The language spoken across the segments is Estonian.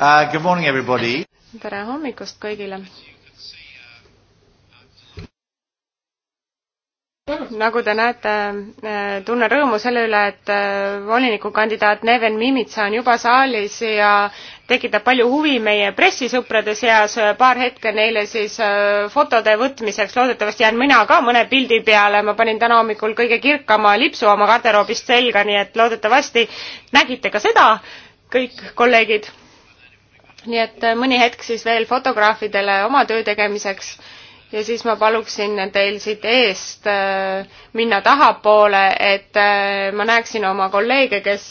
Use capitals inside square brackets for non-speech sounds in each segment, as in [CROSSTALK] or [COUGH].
Uh, good morning, everybody. tere hommikust kõigile. nagu te näete, äh, tunnen rõõmu selle üle, et äh, volinikukandidaat Neven Mimitsa on juba saalis ja tekitab palju huvi meie pressisõprade seas. paar hetke neile siis äh, fotode võtmiseks, loodetavasti jään mina ka mõne pildi peale. ma panin täna hommikul kõige kirkama lipsu oma garderoobist selga, nii et loodetavasti nägite ka seda kõik kolleegid nii et äh, mõni hetk siis veel fotograafidele oma töö tegemiseks ja siis ma paluksin teil siit eest äh, minna tahapoole, et äh, ma näeksin oma kolleege, kes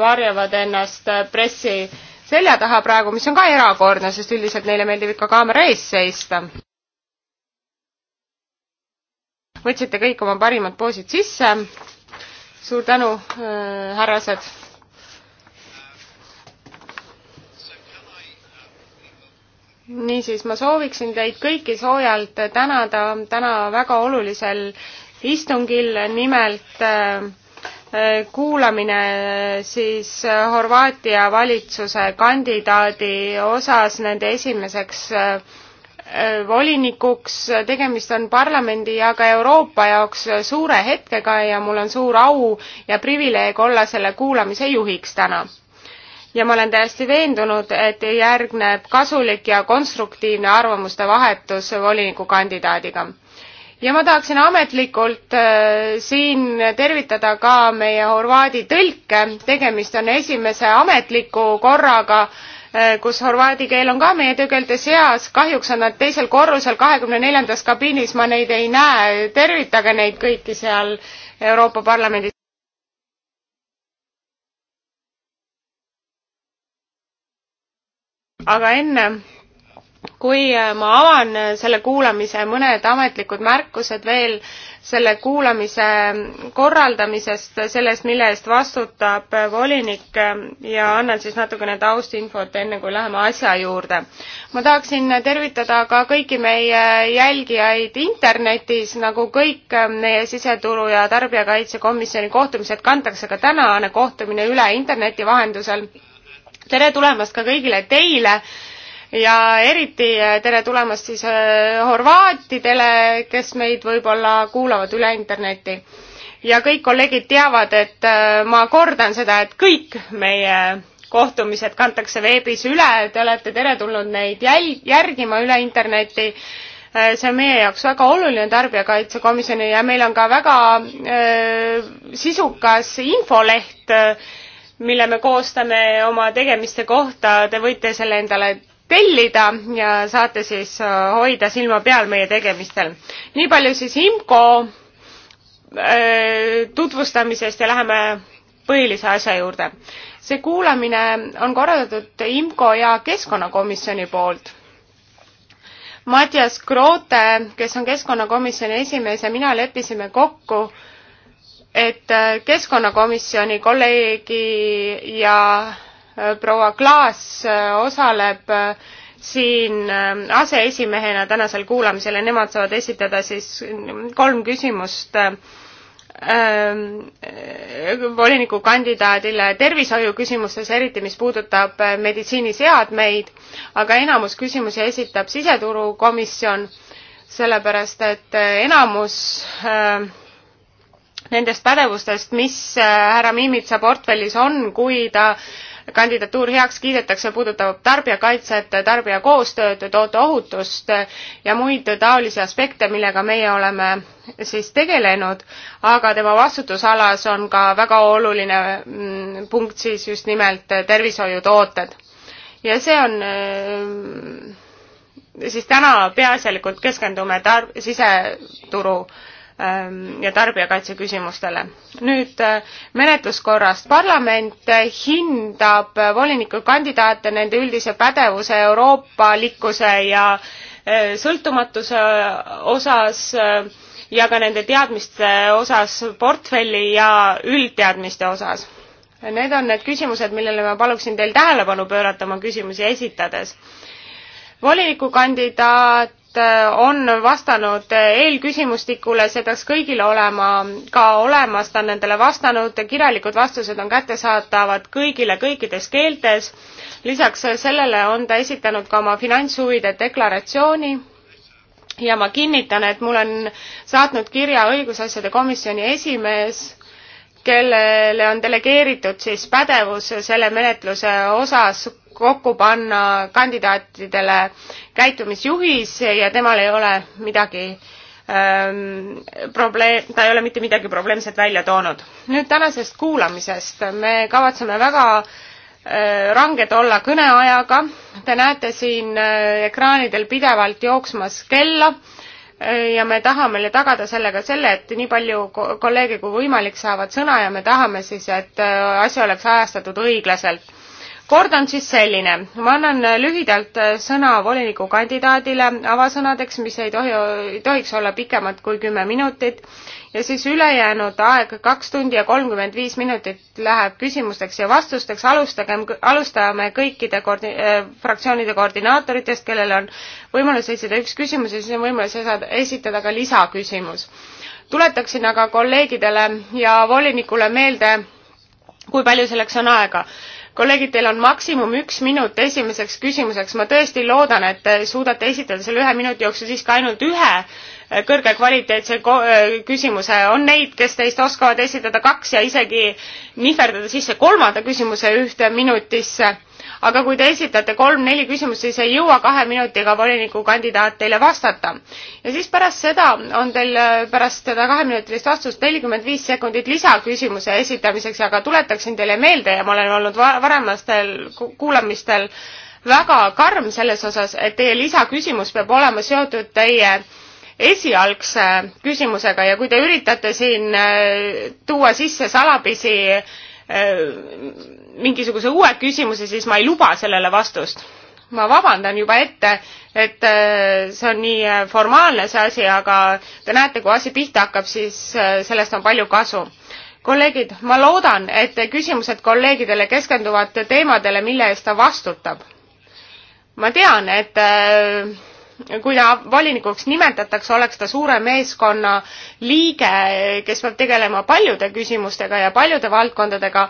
varjavad ennast pressi selja taha praegu, mis on ka erakordne, sest üldiselt neile meeldib ikka kaamera ees seista. võtsite kõik oma parimad poosid sisse. suur tänu, härrased niisiis, ma sooviksin teid kõiki soojalt tänada täna väga olulisel istungil, nimelt äh, äh kuulamine siis Horvaatia valitsuse kandidaadi osas nende esimeseks äh, äh, volinikuks, tegemist on parlamendi ja ka Euroopa jaoks suure hetkega ja mul on suur au ja privileeg olla selle kuulamise juhiks täna ja ma olen täiesti veendunud, et järgneb kasulik ja konstruktiivne arvamuste vahetus volinikukandidaadiga. ja ma tahaksin ametlikult äh, siin tervitada ka meie Horvaadi tõlke, tegemist on esimese ametliku korraga, äh, kus horvaadi keel on ka meie töökeelte seas, kahjuks on nad teisel korrusel kahekümne neljandas kabiinis, ma neid ei näe, tervitage neid kõiki seal Euroopa Parlamendis. aga enne kui äh, ma avan äh, selle kuulamise mõned ametlikud märkused veel selle kuulamise äh, korraldamisest, sellest, mille eest vastutab volinik ja annan siis natukene taustinfot, enne kui läheme asja juurde. ma tahaksin tervitada ka kõiki meie jälgijaid internetis, nagu kõik meie siseturu ja tarbijakaitsekomisjoni kohtumised kantakse ka tänane kohtumine üle interneti vahendusel tere tulemast ka kõigile teile ja eriti eh, tere tulemast siis eh, horvaatidele, kes meid võib-olla kuulavad üle interneti. ja kõik kolleegid teavad, et eh, ma kordan seda, et kõik meie kohtumised kantakse veebis üle, te olete teretulnud neid jäl-, järgima üle interneti. see on meie jaoks väga oluline Tarbijakaitsekomisjoni ja meil on ka väga öö, sisukas infoleht öö, mille me koostame oma tegemiste kohta, te võite selle endale tellida ja saate siis äh, hoida silma peal meie tegemistel. nii palju siis IMCO äh, tutvustamisest ja läheme põhilise asja juurde. see kuulamine on korraldatud IMCO ja Keskkonnakomisjoni poolt. Matjas Kroote, kes on Keskkonnakomisjoni esimees ja mina leppisime kokku, et äh, keskkonnakomisjoni kolleegi ja äh, proua Klaas äh, osaleb siin aseesimehena tänasel kuulamisel ja nemad saavad esitada siis kolm küsimust ähm, volinikukandidaadile tervishoiuküsimustes, eriti mis puudutab meditsiiniseadmeid, aga enamus küsimusi esitab siseturukomisjon, sellepärast et enamus äh, nendest pädevustest, mis äh, härra Mimitsa portfellis on, kui ta kandidatuur heaks kiidetakse, puudutab tarbijakaitset, tarbija koostööd, toote ohutust ja muid taolisi aspekte, millega meie oleme siis tegelenud, aga tema vastutusalas on ka väga oluline mm, punkt siis just nimelt tervishoiutooted. ja see on äh, siis täna peaasjalikult keskendume tar-, siseturu Ähm, ja tarbijakaitse küsimustele. nüüd äh, menetluskorrast. parlament hindab äh, volinikukandidaate nende üldise pädevuse, euroopalikkuse ja äh, sõltumatuse osas ja ka nende teadmiste osas, portfelli ja üldteadmiste osas. Need on need küsimused, millele ma paluksin teil tähelepanu pöörata oma küsimusi esitades. volinikukandidaat raport äh, on vastanud äh, eelküsimustikule, see peaks kõigil olema ka olemas, ta on nendele vastanud, kirjalikud vastused on kättesaadavad kõigile kõikides keeltes. lisaks sellele on ta esitanud ka oma finantshuvide deklaratsiooni ja ma kinnitan, et mul on saatnud kirja õigusasjade komisjoni esimees kellele on delegeeritud siis pädevus selle menetluse osas kokku panna kandidaatidele käitumisjuhis ja temal ei ole midagi ähm, probleem, ta ei ole mitte midagi probleemset välja toonud. nüüd tänasest kuulamisest. me kavatseme väga äh, ranged olla kõneajaga. Te näete siin äh, ekraanidel pidevalt jooksmas kella äh, ja me tahame tagada sellega selle, et nii palju kolleege kui võimalik saavad sõna ja me tahame siis, et äh, asi oleks ajastatud õiglaselt kord on siis selline, ma annan äh, lühidalt äh, sõna volinikukandidaadile avasõnadeks, mis ei tohi, ei tohiks olla pikemad kui kümme minutit ja siis ülejäänud aeg, kaks tundi ja kolmkümmend viis minutit läheb küsimusteks ja vastusteks, alustagem, alustame kõikide koordi- äh,, fraktsioonide koordinaatoritest, kellel on võimalus esitada üks küsimus ja siis on võimalus esitada ka lisaküsimus. tuletaksin aga kolleegidele ja volinikule meelde, kui palju selleks on aega kolleegid, teil on maksimum üks minut esimeseks küsimuseks, ma tõesti loodan, et te suudate esitada selle ühe minuti jooksul siiski ainult ühe äh, kõrge kvaliteetse äh, küsimuse. on neid, kes teist oskavad esitada kaks ja isegi nihverdada sisse kolmanda küsimuse ühte minutisse aga kui te esitate kolm-neli küsimust, siis ei jõua kahe minutiga volinikukandidaat teile vastata. ja siis pärast seda on teil äh, pärast seda kaheminutilist vastust nelikümmend viis sekundit lisaküsimuse esitamiseks, aga tuletaksin teile meelde ja ma olen olnud varemastel kuulamistel väga karm selles osas, et teie lisaküsimus peab olema seotud teie esialgse küsimusega ja kui te üritate siin äh, tuua sisse salapisi Äh, mingisuguse uue küsimuse, siis ma ei luba sellele vastust. ma vabandan juba ette, et äh, see on nii äh, formaalne see asi, aga te näete, kui asi pihta hakkab, siis sellest on palju kasu kolleegid, ma loodan, et küsimused kolleegidele keskenduvad teemadele, mille eest ta vastutab. ma tean, et kui ta volinikuks nimetatakse, oleks ta suure meeskonna liige, kes peab tegelema paljude küsimustega ja paljude valdkondadega,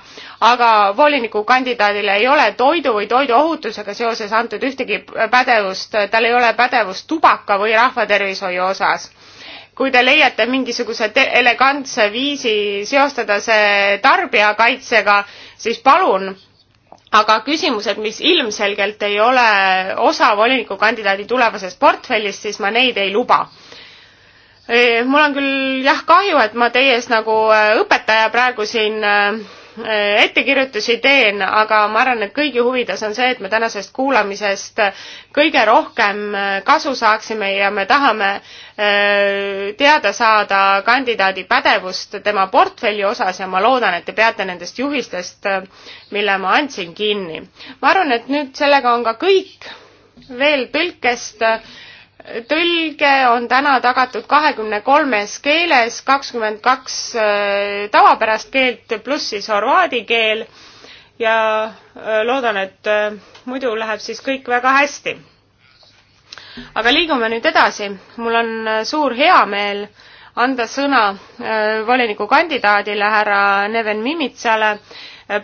aga volinikukandidaadile ei ole toidu või toiduohutusega seoses antud ühtegi pädevust, tal ei ole pädevust tubaka või rahvatervishoiu osas kui te leiate mingisuguse te elegantse viisi seostada see tarbijakaitsega, siis palun aga küsimused, mis ilmselgelt ei ole osa volinikukandidaadi tulevasest portfellist, siis ma neid ei luba. mul on küll jah kahju, et ma teie ees nagu äh, õpetaja praegu siin äh, Äh, ettekirjutusi teen, aga ma arvan, et kõigi huvides on see, et me tänasest kuulamisest kõige rohkem äh, kasu saaksime ja me tahame äh, teada saada kandidaadi pädevust tema portfelli osas ja ma loodan, et te peate nendest juhistest, mille ma andsin, kinni. ma arvan, et nüüd sellega on ka kõik veel tõlkest tõlge on täna tagatud kahekümne kolmes keeles, kakskümmend kaks äh, tavapärast keelt pluss siis horvaadi keel ja äh, loodan, et äh, muidu läheb siis kõik väga hästi. aga liigume nüüd edasi. mul on suur heameel anda sõna volinikukandidaadile härra Neven Mimitsale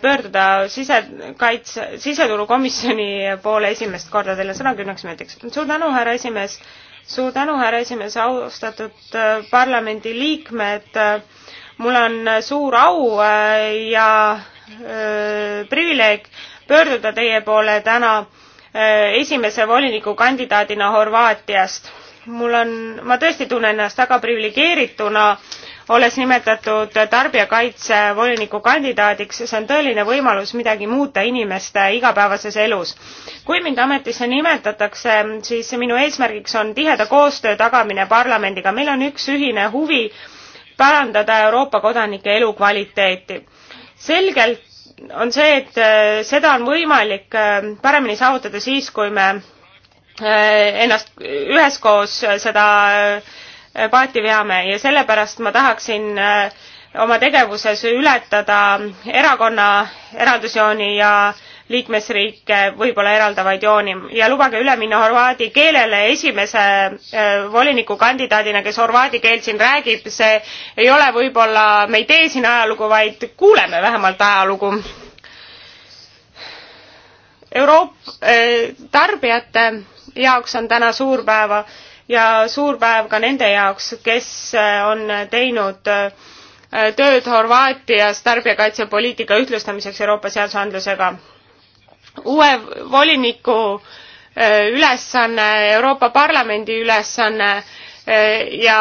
pöörduda sisekaitse, siseturukomisjoni poole esimest korda teile sõna kümneks minutiks. suur tänu, härra esimees, suur tänu, härra esimees, austatud äh, parlamendiliikmed, mul on äh, suur au äh, ja privileeg pöörduda teie poole täna esimese volinikukandidaadina Horvaatiast. mul on, ma tõesti tunnen ennast väga priviligeerituna äh, olles nimetatud tarbijakaitsevoliniku kandidaadiks, see on tõeline võimalus midagi muuta inimeste igapäevases elus. kui mind ametisse nimetatakse, siis minu eesmärgiks on tiheda koostöö tagamine parlamendiga, meil on üks ühine huvi parandada Euroopa kodanike elukvaliteeti. selgelt on see, et äh, seda on võimalik äh, paremini saavutada siis, kui me äh, ennast üheskoos seda paati veame ja sellepärast ma tahaksin äh, oma tegevuses ületada erakonna eraldusjooni ja liikmesriike võib-olla eraldavaid jooni ja lubage üle minna horvaadi keelele esimese äh, volinikukandidaadina, kes horvaadi keelt siin räägib, see ei ole võib-olla, me ei tee siin ajalugu, vaid kuuleme vähemalt ajalugu. Euroop-, äh, tarbijate jaoks on täna suur päeva ja suur päev ka nende jaoks, kes äh, on teinud äh, tööd Horvaatias tarbijakaitsepoliitika ühtlustamiseks Euroopa seadusandlusega. uue voliniku äh, ülesanne, Euroopa Parlamendi ülesanne ja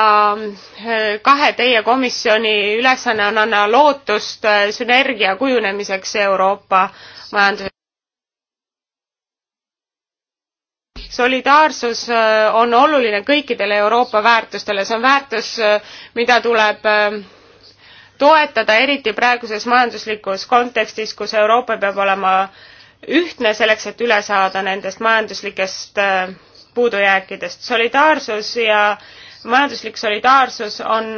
kahe teie komisjoni ülesanne on anda lootust sünergia kujunemiseks Euroopa majanduses. solidaarsus äh, on oluline kõikidele Euroopa väärtustele, see on väärtus, äh, mida tuleb äh, toetada, eriti praeguses majanduslikus kontekstis, kus Euroopa peab olema ühtne selleks, et üle saada nendest majanduslikest puudujääkidest. solidaarsus ja majanduslik solidaarsus on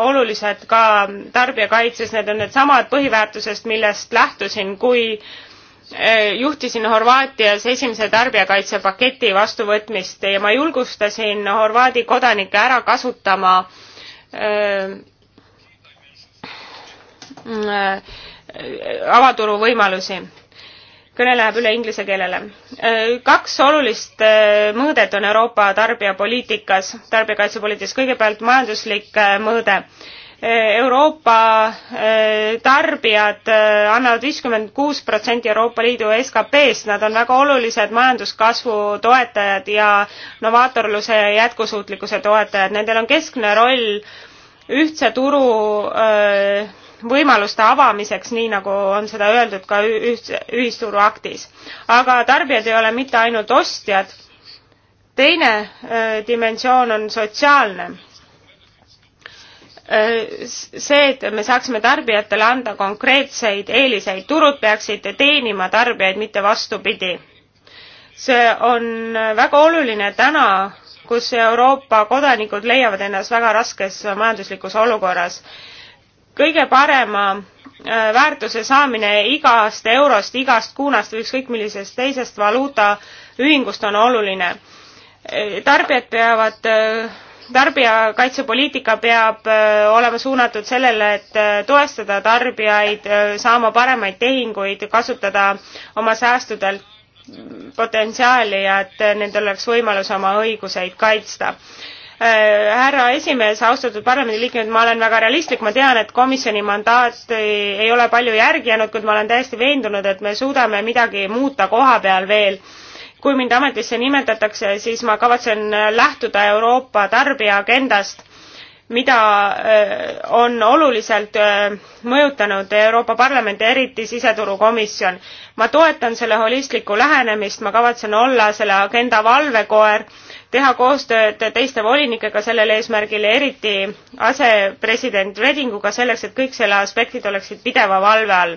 olulised ka tarbijakaitses, need on needsamad põhiväärtusest, millest lähtusin, kui äh, Äh, juhtisin Horvaatias esimese tarbijakaitsepaketi vastuvõtmist ja ma julgustasin Horvaadi kodanikke ära kasutama äh, äh, avaturu võimalusi. kõne läheb üle inglise keelele äh,. kaks olulist äh, mõõdet on Euroopa tarbijapoliitikas, tarbijakaitsepoliitikas, kõigepealt majanduslik äh, mõõde Eh, Euroopa eh, tarbijad eh, annavad viiskümmend kuus protsenti Euroopa Liidu SKP-st, nad on väga olulised majanduskasvu toetajad ja novaatorluse ja jätkusuutlikkuse toetajad, nendel on keskne roll ühtse turu võimaluste avamiseks, nii nagu on seda öeldud ka ühtse, ühisturu aktis. aga tarbijad ei ole mitte ainult ostjad, teine dimensioon on sotsiaalne see, et me saaksime tarbijatele anda konkreetseid eeliseid, turud peaksid teenima tarbijaid, mitte vastupidi. see on väga oluline täna, kus Euroopa kodanikud leiavad ennast väga raskes majanduslikus olukorras. kõige parema äh, väärtuse saamine igast eurost, igast kuunast või ükskõik millisest teisest valuutaühingust on oluline. Äh, tarbijad peavad äh, tarbijakaitsepoliitika peab äh, olema suunatud sellele, et äh, toestada tarbijaid äh, saama paremaid tehinguid, kasutada oma säästudelt potentsiaali ja et nendel oleks võimalus oma õiguseid kaitsta härra esimees, austatud parlamendiliikmed, ma olen väga realistlik, ma tean, et komisjoni mandaat ei ole palju järgi jäänud, kuid ma olen täiesti veendunud, et me suudame midagi muuta koha peal veel kui mind ametisse nimetatakse, siis ma kavatsen lähtuda Euroopa tarbija agendast, mida äh, on oluliselt äh, mõjutanud Euroopa Parlament ja eriti siseturukomisjon. ma toetan selle holistlikku lähenemist, ma kavatsen olla selle agenda valvekoer, teha koostööd teiste volinikega sellel eesmärgil ja eriti asepresident Redinguga selleks, et kõik selle aspektid oleksid pideva valve all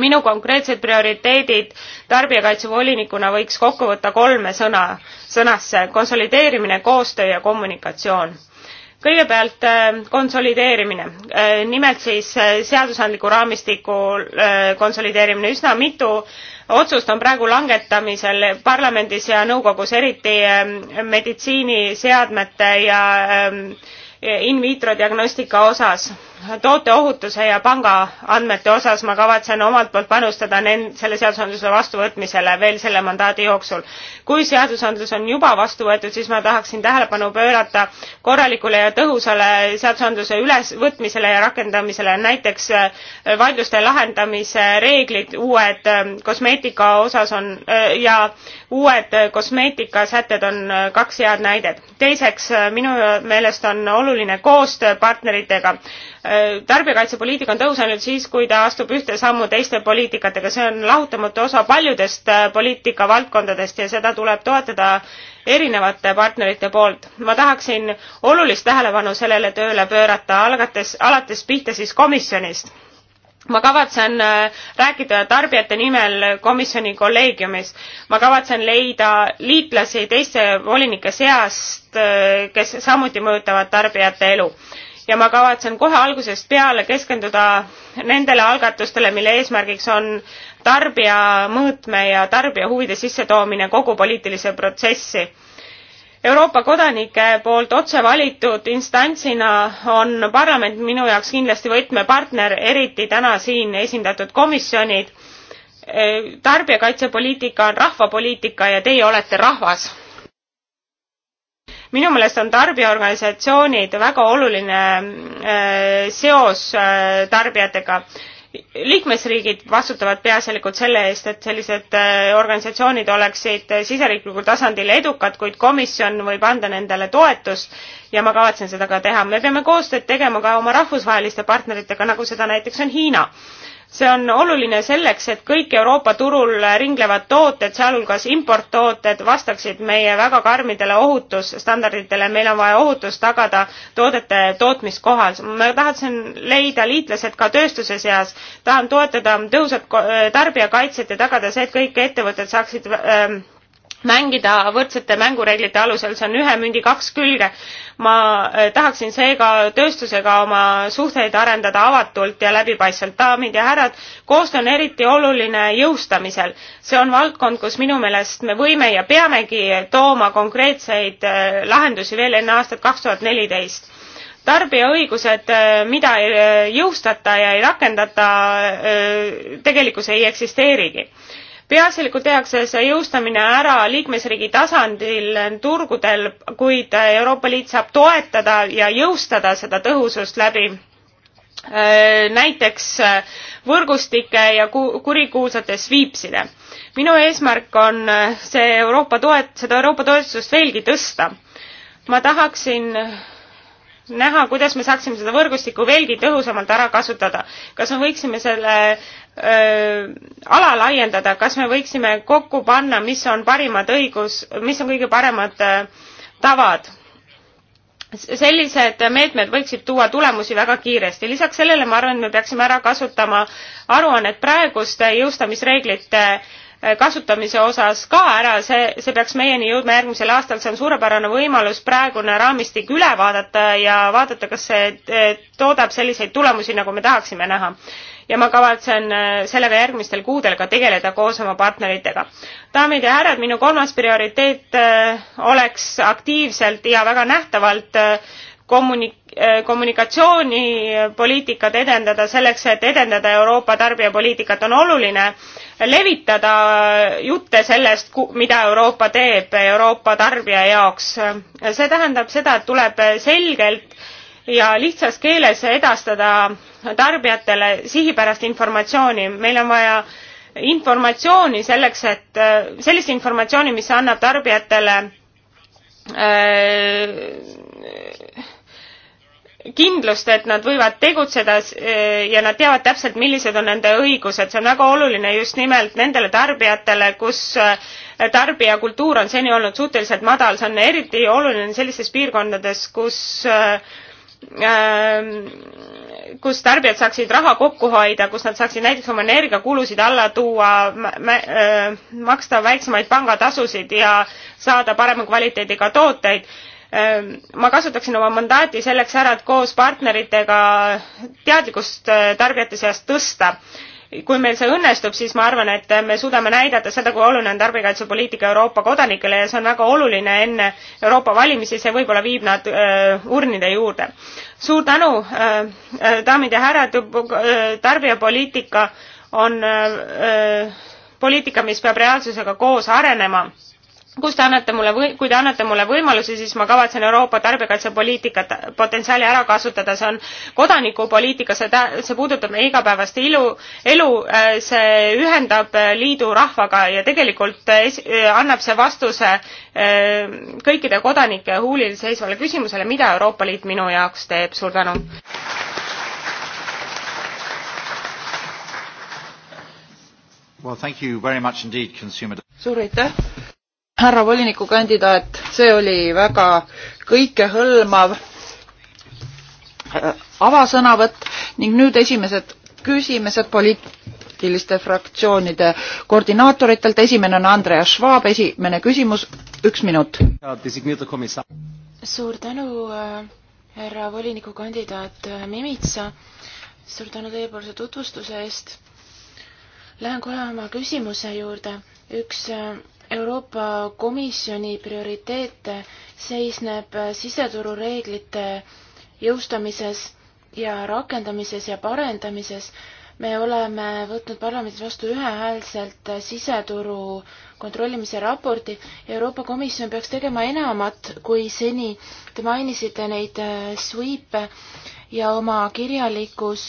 minu konkreetsed prioriteedid tarbijakaitsevolinikuna võiks kokku võtta kolme sõna, sõnasse konsolideerimine, koostöö ja kommunikatsioon. kõigepealt äh, konsolideerimine, äh, nimelt siis äh, seadusandliku raamistiku konsolideerimine, üsna mitu otsust on praegu langetamisel parlamendis ja nõukogus, eriti ähm, meditsiiniseadmete ja ähm, in vitro diagnostika osas tooteohutuse ja pangaandmete osas ma kavatsen omalt poolt panustada nend- selle seadusandluse vastuvõtmisele veel selle mandaadi jooksul kui seadusandlus on juba vastu võetud siis ma tahaksin tähelepanu pöörata korralikule ja tõhusale seadusandluse ülesvõtmisele ja rakendamisele näiteks äh, vaidluste lahendamise reeglid uued äh, kosmeetika osas on äh, ja uued kosmeetikasätted on kaks head näidet teiseks minu meelest on oluline koostöö partneritega Äh, tarbijakaitsepoliitika on tõusnud siis, kui ta astub ühte sammu teiste poliitikatega, see on lahutamatu osa paljudest äh, poliitikavaldkondadest ja seda tuleb toetada erinevate partnerite poolt. ma tahaksin olulist tähelepanu sellele tööle pöörata, algates, alates pihta siis komisjonist ma kavatsen äh, rääkida tarbijate nimel komisjoni kolleegiumis. ma kavatsen leida liitlasi teiste volinike seast, kes samuti mõjutavad tarbijate elu ja ma kavatsen kohe algusest peale keskenduda nendele algatustele, mille eesmärgiks on tarbija mõõtme ja tarbija huvide sissetoomine kogu poliitilise protsessi. Euroopa kodanike poolt otse valitud instantsina on parlament minu jaoks kindlasti võtmepartner, eriti täna siin esindatud komisjonid. tarbijakaitsepoliitika on rahvapoliitika ja teie olete rahvas minu meelest on tarbijaorganisatsioonid väga oluline äh, seos äh, tarbijatega liikmesriigid vastutavad peaasjalikult selle eest, et sellised äh, organisatsioonid oleksid siseriiklikul tasandil edukad, kuid komisjon võib anda nendele toetust ja ma kavatsen seda ka teha. me peame koostööd tegema ka oma rahvusvaheliste partneritega, nagu seda näiteks on Hiina see on oluline selleks, et kõik Euroopa turul ringlevad tooted, sealhulgas importtooted, vastaksid meie väga karmidele ohutusstandarditele, meil on vaja ohutust tagada toodete tootmiskohas. ma tahtsin leida liitlased ka tööstuse seas, tahan toetada tõhusat tarbijakaitset ja tagada see, et kõik ettevõtted saaksid ähm, mängida võrdsete mängureeglite alusel, see on ühe mündi kaks külge. ma äh, tahaksin seega tööstusega oma suhteid arendada avatult ja läbipaistvalt. daamid ja härrad, koostöö on eriti oluline jõustamisel. see on valdkond, kus minu meelest me võime ja peamegi tooma konkreetseid äh, lahendusi veel enne aastat kaks tuhat neliteist tarbijaõigused, äh, mida ei jõustata ja ei rakendata, tegelikkus ei eksisteerigi peaasjalikult tehakse see jõustamine ära liikmesriigi tasandil turgudel, kuid Euroopa Liit saab toetada ja jõustada seda tõhusust läbi äh, näiteks äh, võrgustike ja kurikuulsate sviipside. minu eesmärk on äh, see Euroopa toet-, seda Euroopa toetust veelgi tõsta. ma tahaksin näha, kuidas me saaksime seda võrgustikku veelgi tõhusamalt ära kasutada. kas me võiksime selle öö, ala laiendada, kas me võiksime kokku panna, mis on parimad õigus, mis on kõige paremad öö, tavad? sellised meetmed võiksid tuua tulemusi väga kiiresti. lisaks sellele ma arvan, et me peaksime ära kasutama aruannet praeguste jõustamisreeglite öö, kasutamise osas ka ära, see, see peaks meieni jõudma järgmisel aastal, see on suurepärane võimalus praegune raamistik üle vaadata ja vaadata, kas see eh, toodab selliseid tulemusi, nagu me tahaksime näha. ja ma kavatsen eh, sellega järgmistel kuudel ka tegeleda koos oma partneritega. daamid ja härrad, minu kolmas prioriteet eh, oleks aktiivselt ja väga nähtavalt kommunik-, eh, kommunikatsioonipoliitikat edendada selleks, et edendada Euroopa tarbijapoliitikat, on oluline levitada jutte sellest, mida Euroopa teeb Euroopa tarbija jaoks. see tähendab seda, et tuleb selgelt ja lihtsas keeles edastada tarbijatele sihipärast informatsiooni. meil on vaja informatsiooni selleks, et sellist informatsiooni, mis annab tarbijatele äh, kindlust, et nad võivad tegutseda eh, ja nad teavad täpselt, millised on nende õigused. see on väga oluline just nimelt nendele tarbijatele, kus eh, tarbijakultuur on seni olnud suhteliselt madal. see on eriti oluline sellistes piirkondades, kus eh, kus tarbijad saaksid raha kokku hoida, kus nad saaksid näiteks oma energiakulusid alla tuua, maksta väiksemaid pangatasusid ja saada parema kvaliteediga tooteid Ehm, ma kasutaksin oma mandaati selleks ära, et koos partneritega teadlikkust äh, tarbijate seas tõsta. kui meil see õnnestub, siis ma arvan, et me suudame näidata seda, kui oluline on tarbijakaitsepoliitika Euroopa kodanikele ja see on väga oluline enne Euroopa valimisi, see võib-olla viib nad äh, urnide juurde. suur tänu äh,, äh daamid ja härrad, äh, tarbijapoliitika on äh, poliitika, mis peab reaalsusega koos arenema kus te annate mulle või-, kui te annate mulle võimaluse, siis ma kavatsen Euroopa tarbijakaitsepoliitikat, äh, potentsiaali ära kasutada, see on kodanikupoliitika, see tä-, see puudutab meie igapäevast ilu, elu, äh, see ühendab äh, liidu rahvaga ja tegelikult es-, annab see vastuse kõikide kodanike huulil seisvale küsimusele, mida Euroopa Liit minu jaoks teeb, suur tänu! Well, thank you very much indeed, consumer. suur aitäh! härra volinikukandidaat, see oli väga kõikehõlmav äh, avasõnavõtt ning nüüd esimesed küsimused poliitiliste fraktsioonide koordinaatoritelt. esimene on Andreas Schwab, esimene küsimus, üks minut. suur tänu, äh, härra volinikukandidaat äh, Mimitsa. suur tänu teiepoolse tutvustuse eest. Lähen kohe oma küsimuse juurde. üks Euroopa Komisjoni prioriteete seisneb siseturureeglite jõustamises ja rakendamises ja parendamises. me oleme võtnud parlamendis vastu ühehäälselt siseturu kontrollimise raporti. Euroopa Komisjon peaks tegema enamat kui seni. Te mainisite neid sweep'e ja oma kirjalikus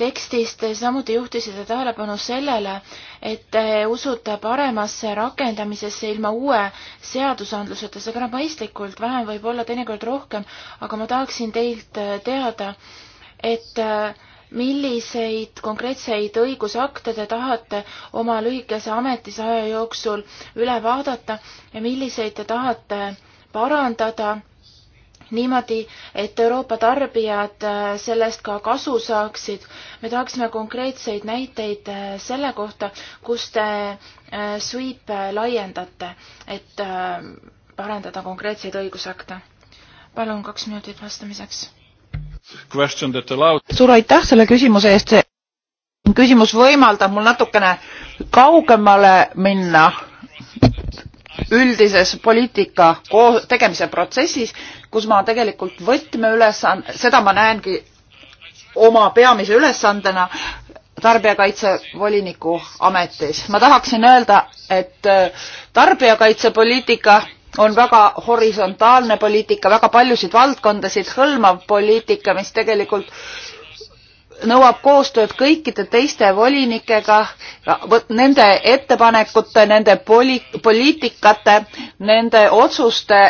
tekstist samuti juhtisite tähelepanu sellele, et te usute paremasse rakendamisesse ilma uue seadusandluseta, see kõlab mõistlikult, vähem võib olla teinekord rohkem, aga ma tahaksin teilt teada, et äh, milliseid konkreetseid õigusakte te tahate oma lühikese ametisaja jooksul üle vaadata ja milliseid te tahate parandada niimoodi, et Euroopa tarbijad äh, sellest ka kasu saaksid. me tahaksime konkreetseid näiteid äh, selle kohta, kus te äh, sweep laiendate, et parendada konkreetseid õigusakte. palun kaks minutit vastamiseks. suur aitäh selle küsimuse eest. küsimus võimaldab mul natukene kaugemale minna üldises poliitika tegemise protsessis kus ma tegelikult võtmeülesand-, seda ma näengi oma peamise ülesandena tarbijakaitsevoliniku ametis. ma tahaksin öelda, et äh, tarbijakaitsepoliitika on väga horisontaalne poliitika, väga paljusid valdkondasid hõlmav poliitika, mis tegelikult nõuab koostööd kõikide teiste volinikega, nende ettepanekute, nende poli-, poliitikate, nende otsuste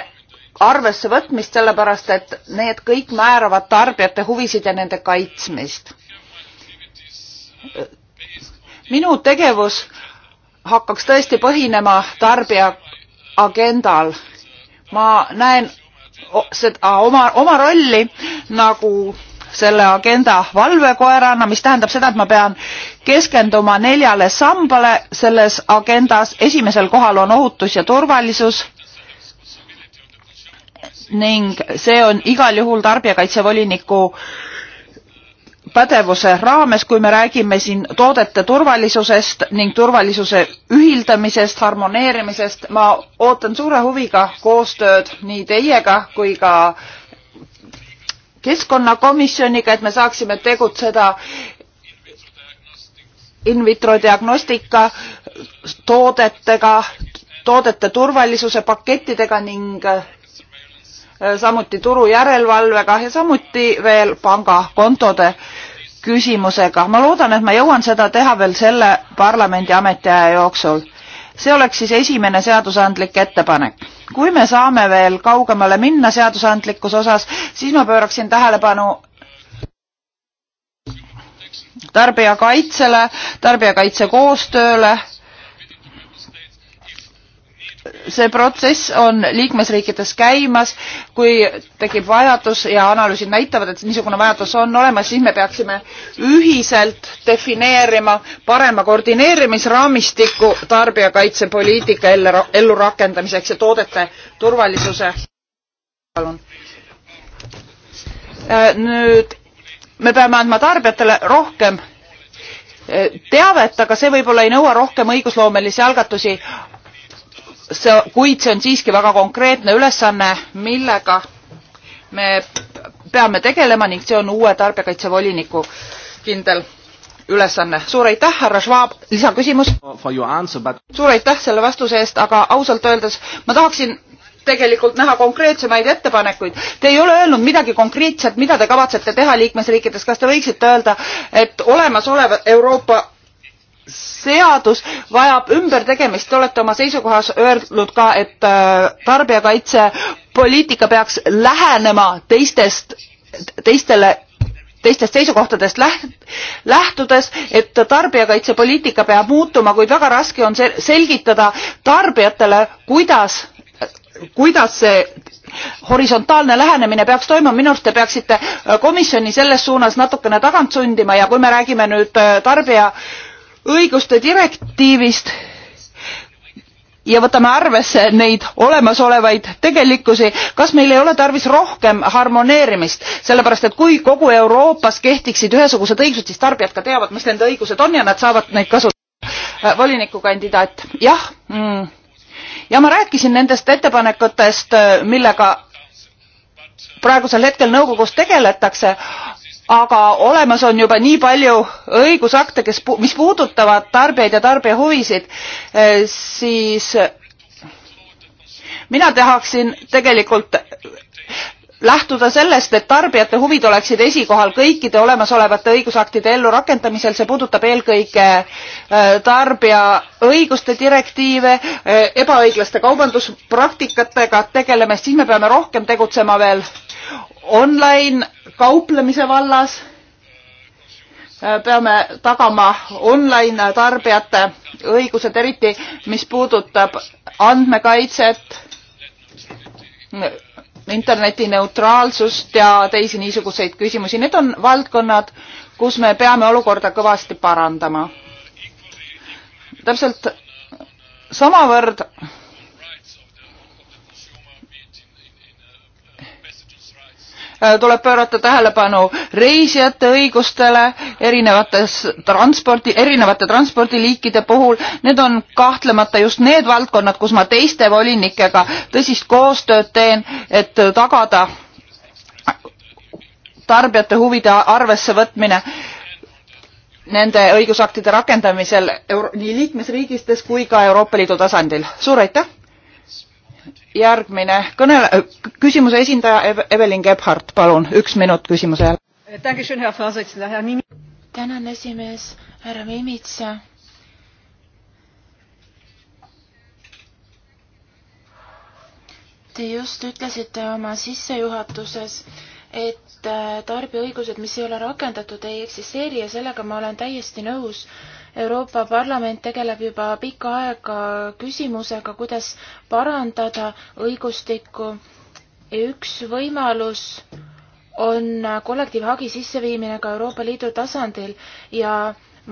arvesse võtmist, sellepärast et need kõik määravad tarbijate huvisid ja nende kaitsmist. minu tegevus hakkaks tõesti põhinema tarbija agendal. ma näen seda oma, oma rolli nagu selle agenda valvekoerana, mis tähendab seda, et ma pean keskenduma neljale sambale selles agendas. esimesel kohal on ohutus ja turvalisus ning see on igal juhul tarbijakaitsevoliniku pädevuse raames, kui me räägime siin toodete turvalisusest ning turvalisuse ühildamisest, harmoneerimisest. ma ootan suure huviga koostööd nii teiega kui ka keskkonnakomisjoniga, et me saaksime tegutseda in vitro diagnostika toodetega, toodete turvalisuse pakettidega ning Äh, samuti turujärelevalvega ja samuti veel pangakontode küsimusega. ma loodan, et ma jõuan seda teha veel selle parlamendi ametiaja jooksul. see oleks siis esimene seadusandlik ettepanek. kui me saame veel kaugemale minna seadusandlikus osas, siis ma pööraksin tähelepanu tarbijakaitsele, tarbijakaitse koostööle see protsess on liikmesriikides käimas, kui tekib vajadus ja analüüsid näitavad, et niisugune vajadus on olemas, siis me peaksime ühiselt defineerima parema koordineerimisraamistiku tarbijakaitsepoliitika ellurakendamiseks ja toodete turvalisuse. palun. Äh, nüüd me peame andma tarbijatele rohkem äh, teavet, aga see võib-olla ei nõua rohkem õigusloomelisi algatusi, see, kuid see on siiski väga konkreetne ülesanne, millega me peame tegelema ning see on uue tarbijakaitsevoliniku kindel ülesanne. suur aitäh, härra Schwab, lisaküsimus? But... suur aitäh selle vastuse eest, aga ausalt öeldes ma tahaksin tegelikult näha konkreetsemaid ettepanekuid. Te ei ole öelnud midagi konkreetset, mida te kavatsete teha liikmesriikides. kas te võiksite öelda, et olemasolev Euroopa seadus vajab ümbertegemist, te olete oma seisukohas öelnud ka, et äh, tarbijakaitsepoliitika peaks lähenema teistest, teistele teistest seisukohtadest lähtudes, et tarbijakaitsepoliitika peab muutuma, kuid väga raske on selgitada tarbijatele, kuidas, kuidas see horisontaalne lähenemine peaks toimuma, minu arust te peaksite komisjoni selles suunas natukene tagant sundima ja kui me räägime nüüd äh, tarbija õiguste direktiivist ja võtame arvesse neid olemasolevaid tegelikkusi kas meil ei ole tarvis rohkem harmoneerimist sellepärast et kui kogu euroopas kehtiksid ühesugused õigused siis tarbijad ka teavad mis nende õigused on ja nad saavad neid kasutada volinikukandidaat jah mm. ja ma rääkisin nendest ettepanekutest millega praegusel hetkel nõukogus tegeletakse aga olemas on juba nii palju õigusakte, kes, mis puudutavad tarbijaid ja tarbija huvisid, eh, siis mina tahaksin tegelikult lähtuda sellest, et tarbijate huvid oleksid esikohal kõikide olemasolevate õigusaktide ellurakendamisel, see puudutab eelkõige eh, tarbija õiguste direktiive, eh, ebaõiglaste kaubanduspraktikatega tegelemist, siis me peame rohkem tegutsema veel online kauplemise vallas äh, peame tagama online tarbijate õigused, eriti mis puudutab andmekaitset, interneti neutraalsust ja teisi niisuguseid küsimusi. Need on valdkonnad, kus me peame olukorda kõvasti parandama. täpselt samavõrd Äh, tuleb pöörata tähelepanu reisijate õigustele erinevates transpordi, erinevate transpordiliikide puhul. Need on kahtlemata just need valdkonnad, kus ma teiste volinikega tõsist koostööd teen, et tagada tarbijate huvide arvesse võtmine nende õigusaktide rakendamisel nii liikmesriigides kui ka Euroopa Liidu tasandil. suur aitäh! järgmine kõne, äh, küsimuse esindaja Eve, Evelyn Gebhardt, palun, üks minut küsimuse ajal. tänan, esimees, härra Mimits. Te just ütlesite oma sissejuhatuses, et äh, tarbijaõigused, mis ei ole rakendatud, ei eksisteeri ja sellega ma olen täiesti nõus Euroopa Parlament tegeleb juba pikka aega küsimusega, kuidas parandada õigustikku. üks võimalus on kollektiivhagi sisseviimine ka Euroopa Liidu tasandil ja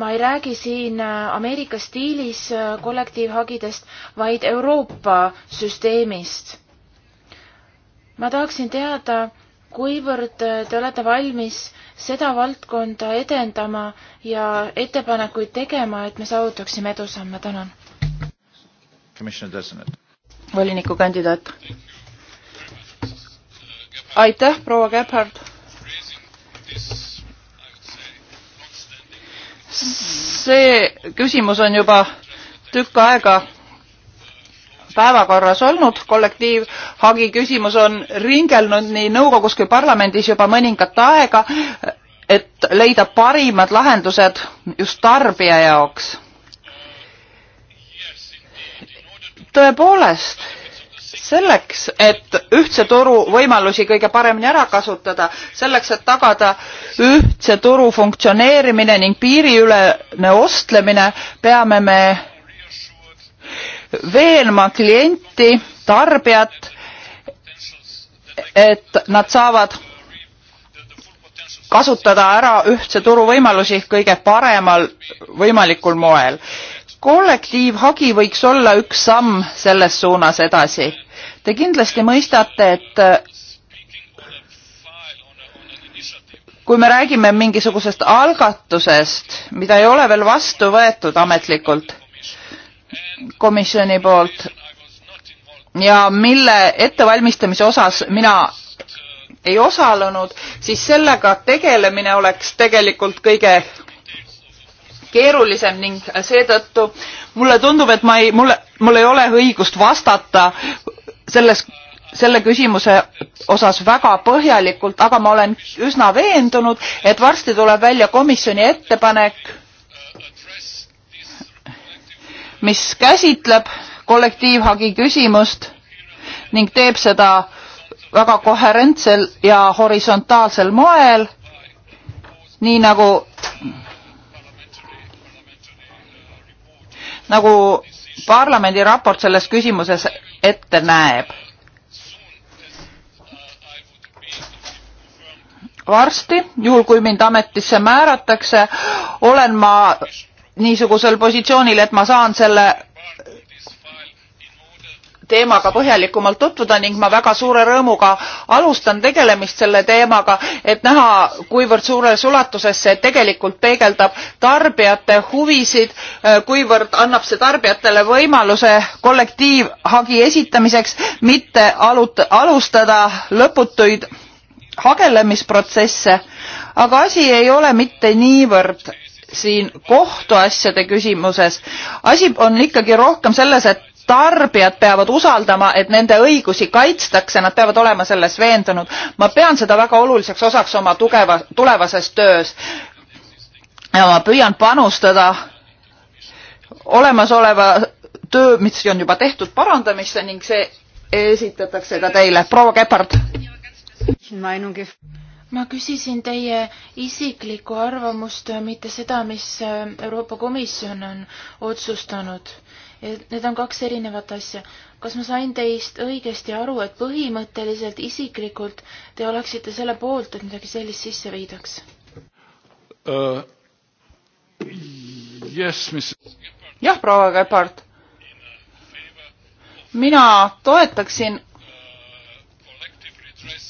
ma ei räägi siin Ameerika stiilis kollektiivhagidest, vaid Euroopa süsteemist. ma tahaksin teada, kuivõrd te olete valmis seda valdkonda edendama ja ettepanekuid tegema, et me saavutaksime edusamme, tänan. volinikukandidaat. aitäh, proua Gebhard. see küsimus on juba tükk aega päevakorras olnud. kollektiivhagi küsimus on ringelnud nii nõukogus kui parlamendis juba mõningat aega, et leida parimad lahendused just tarbija jaoks. tõepoolest, selleks, et ühtse turu võimalusi kõige paremini ära kasutada, selleks, et tagada ühtse turu funktsioneerimine ning piiriülene ostlemine, peame me veenma klienti, tarbijat, et nad saavad kasutada ära ühtse turu võimalusi kõige paremal võimalikul moel. kollektiivhagi võiks olla üks samm selles suunas edasi. Te kindlasti mõistate, et kui me räägime mingisugusest algatusest, mida ei ole veel vastu võetud ametlikult, komisjoni poolt ja mille ettevalmistamise osas mina ei osalenud, siis sellega tegelemine oleks tegelikult kõige keerulisem ning seetõttu mulle tundub, et ma ei, mulle, mul ei ole õigust vastata selles, selle küsimuse osas väga põhjalikult, aga ma olen üsna veendunud, et varsti tuleb välja komisjoni ettepanek mis käsitleb kollektiivhagi küsimust ning teeb seda väga koherentsel ja horisontaalsel moel, nii nagu, nagu parlamendi raport selles küsimuses ette näeb. varsti, juhul kui mind ametisse määratakse, olen ma niisugusel positsioonil, et ma saan selle teemaga põhjalikumalt tutvuda ning ma väga suure rõõmuga alustan tegelemist selle teemaga, et näha, kuivõrd suures ulatuses see tegelikult peegeldab tarbijate huvisid, kuivõrd annab see tarbijatele võimaluse kollektiivhagi esitamiseks, mitte alut-, alustada lõputuid hagelemisprotsesse, aga asi ei ole mitte niivõrd siin kohtuasjade küsimuses. asi on ikkagi rohkem selles, et tarbijad peavad usaldama, et nende õigusi kaitstakse, nad peavad olema selles veendunud. ma pean seda väga oluliseks osaks oma tugeva, tulevases töös. ja ma püüan panustada olemasoleva töö, mis on juba tehtud, parandamisse ning see esitatakse ka teile. proua Kepard ma küsisin teie isiklikku arvamust, mitte seda, mis äh, Euroopa Komisjon on otsustanud. Need on kaks erinevat asja. kas ma sain teist õigesti aru, et põhimõtteliselt isiklikult te oleksite selle poolt, et midagi sellist sisse viidaks uh,? Yes, mis... jah, proua Kepard. mina toetaksin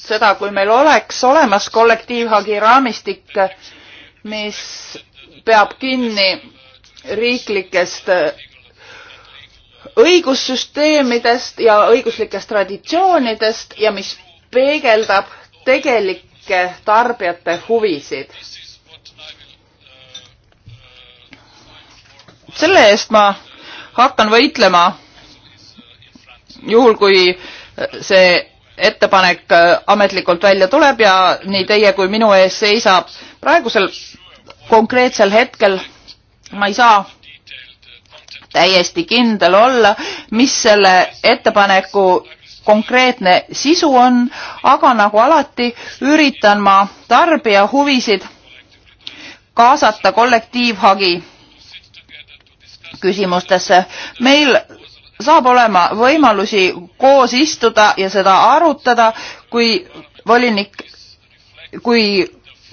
seda, kui meil oleks olemas kollektiivhagi raamistik, mis peab kinni riiklikest õigussüsteemidest ja õiguslikest traditsioonidest ja mis peegeldab tegelikke tarbijate huvisid. selle eest ma hakkan võitlema juhul, kui see ettepanek äh, ametlikult välja tuleb ja nii teie kui minu ees seisab praegusel konkreetsel hetkel ma ei saa täiesti kindel olla, mis selle ettepaneku konkreetne sisu on, aga nagu alati üritan ma tarbija huvisid kaasata kollektiivhagi küsimustesse. meil saab olema võimalusi koos istuda ja seda arutada, kui volinik, kui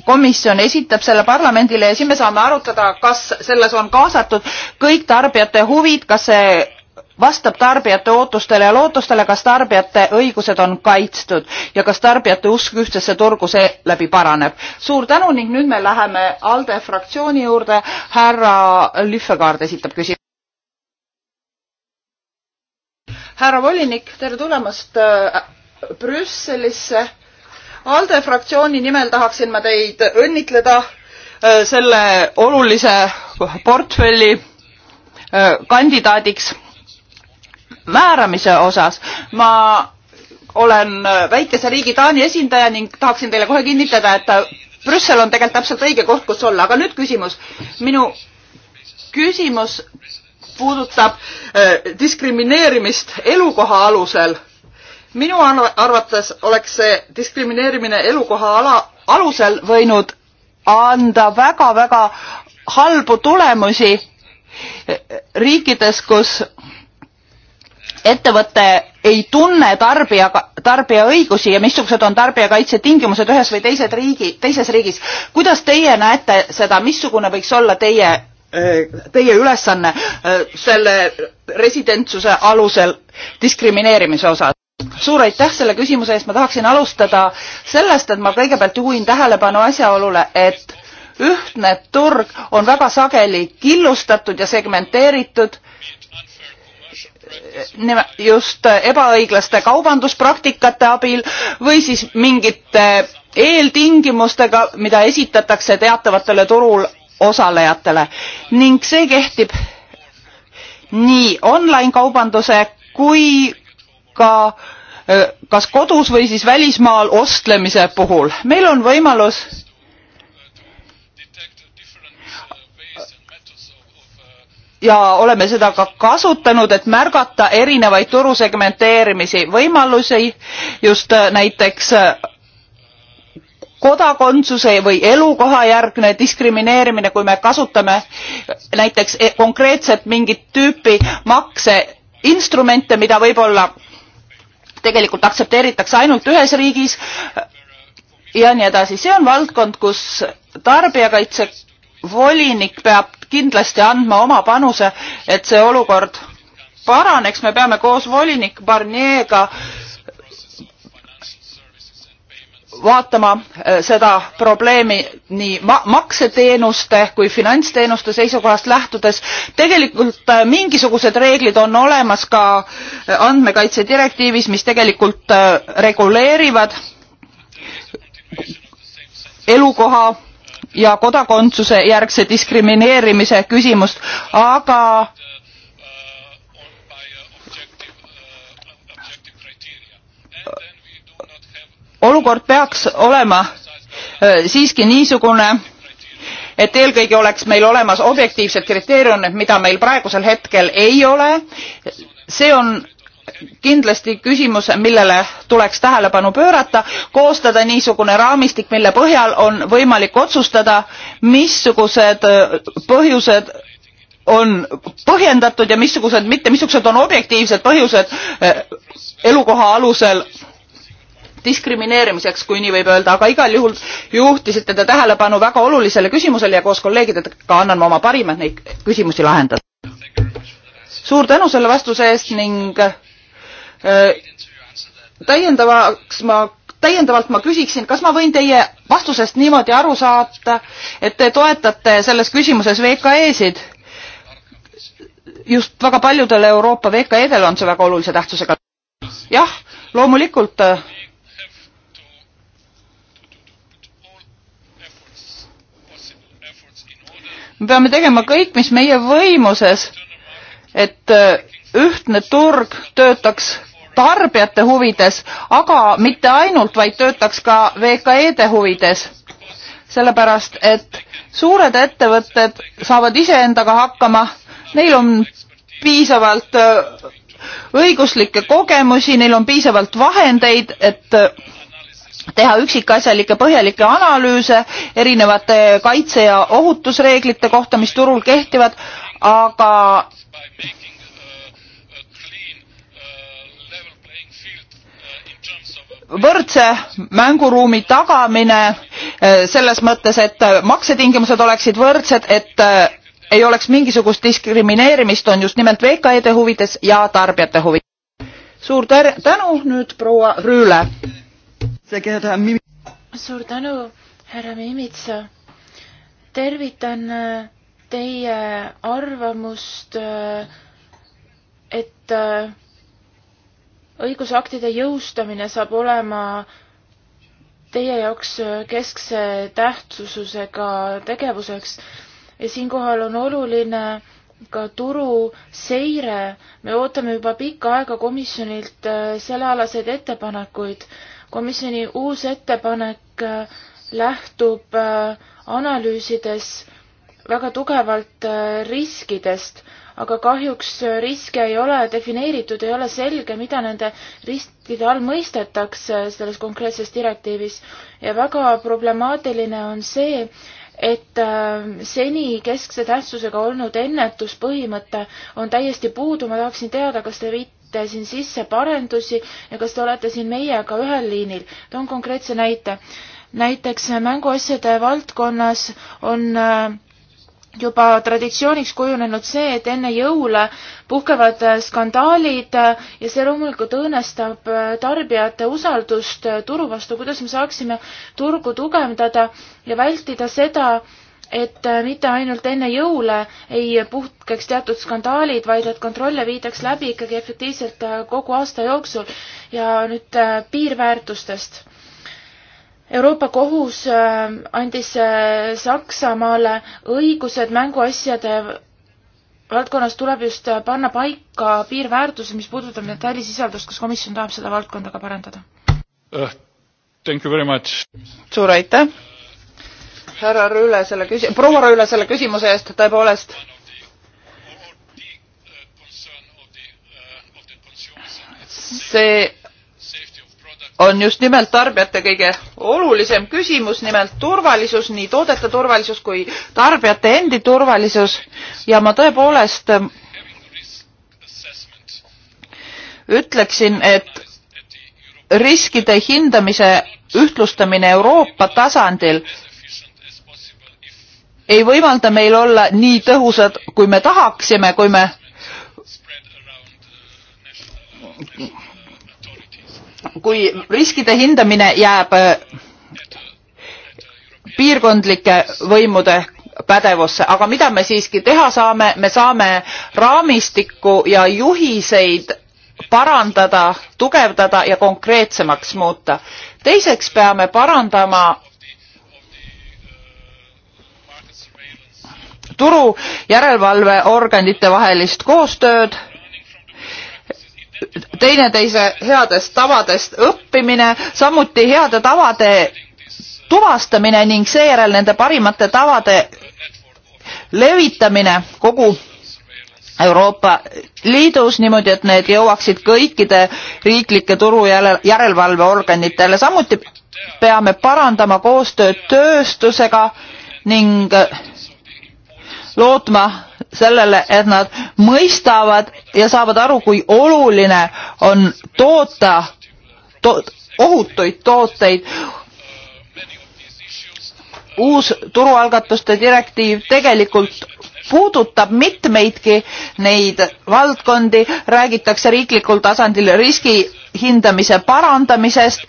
komisjon esitab selle parlamendile ja siis me saame arutada, kas selles on kaasatud kõik tarbijate huvid, kas see vastab tarbijate ootustele ja lootustele, kas tarbijate õigused on kaitstud ja kas tarbijate usk ühtsesse turgu seeläbi paraneb. suur tänu ning nüüd me läheme ALDE fraktsiooni juurde. härra Lühvekaard esitab küsimuse härra volinik, tere tulemast äh, Brüsselisse. ALDE fraktsiooni nimel tahaksin ma teid õnnitleda äh, selle olulise portfelli äh, kandidaadiks määramise osas. ma olen väikese riigi Taani esindaja ning tahaksin teile kohe kinnitada, et Brüssel on tegelikult täpselt õige koht, kus olla, aga nüüd küsimus. minu küsimus puudutab äh, diskrimineerimist elukoha alusel, minu arvates oleks see diskrimineerimine elukoha ala, alusel võinud anda väga-väga halbu tulemusi äh, riikides, kus ettevõte ei tunne tarbija, tarbija õigusi ja missugused on tarbijakaitse tingimused ühes või teised riigi, teises riigis. kuidas teie näete seda, missugune võiks olla teie Äh, teie ülesanne äh, selle residentsuse alusel diskrimineerimise osas? suur aitäh selle küsimuse eest, ma tahaksin alustada sellest, et ma kõigepealt juhin tähelepanu asjaolule, et ühtne turg on väga sageli killustatud ja segmenteeritud just ebaõiglaste kaubanduspraktikate abil või siis mingite eeltingimustega, mida esitatakse teatavatele turul osalejatele ning see kehtib nii online kaubanduse kui ka kas kodus või siis välismaal ostlemise puhul. meil on võimalus ja oleme seda ka kasutanud, et märgata erinevaid turusegmenteerimise võimalusi just äh, näiteks äh, kodakondsuse või elukohajärgne diskrimineerimine, kui me kasutame näiteks e-, konkreetselt mingit tüüpi makseinstrumente, mida võib-olla tegelikult aktsepteeritakse ainult ühes riigis äh, ja nii edasi. see on valdkond, kus tarbijakaitsevolinik peab kindlasti andma oma panuse, et see olukord paraneks, me peame koos volinik Barnier'ga äh, vaatama äh, seda probleemi nii ma makseteenuste kui finantsteenuste seisukohast lähtudes. tegelikult äh, mingisugused reeglid on olemas ka äh, andmekaitse direktiivis, mis tegelikult reguleerivad elukoha ja kodakondsuse järgse diskrimineerimise küsimust, aga olukord peaks olema siiski niisugune, et eelkõige oleks meil olemas objektiivsed kriteeriumid, mida meil praegusel hetkel ei ole. see on kindlasti küsimus, millele tuleks tähelepanu pöörata, koostada niisugune raamistik, mille põhjal on võimalik otsustada, missugused põhjused on põhjendatud ja missugused mitte, missugused on objektiivsed põhjused elukoha alusel diskrimineerimiseks, kui nii võib öelda, aga igal juhul juhtisite te tähelepanu väga olulisele küsimusele ja koos kolleegidega annan ma oma parima, et neid küsimusi lahendada. suur tänu selle vastuse eest ning äh, täiendavaks ma täiendavalt ma küsiksin, kas ma võin teie vastusest niimoodi aru saata, et te toetate selles küsimuses VKE-sid? just väga paljudele Euroopa VKE-del on see väga olulise tähtsusega. jah, loomulikult äh, me peame tegema kõik, mis meie võimuses, et äh, ühtne turg töötaks tarbijate huvides, aga mitte ainult, vaid töötaks ka VKE-de huvides. sellepärast, et suured ettevõtted saavad iseendaga hakkama, neil on piisavalt äh, õiguslikke kogemusi, neil on piisavalt vahendeid, et äh, teha üksikasjalikke põhjalikke analüüse erinevate kaitse ja ohutusreeglite kohta, mis turul kehtivad, aga võrdse mänguruumi tagamine eh, selles mõttes, et maksetingimused oleksid võrdsed, et eh, ei oleks mingisugust diskrimineerimist, on just nimelt VKE-de huvides ja tarbijate huvides. suur tänu nüüd proua Rüüle suur tänu, härra Mimitsa. tervitan äh, teie arvamust, äh, et äh, õigusaktide jõustamine saab olema teie jaoks keskse tähtsusega tegevuseks ja siinkohal on oluline ka turuseire. me ootame juba pikka aega komisjonilt sellealaseid ettepanekuid komisjoni uus ettepanek äh, lähtub äh, analüüsides väga tugevalt äh, riskidest, aga kahjuks riske ei ole defineeritud, ei ole selge, mida nende riskide all mõistetakse selles konkreetses direktiivis ja väga problemaatiline on see, et seni keskse tähtsusega olnud ennetuspõhimõte on täiesti puudu, ma tahaksin teada, kas te viit-, viite siin sisse parendusi ja kas te olete siin meiega ühel liinil? toon konkreetse näite. näiteks mänguasjade valdkonnas on äh, juba traditsiooniks kujunenud see, et enne jõule puhkevad äh, skandaalid äh, ja see loomulikult õõnestab tarbijate usaldust turu vastu. kuidas me saaksime turgu tugevdada ja vältida seda, et äh, mitte ainult enne jõule ei puhkeks teatud skandaalid, vaid et kontrolle viidaks läbi ikkagi efektiivselt äh, kogu aasta jooksul ja nüüd äh, piirväärtustest. Euroopa Kohus andis Saksamaale õigused mänguasjade valdkonnas tuleb just panna paika piirväärtused, mis puudutab metallisisaldust, kas komisjon tahab seda valdkonda ka parandada uh,? Thank you very much! suur aitäh! härra Rüüle selle küsi-, proua Rüüle selle küsimuse eest, tõepoolest. see on just nimelt tarbijate kõige olulisem küsimus, nimelt turvalisus, nii toodete turvalisus kui tarbijate endi turvalisus ja ma tõepoolest ähm, ütleksin, et riskide hindamise ühtlustamine Euroopa tasandil ei võimalda meil olla nii tõhusad, kui me tahaksime, kui me kui riskide hindamine jääb äh, piirkondlike võimude pädevusse, aga mida me siiski teha saame, me saame raamistikku ja juhiseid parandada, tugevdada ja konkreetsemaks muuta. teiseks peame parandama turu järelevalveorganite vahelist koostööd, teineteise headest tavadest õppimine, samuti heade tavade tuvastamine ning seejärel nende parimate tavade levitamine kogu Euroopa Liidus niimoodi, et need jõuaksid kõikide riiklike turu järelevalveorganitele. samuti peame parandama koostööd tööstusega ning lootma sellele, et nad mõistavad ja saavad aru, kui oluline on toota to, ohutuid tooteid. uus turualgatuste direktiiv tegelikult puudutab mitmeidki neid valdkondi, räägitakse riiklikul tasandil riski hindamise parandamisest,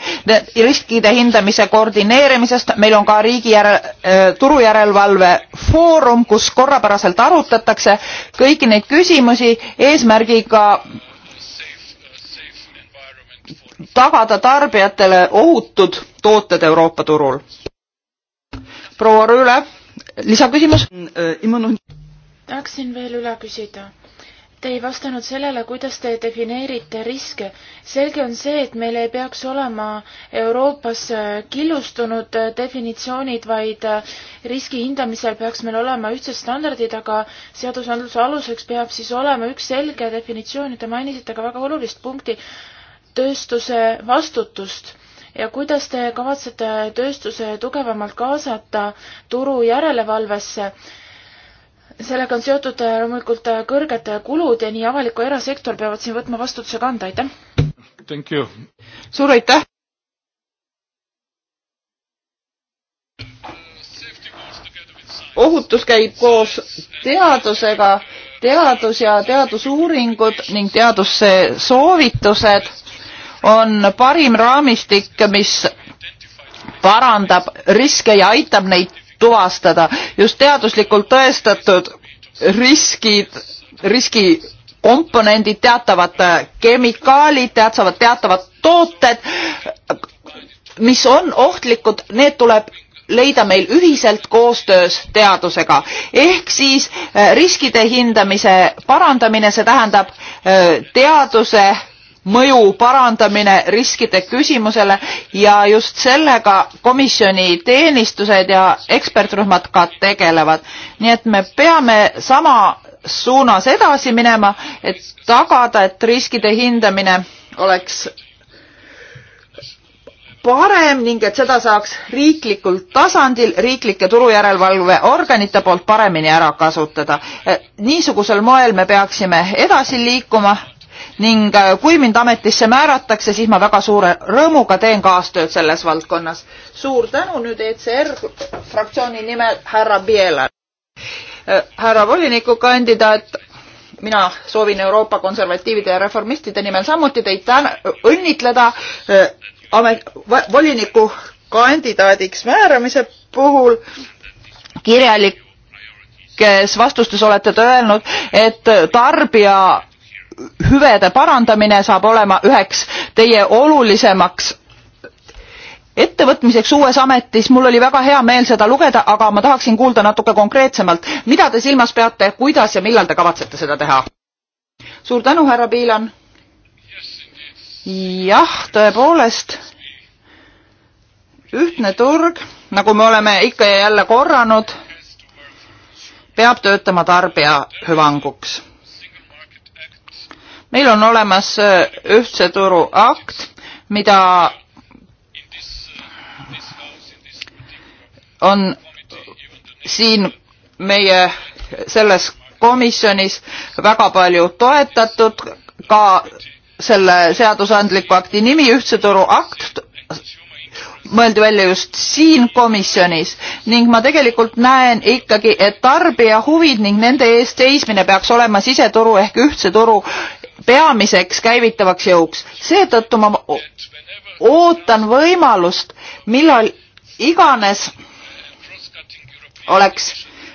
riskide hindamise koordineerimisest, meil on ka riigi järel, äh, turujärelevalve foorum, kus korrapäraselt arutatakse kõiki neid küsimusi eesmärgiga tagada tarbijatele ohutud tooted Euroopa turul. proua Rüüle, lisaküsimus? Äh, tahaksin veel üle küsida. Te ei vastanud sellele, kuidas te defineerite riske. selge on see, et meil ei peaks olema Euroopas äh, killustunud äh, definitsioonid, vaid äh, riski hindamisel peaks meil olema ühtsed standardid, aga seadusandluse aluseks peab siis olema üks selge definitsioon ja te mainisite ka väga olulist punkti, tööstuse vastutust ja kuidas te kavatsete tööstuse tugevamalt kaasata turu järelevalvesse sellega on seotud äh, loomulikult äh, kõrged äh, kulud ja nii avalik kui erasektor peavad siin võtma vastutuse kanda, aitäh! suur aitäh! ohutus käib koos teadusega, teadus ja teadusuuringud ning teaduse soovitused on parim raamistik, mis parandab riske ja aitab neid tuvastada just teaduslikult tõestatud riskid, riski komponendid, teatavad äh, kemikaalid, teatavad, teatavad tooted, mis on ohtlikud, need tuleb leida meil ühiselt koostöös teadusega. ehk siis äh, riskide hindamise parandamine, see tähendab äh, teaduse mõju parandamine riskide küsimusele ja just sellega komisjoni teenistused ja ekspertrühmad ka tegelevad. nii et me peame sama suunas edasi minema, et tagada, et riskide hindamine oleks parem ning et seda saaks riiklikul tasandil riiklike turujärelevalveorganite poolt paremini ära kasutada. niisugusel moel me peaksime edasi liikuma ning äh, kui mind ametisse määratakse, siis ma väga suure rõõmuga teen kaastööd selles valdkonnas. suur tänu nüüd ECR fraktsiooni nimel härra Bielal. Äh, härra volinikukandidaat, mina soovin Euroopa konservatiivide ja reformistide nimel samuti teid täna õnnitleda äh, amet, voliniku kandidaadiks määramise puhul kirjalikes vastustes olete te öelnud, et tarbija hüvede parandamine saab olema üheks teie olulisemaks ettevõtmiseks uues ametis mul oli väga hea meel seda lugeda aga ma tahaksin kuulda natuke konkreetsemalt mida te silmas peate kuidas ja millal te kavatsete seda teha suur tänu härra piilan jah tõepoolest ühtne turg nagu me oleme ikka ja jälle korranud peab töötama tarbija hüvanguks meil on olemas äh, ühtse turu akt, mida on siin meie selles komisjonis väga palju toetatud, ka selle seadusandliku akti nimi, ühtse turu akt, mõeldi välja just siin komisjonis ning ma tegelikult näen ikkagi, et tarbija huvid ning nende eest seismine peaks olema siseturu ehk ühtse turu peamiseks käivitavaks jõuks. seetõttu ma ootan võimalust, millal iganes oleks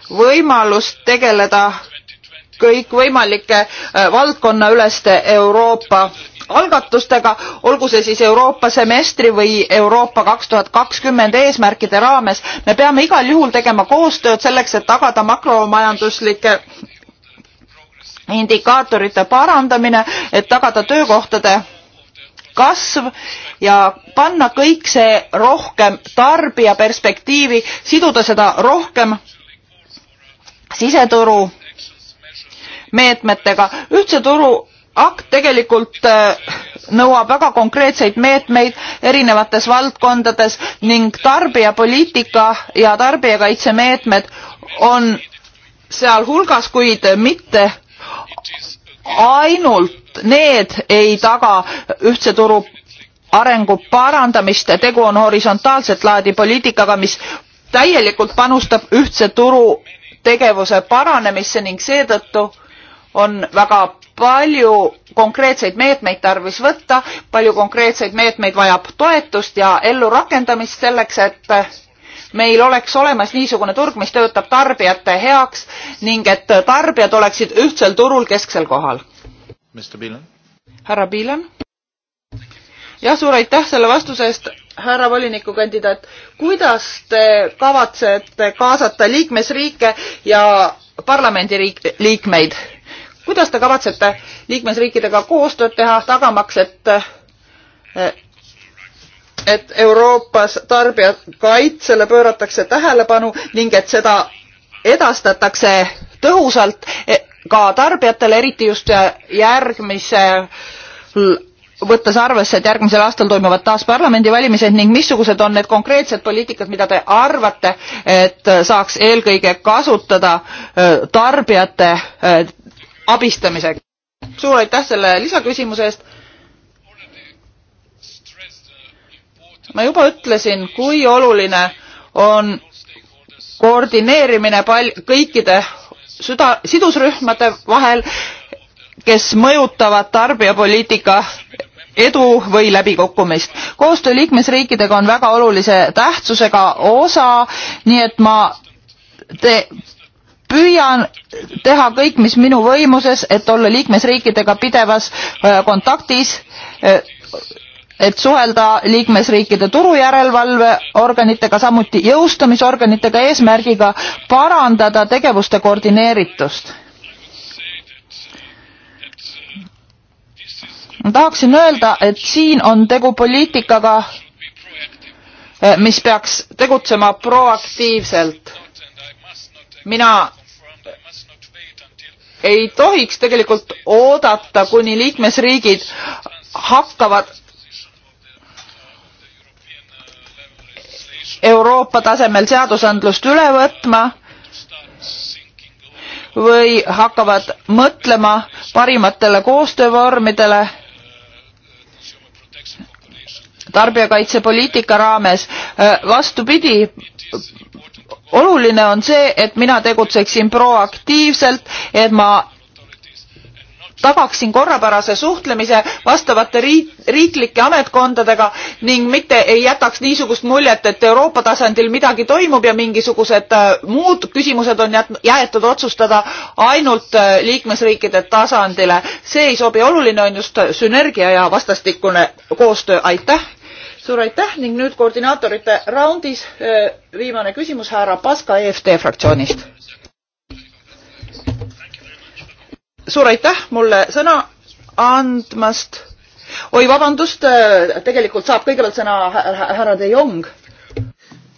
võimalus tegeleda kõikvõimalike äh, valdkonnaüleste Euroopa algatustega, olgu see siis Euroopa semestri või Euroopa kaks tuhat kakskümmend eesmärkide raames. me peame igal juhul tegema koostööd selleks, et tagada makromajanduslike indikaatorite parandamine, et tagada töökohtade kasv ja panna kõik see rohkem tarbija perspektiivi, siduda seda rohkem siseturu meetmetega. ühtse turu akt tegelikult äh, nõuab väga konkreetseid meetmeid erinevates valdkondades ning tarbijapoliitika ja tarbijakaitsemeetmed on sealhulgas, kuid mitte ainult need ei taga ühtse turu arengu parandamist, tegu on horisontaalset laadi poliitikaga, mis täielikult panustab ühtse turu tegevuse paranemisse ning seetõttu on väga palju konkreetseid meetmeid tarvis võtta, palju konkreetseid meetmeid vajab toetust ja ellurakendamist selleks, et meil oleks olemas niisugune turg, mis töötab tarbijate heaks, ning et tarbijad oleksid ühtsel turul kesksel kohal. härra Biilan. jah, suur aitäh selle vastuse eest, härra volinikukandidaat. kuidas te kavatsete kaasata liikmesriike ja parlamendi riik-, liikmeid? kuidas te kavatsete liikmesriikidega koostööd teha, tagamaks, et et Euroopas tarbijakaitsele pööratakse tähelepanu ning et seda edastatakse tõhusalt e, ka tarbijatele, eriti just äh, järgmise võttes arvesse, et järgmisel aastal toimuvad taas parlamendivalimised ning missugused on need konkreetsed poliitikad, mida te arvate, et saaks eelkõige kasutada äh, tarbijate äh, abistamiseks? suur aitäh selle lisaküsimuse eest. ma juba ütlesin, kui oluline on koordineerimine pal-, kõikide süda, sidusrühmade vahel, kes mõjutavad tarbijapoliitika edu või läbikukkumist. koostöö liikmesriikidega on väga olulise tähtsusega osa, nii et ma te püüan teha kõik, mis minu võimuses, et olla liikmesriikidega pidevas äh, kontaktis äh, et suhelda liikmesriikide turujärelevalveorganitega, samuti jõustamisorganitega eesmärgiga parandada tegevuste koordineeritust. ma tahaksin öelda, et siin on tegu poliitikaga, eh, mis peaks tegutsema proaktiivselt. mina ei tohiks tegelikult oodata, kuni liikmesriigid hakkavad Euroopa tasemel seadusandlust üle võtma või hakkavad mõtlema parimatele koostöövormidele tarbijakaitsepoliitika raames. Vastupidi, oluline on see, et mina tegutseksin proaktiivselt, et ma tagaksin korrapärase suhtlemise vastavate riik, riiklike ametkondadega ning mitte ei jätaks niisugust muljet, et Euroopa tasandil midagi toimub ja mingisugused äh, muud küsimused on jäetud otsustada ainult äh, liikmesriikide tasandile. see ei sobi, oluline on just sünergia ja vastastikune koostöö, aitäh! suur aitäh ning nüüd koordinaatorite raundis äh, viimane küsimus härra Paska EFD fraktsioonist suur aitäh mulle sõna andmast. oi, vabandust, äh, tegelikult saab kõigepealt sõna härra De Jong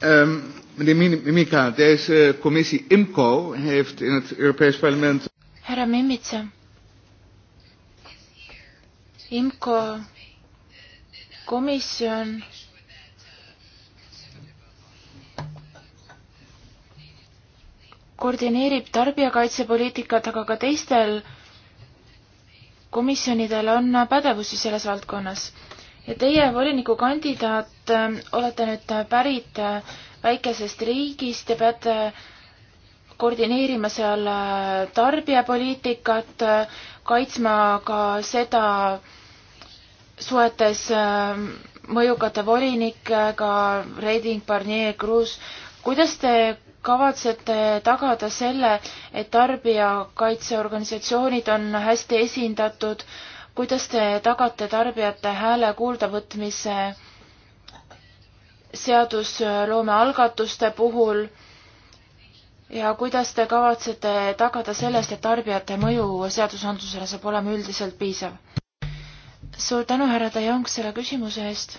um,. Meneer Mimica, deze äh, commissie IMCO heeft in het Europees Parlement. Herra Mimica. IMCO komisjon koordineerib tarbijakaitsepoliitikat, aga ka teistel komisjonidel on pädevusi selles valdkonnas. ja teie volinikukandidaat äh, olete nüüd pärit äh, väikesest riigist ja peate koordineerima seal äh, tarbijapoliitikat, kaitsma ka seda suhetes mõjukate volinikega, Reding, Barnier, Kruus, kuidas te kavatsete tagada selle, et tarbijakaitseorganisatsioonid on hästi esindatud, kuidas te tagate tarbijate hääle kuuldavõtmise seadusloome algatuste puhul ja kuidas te kavatsete tagada sellest, et tarbijate mõju seadusandlusele saab olema üldiselt piisav? suur tänu, härra De Jong, selle küsimuse eest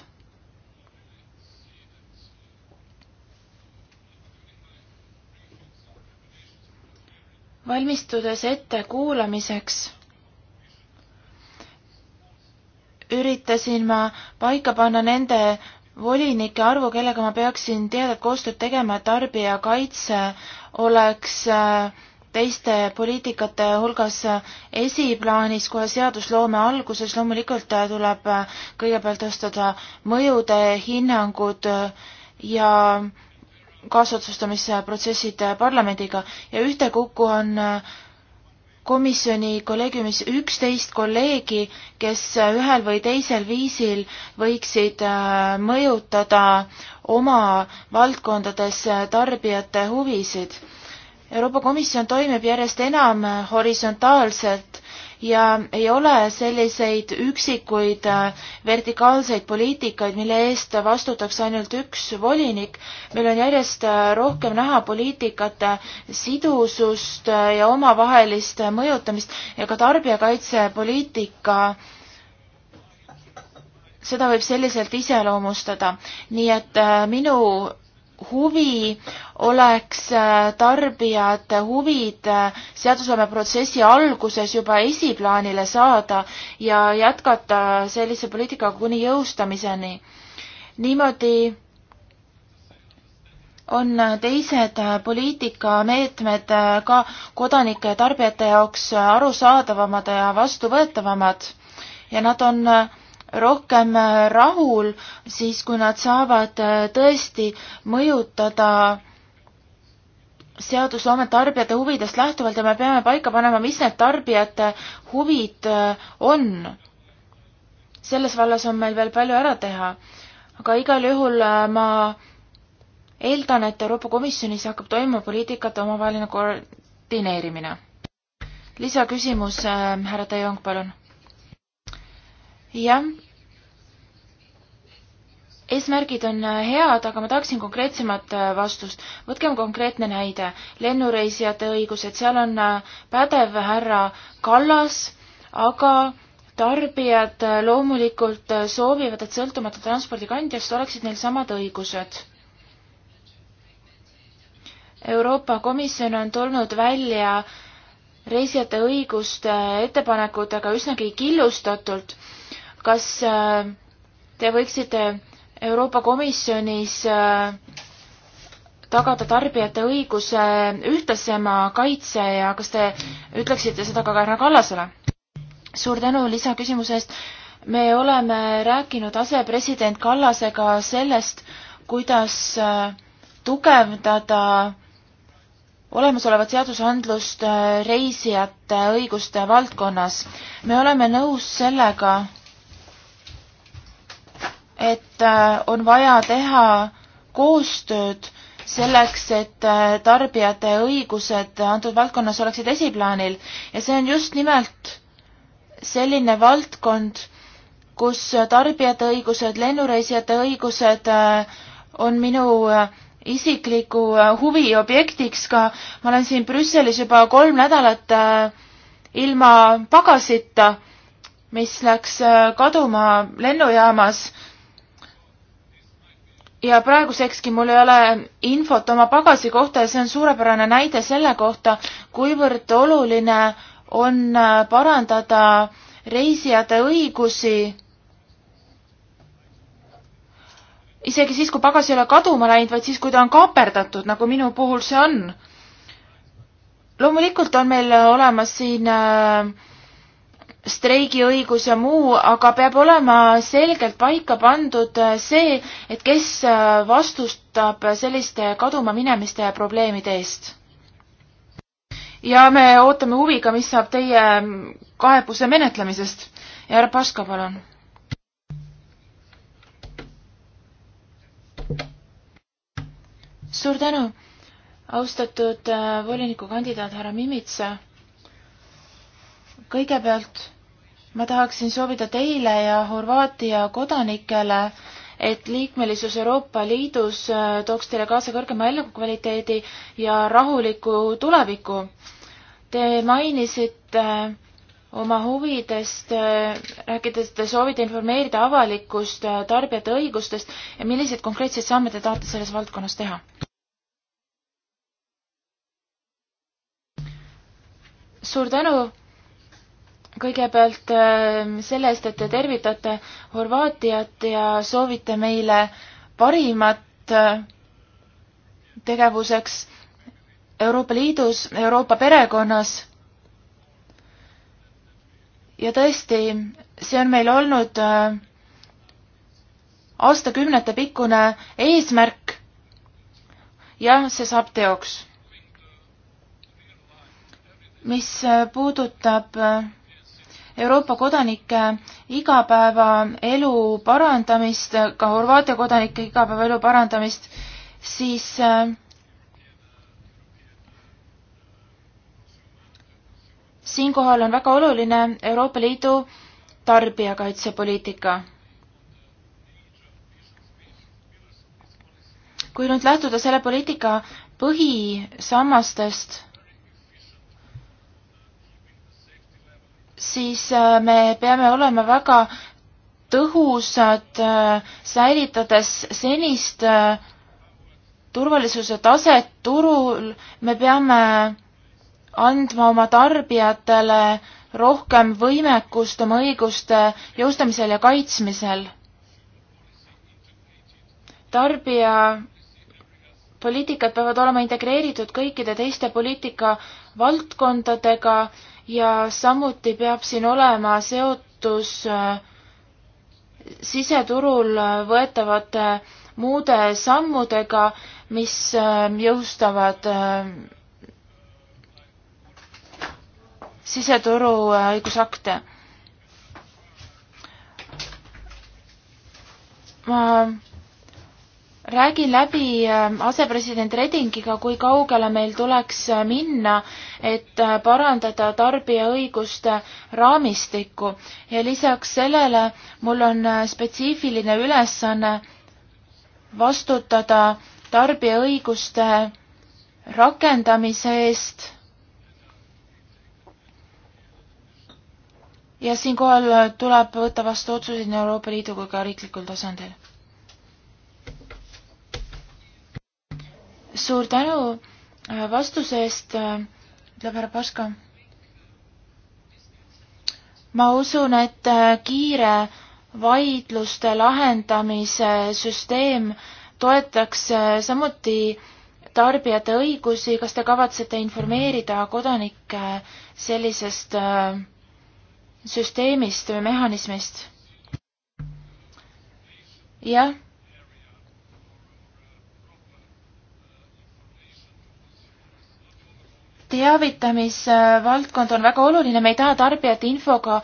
valmistudes ette kuulamiseks, üritasin ma paika panna nende volinike arvu, kellega ma peaksin tihedat koostööd tegema, et tarbijakaitse oleks äh, teiste poliitikate hulgas äh, esiplaanis kohe seadusloome alguses, loomulikult äh, tuleb kõigepealt tõstada mõjude hinnangud ja äh, kaasotsustamisprotsessid äh, parlamendiga ja ühtekokku on äh, komisjoni kolleegiumis üksteist kolleegi, kes äh, ühel või teisel viisil võiksid mõjutada oma valdkondades tarbijate huvisid. Euroopa Komisjon toimib järjest enam horisontaalselt ja ei ole selliseid üksikuid äh, vertikaalseid poliitikaid, mille eest vastutaks ainult üks volinik. meil on järjest äh, rohkem näha poliitikate sidusust äh, ja omavahelist mõjutamist ja ka tarbijakaitsepoliitika seda võib selliselt iseloomustada, nii et minu huvi oleks äh, tarbijate huvid äh, seadusloome protsessi alguses juba esiplaanile saada ja jätkata sellise poliitikaga kuni jõustamiseni. niimoodi on teised poliitikameetmed ka kodanike ja tarbijate jaoks arusaadavamad ja vastuvõetavamad ja nad on äh, rohkem äh, rahul, siis kui nad saavad äh, tõesti mõjutada seadusloomet tarbijate huvidest lähtuvalt ja me peame paika panema, mis need tarbijate huvid äh, on. selles vallas on meil veel palju ära teha. aga igal juhul ma eeldan, et Euroopa Komisjonis hakkab toimuma poliitikate omavaheline koordineerimine. lisaküsimus äh,, härra De Jong, palun jah, eesmärgid on äh, head, aga ma tahaksin konkreetsemat äh, vastust. võtkem konkreetne näide, lennureisijate õigused, seal on äh, pädev härra Kallas, aga tarbijad loomulikult soovivad, et sõltumata transpordikandjast oleksid neil samad õigused. Euroopa Komisjon on tulnud välja reisijate õiguste ettepanekutega üsnagi killustatult kas äh, te võiksite Euroopa Komisjonis äh, tagada tarbijate õiguse ühtlasema kaitse ja kas te ütleksite seda ka härra Kallasele? suur tänu lisaküsimuse eest. me oleme rääkinud asepresident Kallasega sellest, kuidas äh, tugevdada olemasolevat seadusandlust reisijate õiguste valdkonnas. me oleme nõus sellega, et äh, on vaja teha koostööd selleks, et äh, tarbijate õigused antud valdkonnas oleksid esiplaanil ja see on just nimelt selline valdkond, kus tarbijate õigused, lennureisijate õigused äh, on minu isikliku huvi objektiks ka. ma olen siin Brüsselis juba kolm nädalat ilma pagasita, mis läks kaduma lennujaamas ja praegusekski mul ei ole infot oma pagasi kohta ja see on suurepärane näide selle kohta, kuivõrd oluline on äh, parandada reisijate õigusi isegi siis, kui pagas ei ole kaduma läinud, vaid siis, kui ta on kaaperdatud, nagu minu puhul see on. loomulikult on meil olemas siin äh, streigiõigus ja muu, aga peab olema selgelt paika pandud äh, see, et kes äh, vastustab selliste kaduma minemiste probleemide eest. ja me ootame huviga, mis saab teie mm, kaebuse menetlemisest. härra Paska, palun. suur tänu, austatud äh, volinikukandidaat härra Mimitsa. kõigepealt ma tahaksin soovida teile ja Horvaatia kodanikele, et liikmelisus Euroopa Liidus äh, tooks teile kaasa kõrgema elukvaliteedi ja rahuliku tuleviku. Te mainisite äh, oma huvidest, äh, rääkides, te soovite informeerida avalikkust tarbijate õigustest ja milliseid konkreetseid samme te tahate selles valdkonnas teha? suur tänu kõigepealt äh, selle eest, et te tervitate Horvaatiat ja soovite meile parimat äh, tegevuseks Euroopa Liidus, Euroopa perekonnas. ja tõesti, see on meil olnud äh, aastakümnete pikkune eesmärk. jah, see saab teoks. mis puudutab äh, Euroopa kodanike igapäevaelu parandamist, ka Horvaatia kodanike igapäevaelu parandamist, siis äh, siinkohal on väga oluline Euroopa Liidu tarbijakaitsepoliitika. kui nüüd lähtuda selle poliitika põhisammastest siis äh, me peame olema väga tõhusad, äh, säilitades senist äh, turvalisuse taset turul, me peame andma oma tarbijatele rohkem võimekust oma õiguste jõustamisel ja kaitsmisel. tarbija poliitikad peavad olema integreeritud kõikide teiste poliitika valdkondadega ja samuti peab siin olema seotus äh, siseturul võetavate muude sammudega, mis äh, jõustavad äh, siseturu õigusakte. ma räägin läbi äh, asepresident Redingiga, kui kaugele meil tuleks äh, minna, et äh, parandada tarbija õiguste raamistikku ja lisaks sellele mul on spetsiifiline ülesanne vastutada tarbija õiguste rakendamise eest. ja siinkohal tuleb võtta vastu otsuseid nii Euroopa Liiduga ka riiklikul tasandil suur tänu äh, vastuse eest, äh, ütleb härra Paška. ma usun, et äh, kiire vaidluste lahendamise süsteem toetaks samuti tarbijate õigusi, kas te kavatsete informeerida kodanikke sellisest süsteemist või mehhanismist? jah teavitamisvaldkond on väga oluline, me ei taha tarbijate infoga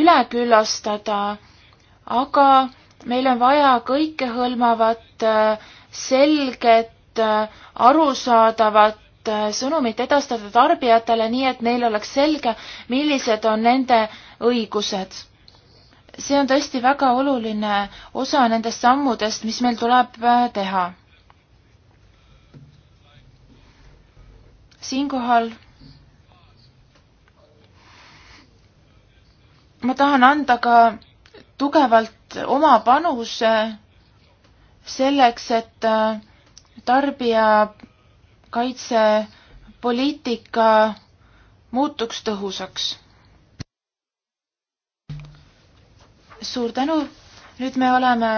üle küllastada, aga meil on vaja kõikehõlmavat, selget, arusaadavat sõnumit edastada tarbijatele, nii et neil oleks selge, millised on nende õigused. see on tõesti väga oluline osa nendest sammudest, mis meil tuleb teha siinkohal ma tahan anda ka tugevalt oma panuse selleks, et äh, tarbijakaitsepoliitika muutuks tõhusaks. suur tänu, nüüd me oleme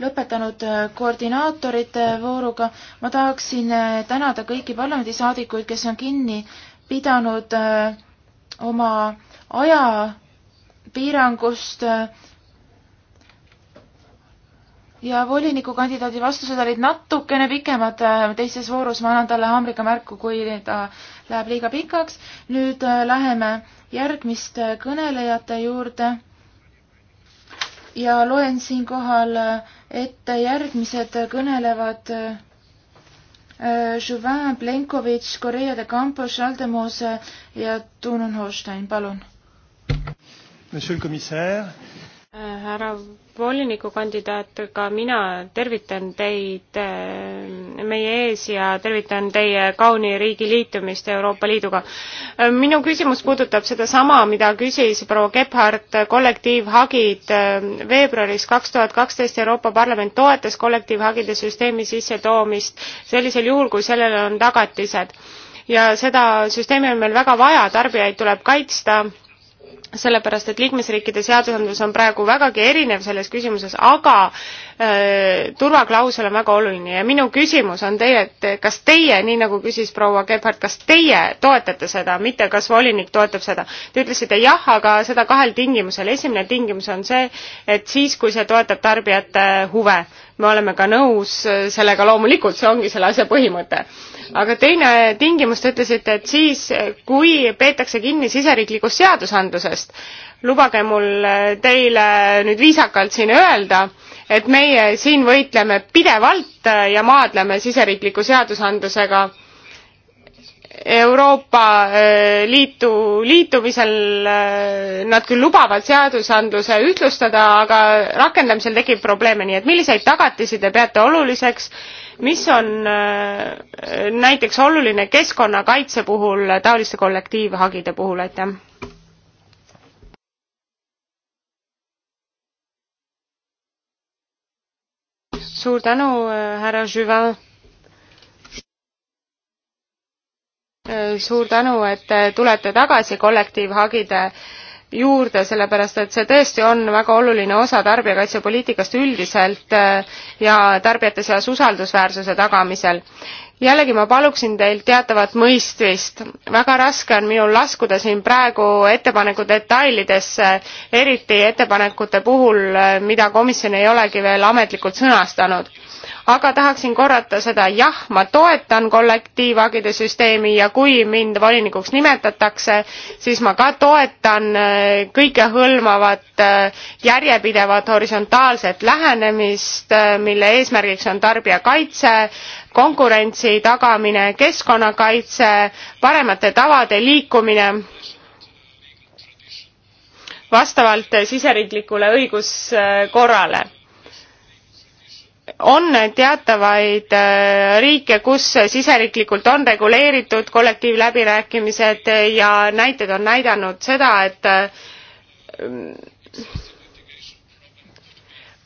lõpetanud äh, koordinaatorite äh, vooruga. ma tahaksin äh, tänada kõiki parlamendisaadikuid, kes on kinni pidanud oma ajapiirangust ja volinikukandidaadi vastused olid natukene pikemad, teises voorus ma annan talle haamriga märku, kui ta läheb liiga pikaks. nüüd läheme järgmiste kõnelejate juurde ja loen siinkohal ette järgmised kõnelevad äh, Juvin Plenkovitš, Korea de Campos, Aldemose ja Tunun Holstein, palun. Äh, härra volinikukandidaat, ka mina tervitan teid äh, meie ees ja tervitan teie kauni riigi liitumist Euroopa Liiduga. Äh, minu küsimus puudutab sedasama, mida küsis proua Gebhardt, kollektiivhagid. veebruaris kaks tuhat kaksteist Euroopa Parlament toetas kollektiivhagide süsteemi sissetoomist sellisel juhul, kui sellele on tagatised. ja seda süsteemi on meil väga vaja, tarbijaid tuleb kaitsta sellepärast et liikmesriikide seadusandlus on praegu vägagi erinev selles küsimuses, aga Äh, turvaklausel on väga oluline ja minu küsimus on teie, et kas teie, nii nagu küsis proua Gebhardt, kas teie toetate seda, mitte kas volinik toetab seda? Te ütlesite jah, aga seda kahel tingimusel. esimene tingimus on see, et siis, kui see toetab tarbijate huve. me oleme ka nõus äh, sellega loomulikult, see ongi selle asja põhimõte. aga teine tingimus, te ütlesite, et siis, kui peetakse kinni siseriiklikust seadusandlusest, lubage mul äh, teile nüüd viisakalt siin öelda, et meie siin võitleme pidevalt ja maadleme siseriikliku seadusandlusega Euroopa äh, Liitu liitumisel äh, nad küll lubavad seadusandluse ühtlustada, aga rakendamisel tekib probleeme, nii et milliseid tagatisi te peate oluliseks, mis on äh, näiteks oluline keskkonnakaitse puhul, taoliste kollektiivhagide puhul, aitäh? suur tänu, äh, härra Juvin. Äh, suur tänu, et tulete tagasi kollektiivhagide juurde, sellepärast et see tõesti on väga oluline osa tarbijakaitsepoliitikast üldiselt äh, ja tarbijate seas usaldusväärsuse tagamisel jällegi ma paluksin teilt teatavat mõistmist. väga raske on minul laskuda siin praegu ettepaneku detailidesse, eriti ettepanekute puhul, eh, mida komisjon ei olegi veel ametlikult sõnastanud aga tahaksin korrata seda, jah, ma toetan kollektiivhagide süsteemi ja kui mind volinikuks nimetatakse, siis ma ka toetan äh, kõikehõlmavat äh, järjepidevat horisontaalset lähenemist, äh, mille eesmärgiks on tarbijakaitse, konkurentsi tagamine, keskkonnakaitse, paremate tavade liikumine vastavalt siseriiklikule õiguskorrale on teatavaid äh, riike, kus siseriiklikult on reguleeritud kollektiivläbirääkimised ja näited on näidanud seda, et äh,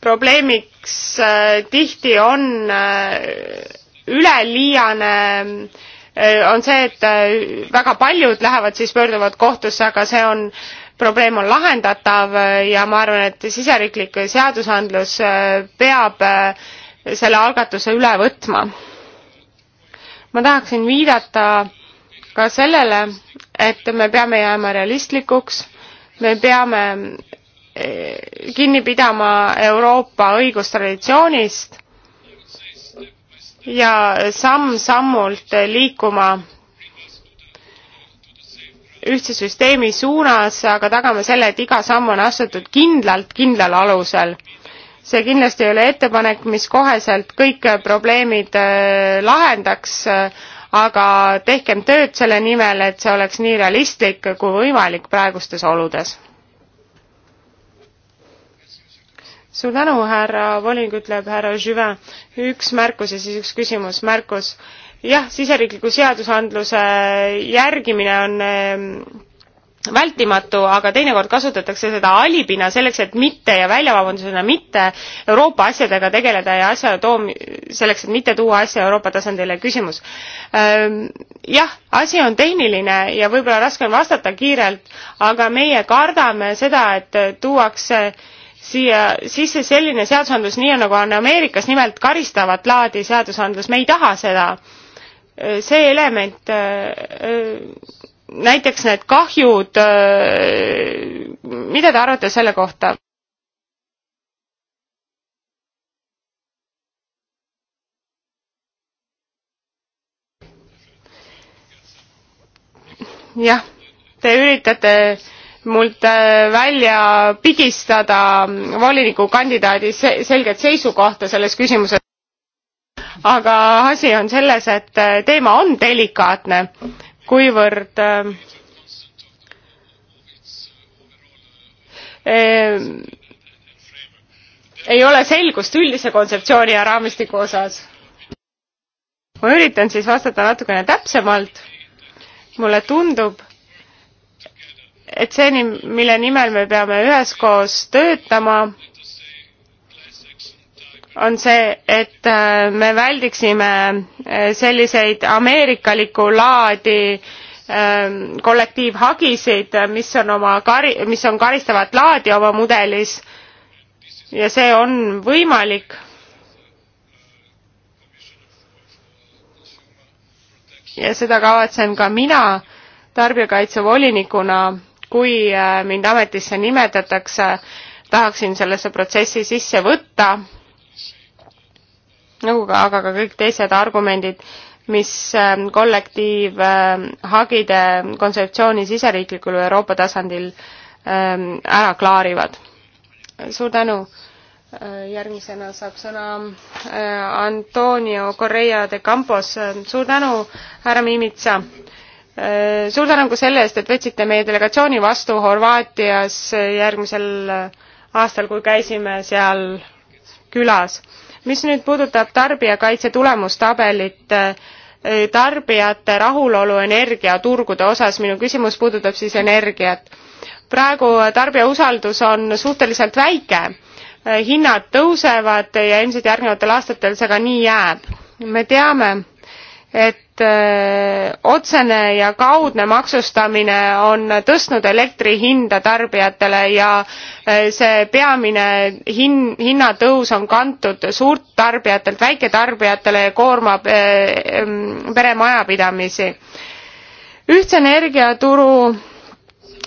probleemiks äh, tihti on üleliiane on see, et väga paljud lähevad siis pöörduvad kohtusse, aga see on probleem on lahendatav ja ma arvan, et siseriiklik seadusandlus peab äh, selle algatuse üle võtma. ma tahaksin viidata ka sellele, et me peame jääma realistlikuks, me peame eh, kinni pidama Euroopa õigustraditsioonist ja samm-sammult liikuma ühtse süsteemi suunas, aga tagame selle, et iga samm on astutud kindlalt, kindlal alusel see kindlasti ei ole ettepanek, mis koheselt kõik probleemid äh, lahendaks, äh, aga tehkem tööd selle nimel, et see oleks nii realistlik kui võimalik praegustes oludes. suur tänu, härra volinik, ütleb härra Juvin. üks märkus ja siis üks küsimus, märkus. jah, siseriikliku seadusandluse järgimine on ähm, vältimatu, aga teinekord kasutatakse seda alibina selleks, et mitte ja väljavabandusena mitte Euroopa asjadega tegeleda ja asja toom-, selleks, et mitte tuua asja Euroopa tasandile küsimus. jah, asi on tehniline ja võib-olla raske on vastata kiirelt, aga meie kardame seda, et tuuakse siia sisse selline seadusandlus, nii nagu on Ameerikas, nimelt karistavat laadi seadusandlus, me ei taha seda. see element öö, näiteks need kahjud, äh, mida te arvate selle kohta? jah, te üritate mult äh, välja pigistada volinikukandidaadi selget seisukohta selles küsimuses. aga asi on selles, et äh, teema on delikaatne kuivõrd äh, äh, ei ole selgust üldise kontseptsiooni ja raamistiku osas. ma üritan siis vastata natukene täpsemalt. mulle tundub, et see, mille nimel me peame üheskoos töötama, on see, et äh, me väldiksime äh, selliseid ameerikaliku laadi ähm, kollektiivhagisid, mis on oma kari-, mis on karistavat laadi oma mudelis ja see on võimalik ja seda kavatsen ka mina tarbijakaitsevolinikuna, kui äh, mind ametisse nimetatakse, tahaksin sellesse protsessi sisse võtta nõuga, aga ka kõik teised argumendid, mis ähm, kollektiivhagide ähm, kontseptsiooni siseriiklikul või Euroopa tasandil ähm, ära klaarivad. suur tänu! Äh, järgmisena saab sõna äh, Antonio Correa de Campos. Äh, suur tänu, härra Mimitsa! suur tänu ka selle eest, et võtsite meie delegatsiooni vastu Horvaatias järgmisel aastal, kui käisime seal külas mis nüüd puudutab tarbijakaitse tulemustabelit, äh, tarbijate rahulolu energiaturgude osas, minu küsimus puudutab siis energiat. praegu äh, tarbija usaldus on suhteliselt väike, äh, hinnad tõusevad ja ilmselt järgnevatel aastatel see ka nii jääb. me teame, et Äh, otsene ja kaudne maksustamine on tõstnud elektri hinda tarbijatele ja äh, see peamine hin- hinnatõus on kantud suurt tarbijatelt väiketarbijatele ja koormab äh, mm, peremajapidamisi ühtse energiaturu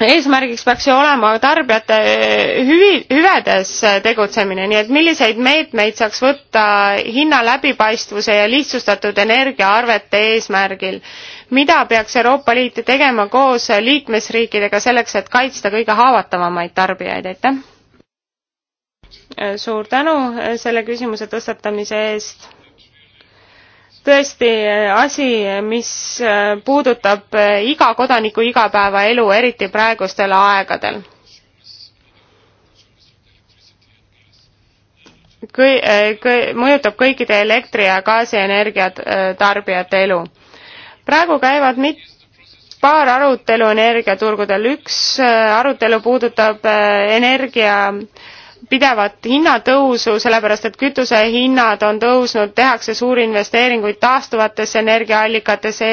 eesmärgiks peaks ju olema tarbijate eh, hüvi, hüvedes eh, tegutsemine, nii et milliseid meetmeid saaks võtta hinna läbipaistvuse ja lihtsustatud energiaarvete eesmärgil? mida peaks Euroopa Liit tegema koos liikmesriikidega selleks, et kaitsta kõige haavatavamaid tarbijaid, aitäh! suur tänu selle küsimuse tõstatamise eest tõesti eh, asi, eh, mis eh, puudutab iga kodaniku igapäevaelu, eriti praegustel aegadel. kõi-, kõi-, mõjutab kõikide elektri- ja gaasienergia tarbijate elu. praegu käivad mit-, paar arutelu energiaturgudel, üks arutelu puudutab energia äh, pidevat hinnatõusu, sellepärast et kütusehinnad on tõusnud, tehakse suuri investeeringuid taastuvatesse energiaallikatesse,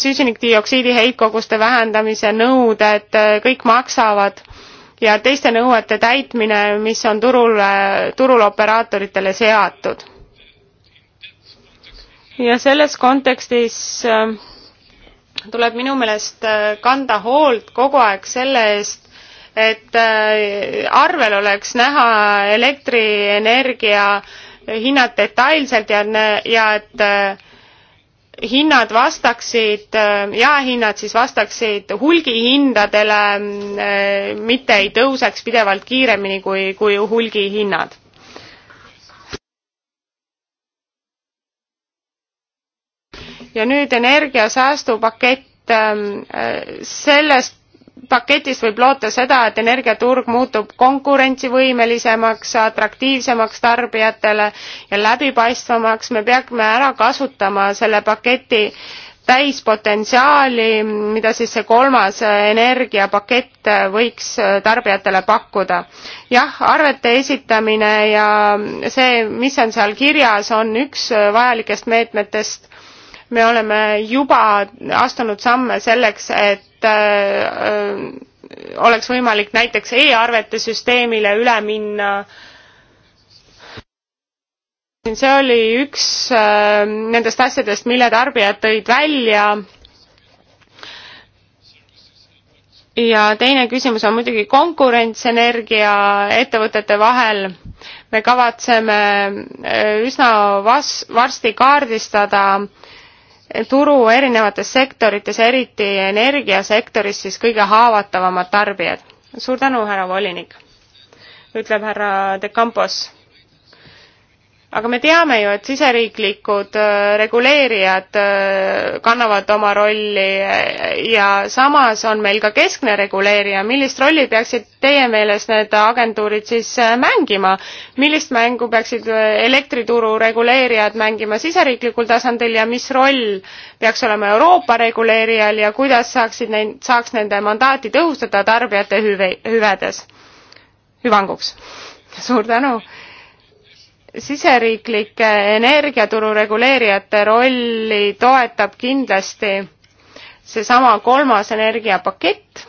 süsinikdioksiidi heitkoguste vähendamise nõuded, kõik maksavad ja teiste nõuete täitmine, mis on turul, turul operaatoritele seatud. ja selles kontekstis äh, tuleb minu meelest äh, kanda hoolt kogu aeg selle eest, et äh, arvel oleks näha elektrienergia hinnad detailselt ja, ja et äh, hinnad vastaksid, äh, jaehinnad siis vastaksid hulgihindadele, mitte ei tõuseks pidevalt kiiremini kui, kui hulgihinnad. ja nüüd energiasäästupakett, ähm, sellest paketist võib loota seda, et energiaturg muutub konkurentsivõimelisemaks, atraktiivsemaks tarbijatele ja läbipaistvamaks. me peame ära kasutama selle paketi täispotentsiaali, mida siis see kolmas energiapakett võiks tarbijatele pakkuda. jah, arvete esitamine ja see, mis on seal kirjas, on üks vajalikest meetmetest, me oleme juba astunud samme selleks, et äh, oleks võimalik näiteks e-arvete süsteemile üle minna. see oli üks äh, nendest asjadest, mille tarbijad tõid välja. ja teine küsimus on muidugi konkurents energiaettevõtete vahel me kavatseme äh, üsna vas- varsti kaardistada turu erinevates sektorites, eriti energiasektoris, siis kõige haavatavamad tarbijad. suur tänu, härra volinik, ütleb härra De Campos aga me teame ju, et siseriiklikud äh, reguleerijad äh, kannavad oma rolli äh, ja samas on meil ka keskne reguleerija. millist rolli peaksid teie meelest need agentuurid siis mängima? millist mängu peaksid elektrituru reguleerijad mängima siseriiklikul tasandil ja mis roll peaks olema Euroopa reguleerijal ja kuidas saaksid neid, saaks nende mandaati tõhustada tarbijate hüve, hüvedes, hüvanguks? suur tänu siseriiklike energiaturu reguleerijate rolli toetab kindlasti seesama kolmas energiapakett.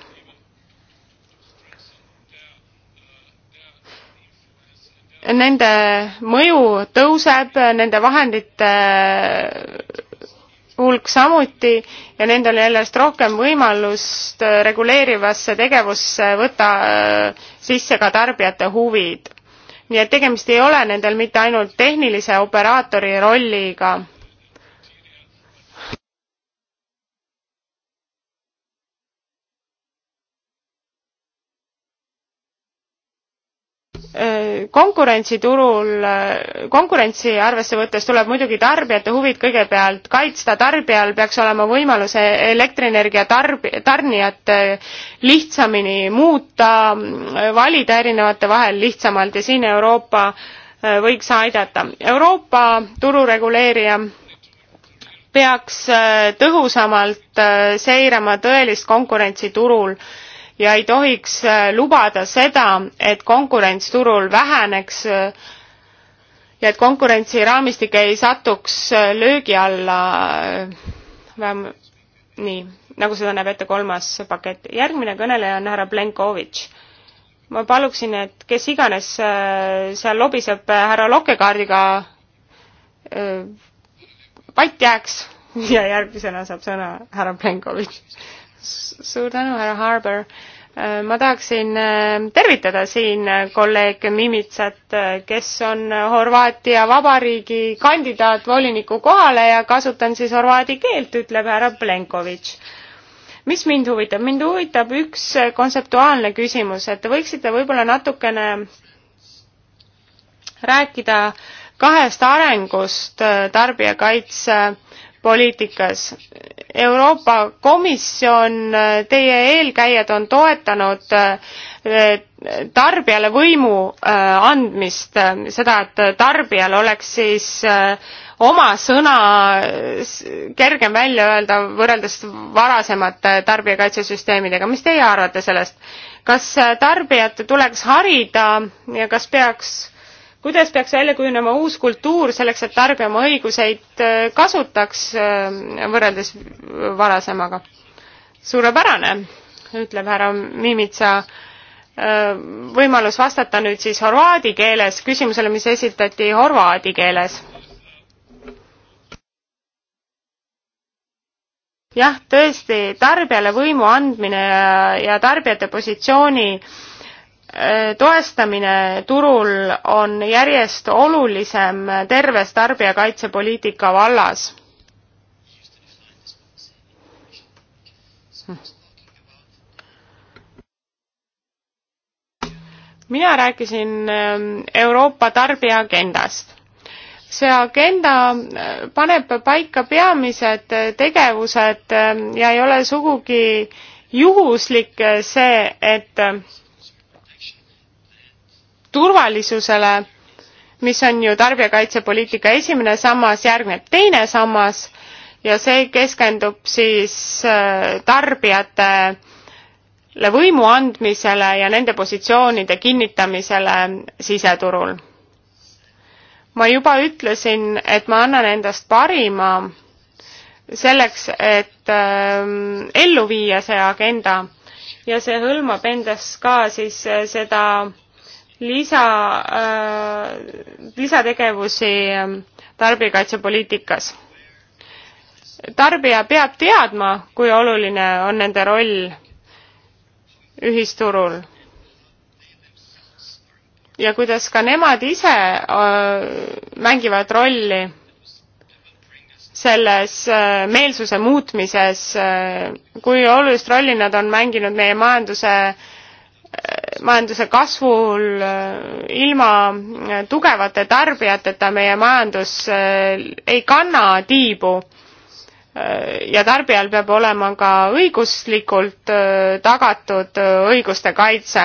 Nende mõju tõuseb, nende vahendite hulk samuti ja nendel on järjest rohkem võimalust reguleerivasse tegevusse võtta äh, sisse ka tarbijate huvid nii et tegemist ei ole nendel mitte ainult tehnilise operaatori rolliga Äh, konkurentsiturul, äh, konkurentsi arvesse võttes tuleb muidugi tarbijate huvid kõigepealt kaitsta, tarbijal peaks olema võimalus e- elektrienergia tarb-, tarnijat lihtsamini muuta, äh, valida erinevate vahel lihtsamalt ja siin Euroopa võiks aidata. Euroopa turureguleerija peaks tõhusamalt seirama tõelist konkurentsi turul ja ei tohiks äh, lubada seda, et konkurents turul väheneks äh, ja et konkurentsiraamistik ei satuks äh, löögi alla vähem nii, nagu seda näeb ette kolmas pakett. järgmine kõneleja on härra Plenkovitš. ma paluksin, et kes iganes seal lobiseb härra lokekaardiga, patt jääks [LAUGHS] ja järgmisena saab sõna härra Plenkovitš suur tänu, härra Harbour. Äh, ma tahaksin äh, tervitada siin äh, kolleeg Mimitsat, kes on Horvaatia Vabariigi kandidaat voliniku kohale ja kasutan siis horvaadi keelt, ütleb härra Plenkovitš mis mind huvitab, mind huvitab üks kontseptuaalne küsimus, et te võiksite võib-olla natukene rääkida kahest arengust tarbijakaitse poliitikas. Euroopa Komisjon, teie eelkäijad on toetanud eh, tarbijale võimu eh, andmist, eh, seda, et tarbijal oleks siis oma sõna kergem välja öelda võrreldes varasemate tarbijakaitsesüsteemidega. mis teie arvate sellest? kas tarbijat tuleks harida ja kas peaks kuidas peaks välja kujunema uus kultuur selleks, et tarbija oma õiguseid äh, kasutaks äh, võrreldes varasemaga? suurepärane, ütleb härra Mimitsa. Äh, võimalus vastata nüüd siis horvaadi keeles küsimusele, mis esitati horvaadi keeles. jah, tõesti, tarbijale võimu andmine ja, ja tarbijate positsiooni äh, Äh, toestamine turul on järjest olulisem terves tarbijakaitsepoliitika vallas mina rääkisin ähm, Euroopa tarbijaagendast. see agenda äh, paneb paika peamised äh, tegevused ähm, ja ei ole sugugi juhuslik see, et turvalisusele, mis on ju tarbijakaitsepoliitika esimene sammas, järgneb teine sammas ja see keskendub siis äh, tarbijatele võimu andmisele ja nende positsioonide kinnitamisele siseturul. ma juba ütlesin, et ma annan endast parima selleks, et äh, ellu viia see agenda ja see hõlmab endas ka siis äh, seda lisa äh,, lisategevusi ähm, tarbijakaitsepoliitikas. tarbija peab teadma, kui oluline on nende roll ühisturul ja kuidas ka nemad ise äh, mängivad rolli selles äh, meelsuse muutmises, äh, kui olulist rolli nad on mänginud meie majanduse majanduse kasvul äh, ilma äh, tugevate tarbijateta meie majandus äh, ei kanna tiibu ja tarbijal peab olema ka õiguslikult tagatud õiguste kaitse.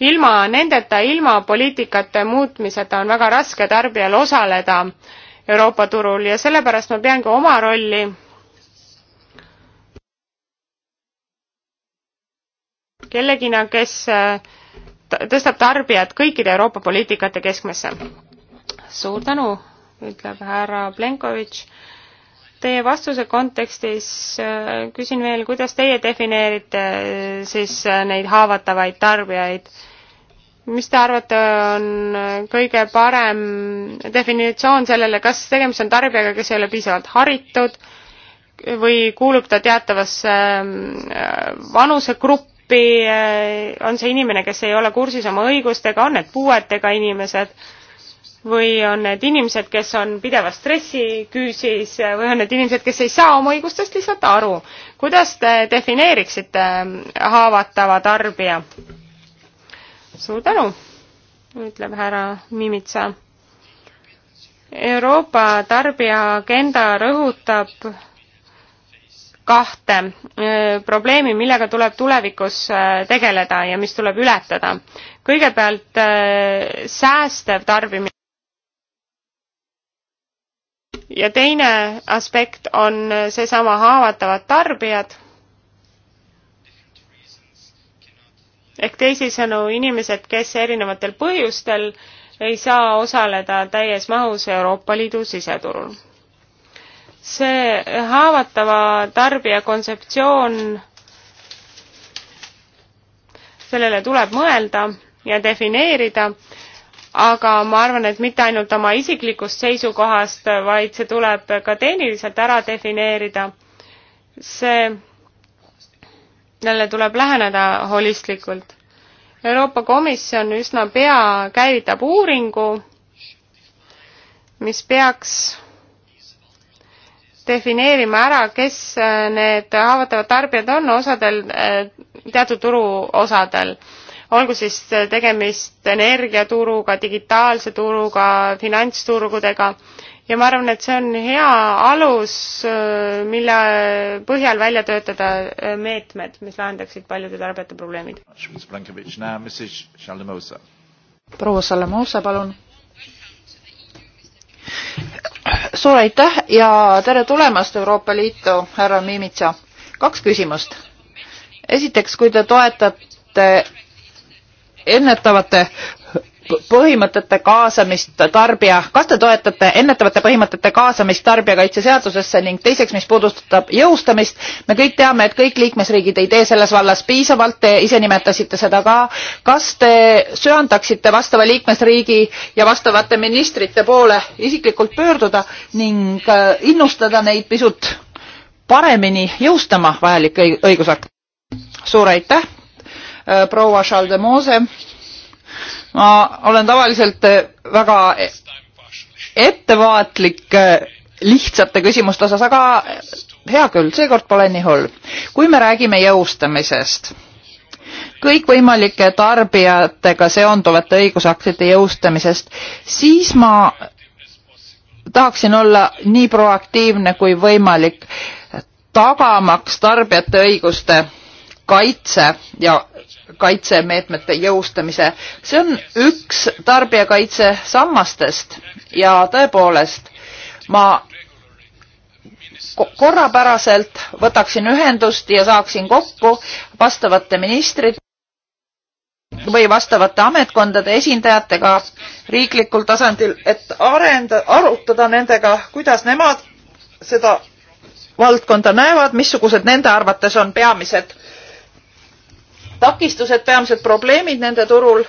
ilma nendeta, ilma poliitikate muutmiseta on väga raske tarbijal osaleda Euroopa turul ja sellepärast ma peangi oma rolli kellegina, kes tõstab tarbijad kõikide Euroopa poliitikate keskmesse. suur tänu, ütleb härra Plenkovitš. Teie vastuse kontekstis äh, küsin veel, kuidas teie defineerite äh, siis äh, neid haavatavaid tarbijaid? mis te arvate, on kõige parem definitsioon sellele, kas tegemist on tarbijaga, kes ei ole piisavalt haritud või kuulub ta teatavasse vanusegruppi? tüüpi eh, on see inimene, kes ei ole kursis oma õigustega, on need puuetega inimesed või on need inimesed, kes on pidevas stressiküüsis eh, või on need inimesed, kes ei saa oma õigustest lihtsalt aru. kuidas te defineeriksite eh, haavatava tarbija? suur tänu, ütleb härra Mimitsa Euroopa tarbija agenda rõhutab kahte probleemi, millega tuleb tulevikus tegeleda ja mis tuleb ületada. kõigepealt säästev tarbimine. ja teine aspekt on seesama haavatavad tarbijad. ehk teisisõnu inimesed, kes erinevatel põhjustel ei saa osaleda täies mahus Euroopa Liidu siseturul see haavatava tarbija kontseptsioon, sellele tuleb mõelda ja defineerida, aga ma arvan, et mitte ainult oma isiklikust seisukohast, vaid see tuleb ka tehniliselt ära defineerida. see, sellele tuleb läheneda holistlikult. Euroopa Komisjon üsna pea käivitab uuringu, mis peaks defineerima ära, kes äh, need haavatavad tarbijad on osadel, äh, teatud turuosadel. olgu siis äh, tegemist energiaturuga, digitaalse turuga, finantsturgudega ja ma arvan, et see on hea alus, mille põhjal välja töötada meetmed, mis lahendaksid paljude tarbijate probleemid. proua Salamosa, palun suur aitäh ja tere tulemast Euroopa Liitu, härra Mimitsa. kaks küsimust. esiteks, kui te toetate ennetavate põhimõtete kaasamist tarbija, kas te toetate ennetavate põhimõtete kaasamist tarbijakaitseseadusesse ning teiseks, mis puudutab jõustamist, me kõik teame, et kõik liikmesriigid ei tee selles vallas piisavalt, te ise nimetasite seda ka. kas te söandaksite vastava liikmesriigi ja vastavate ministrite poole isiklikult pöörduda ning äh, innustada neid pisut paremini jõustama vajalikke õigusakte? suur aitäh, äh, proua Charles de Mose ma olen tavaliselt eh, väga eh, ettevaatlik eh, lihtsate küsimuste osas, aga hea küll, seekord pole nii hull. kui me räägime jõustamisest, kõikvõimalike tarbijatega seonduvate õigusaktide jõustamisest, siis ma tahaksin olla nii proaktiivne kui võimalik, tagamaks tarbijate õiguste kaitse ja kaitsemeetmete jõustamise. see on üks tarbijakaitse sammastest ja tõepoolest ma korrapäraselt võtaksin ühendust ja saaksin kokku vastavate ministrid või vastavate ametkondade esindajatega riiklikul tasandil, et arenda, arutada nendega, kuidas nemad seda valdkonda näevad, missugused nende arvates on peamised takistused, peamised probleemid nende turul,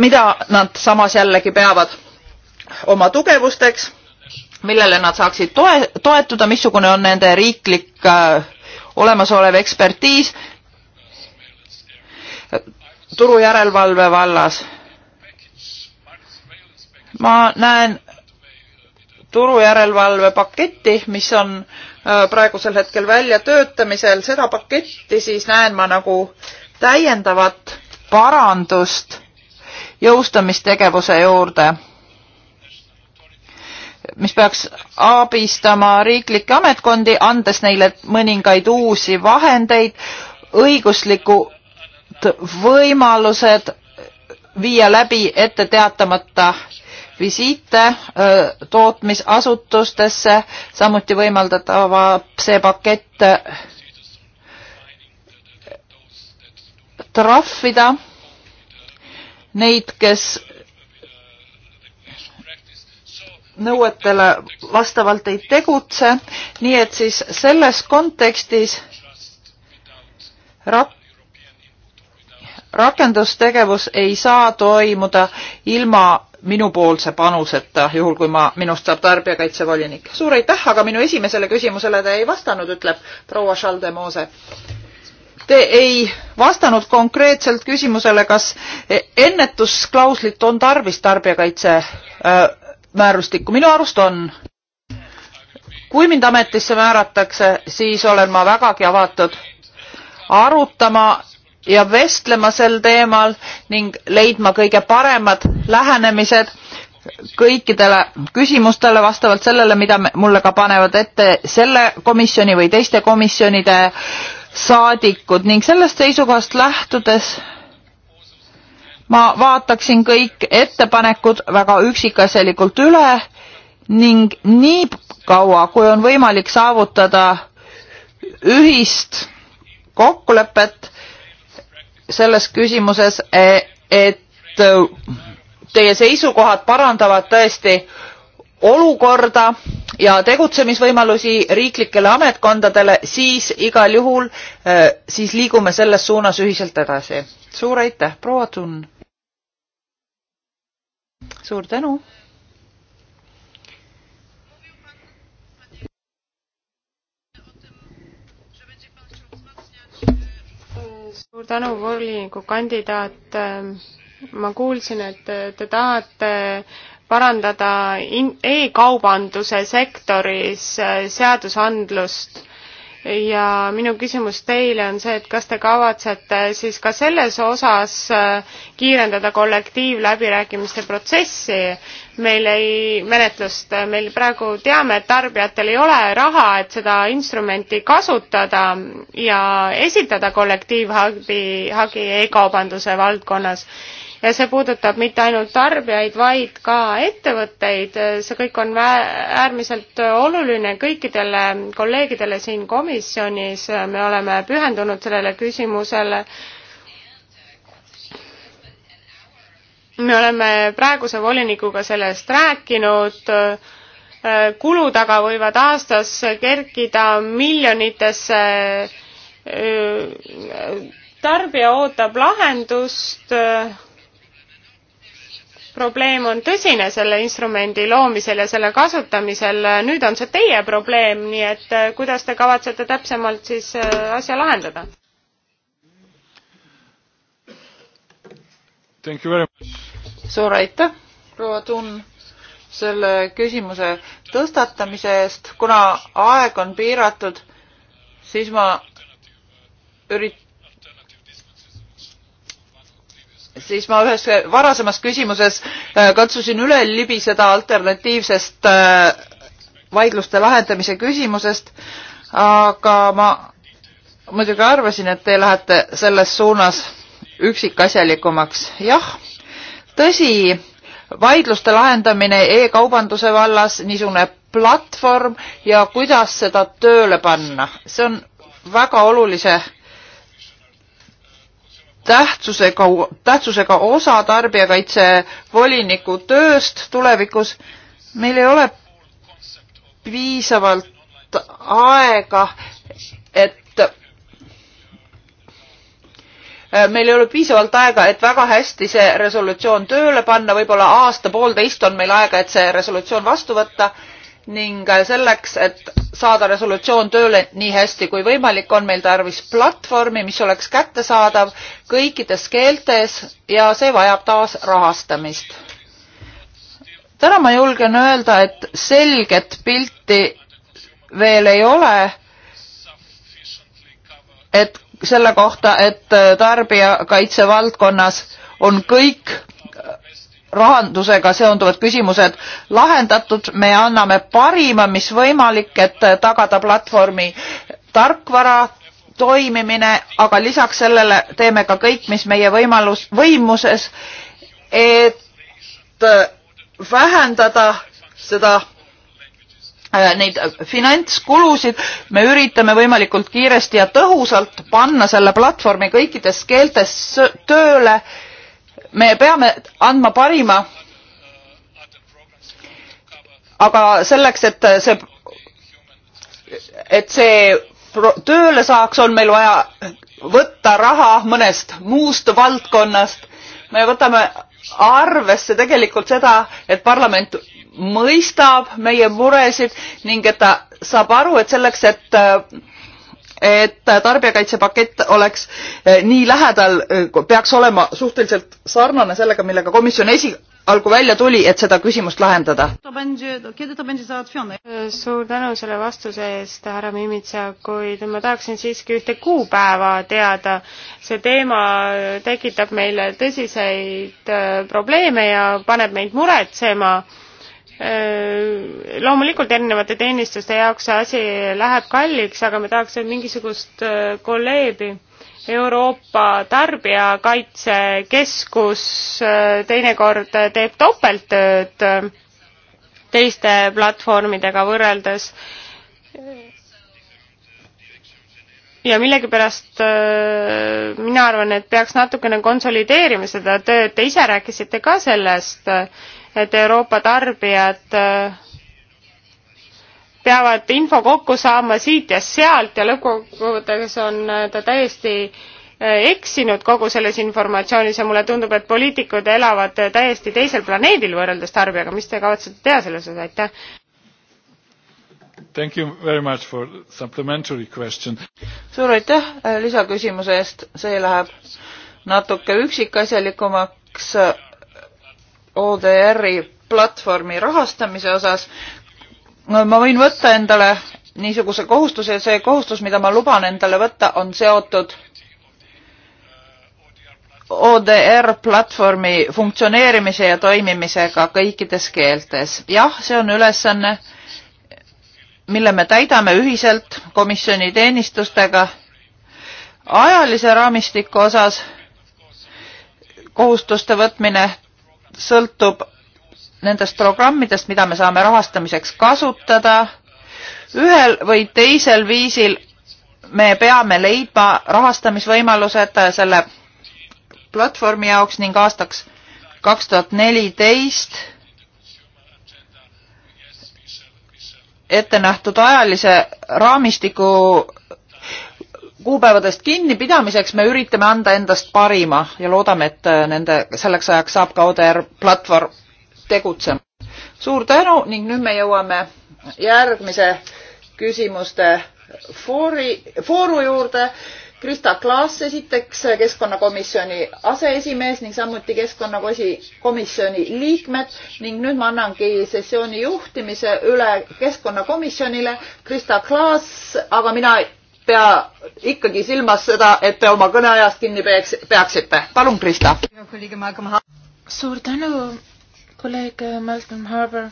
mida nad samas jällegi peavad oma tugevusteks, millele nad saaksid toe, toetuda, missugune on nende riiklik äh, olemasolev ekspertiis turujärelevalve vallas. ma näen turujärelevalve paketti, mis on äh, Äh, praegusel hetkel väljatöötamisel, seda paketti siis näen ma nagu täiendavat parandust jõustamistegevuse juurde, mis peaks abistama riiklikke ametkondi, andes neile mõningaid uusi vahendeid, õiguslikud võimalused viia läbi ette teatamata visiite tootmisasutustesse, samuti võimaldatava see pakett trahvida neid, kes nõuetele vastavalt ei tegutse, nii et siis selles kontekstis rak-, rakendustegevus ei saa toimuda ilma minupoolse panuseta, juhul kui ma, minust saab tarbijakaitsevolinik. suur aitäh, aga minu esimesele küsimusele te ei vastanud, ütleb proua Schaldemose. Te ei vastanud konkreetselt küsimusele, kas ennetusklauslit on tarvis tarbijakaitse äh, määrustikku, minu arust on. kui mind ametisse määratakse, siis olen ma vägagi avatud arutama ja vestlema sel teemal ning leidma kõige paremad lähenemised kõikidele küsimustele vastavalt sellele, mida mulle ka panevad ette selle komisjoni või teiste komisjonide saadikud ning sellest seisukohast lähtudes ma vaataksin kõik ettepanekud väga üksikasjalikult üle ning nii kaua, kui on võimalik saavutada ühist kokkulepet, selles küsimuses, e-, et äh, teie seisukohad parandavad tõesti olukorda ja tegutsemisvõimalusi riiklikele ametkondadele, siis igal juhul, äh, siis liigume selles suunas ühiselt edasi. suur aitäh, proua Tun! suur tänu! suur tänu, voliniku kandidaat. Ähm, ma kuulsin, et te tahate parandada e-kaubanduse sektoris äh, seadusandlust ja minu küsimus teile on see, et kas te kavatsete siis ka selles osas äh, kiirendada kollektiivläbirääkimiste protsessi, meil ei, menetlust, äh, meil praegu teame, et tarbijatel ei ole raha, et seda instrumenti kasutada ja esitada kollektiivhagi, hagi e-kaubanduse valdkonnas ja see puudutab mitte ainult tarbijaid, vaid ka ettevõtteid. see kõik on äärmiselt oluline kõikidele kolleegidele siin komisjonis, me oleme pühendunud sellele küsimusele me oleme praeguse volinikuga sellest rääkinud, kulud aga võivad aastas kerkida miljonitesse. tarbija ootab lahendust probleem on tõsine selle instrumendi loomisel ja selle kasutamisel. nüüd on see teie probleem, nii et äh, kuidas te kavatsete täpsemalt siis äh, asja lahendada? suur aitäh, proua Tunn, selle küsimuse tõstatamise eest. kuna aeg on piiratud, siis ma ürit-, siis ma ühes varasemas küsimuses äh, katsusin üle libiseda alternatiivsest äh, vaidluste lahendamise küsimusest, aga ma muidugi arvasin, et te lähete selles suunas üksikasjalikumaks. jah, tõsi, vaidluste lahendamine e-kaubanduse vallas, niisugune platvorm ja kuidas seda tööle panna, see on väga olulise tähtsusega, tähtsusega osa tarbijakaitsevoliniku tööst tulevikus. meil ei ole piisavalt aega, et äh, meil ei ole piisavalt aega, et väga hästi see resolutsioon tööle panna, võib-olla aasta-poolteist on meil aega, et see resolutsioon vastu võtta ning selleks, et saada resolutsioon tööle nii hästi kui võimalik, on meil tarvis platvormi, mis oleks kättesaadav kõikides keeltes ja see vajab taas rahastamist. täna ma julgen öelda, et selget pilti veel ei ole, et selle kohta, et tarbijakaitse valdkonnas on kõik rahandusega seonduvad küsimused lahendatud, me anname parima, mis võimalik, et tagada platvormi tarkvara toimimine, aga lisaks sellele teeme ka kõik, mis meie võimalus, võimuses, et vähendada seda äh, neid finantskulusid me üritame võimalikult kiiresti ja tõhusalt panna selle platvormi kõikides keeltes tööle me peame andma parima, aga selleks, et see, et see tööle saaks, on meil vaja võtta raha mõnest muust valdkonnast. me võtame arvesse tegelikult seda, et parlament mõistab meie muresid ning et ta saab aru, et selleks, et et tarbijakaitsepakett oleks eh, nii lähedal, eh, peaks olema suhteliselt sarnane sellega, millega komisjon esialgu välja tuli, et seda küsimust lahendada. suur tänu selle vastuse eest, härra Mimitsa, kuid ma tahaksin siiski ühte kuupäeva teada. see teema tekitab meile tõsiseid eh, probleeme ja paneb meid muretsema Äh, loomulikult erinevate teenistuste jaoks see asi läheb kalliks, aga me tahaks mingisugust äh, kolleebi. Euroopa Tarbijakaitsekeskus äh, teinekord teeb topelttööd teiste platvormidega võrreldes ja millegipärast äh, mina arvan, et peaks natukene konsolideerima seda tööd, te ise rääkisite ka sellest äh,, et Euroopa tarbijad äh, peavad info kokku saama siit ja sealt ja lõppkokkuvõttes on äh, ta täiesti äh, eksinud kogu selles informatsioonis ja mulle tundub, et poliitikud elavad täiesti teisel planeedil võrreldes tarbijaga. mis te kavatsete teha selles osas, aitäh? Thank you very much for supplementary question. suur aitäh lisaküsimuse eest, see läheb natuke üksikasjalikumaks, ODR-i platvormi rahastamise osas. ma võin võtta endale niisuguse kohustuse ja see kohustus, mida ma luban endale võtta, on seotud ODR platvormi funktsioneerimise ja toimimisega kõikides keeltes. jah, see on ülesanne, mille me täidame ühiselt komisjoni teenistustega ajalise raamistiku osas kohustuste võtmine sõltub nendest programmidest, mida me saame rahastamiseks kasutada. ühel või teisel viisil me peame leidma rahastamisvõimalused selle platvormi jaoks ning aastaks kaks tuhat neliteist ette nähtud ajalise raamistiku kuupäevadest kinnipidamiseks me üritame anda endast parima ja loodame, et äh, nende, selleks ajaks saab ka ODR platvorm tegutsema. suur tänu ning nüüd me jõuame järgmise küsimuste foori, vooru juurde. Krista Klaas esiteks, äh, keskkonnakomisjoni aseesimees ning samuti keskkonnakomisjoni liikmed ning nüüd ma annangi sessiooni juhtimise üle keskkonnakomisjonile. Krista Klaas, aga mina pea ikkagi silmas seda, et te oma kõneajast kinni peaks, peaksite. palun, Krista. suur tänu, kolleeg Malcolm Harbour.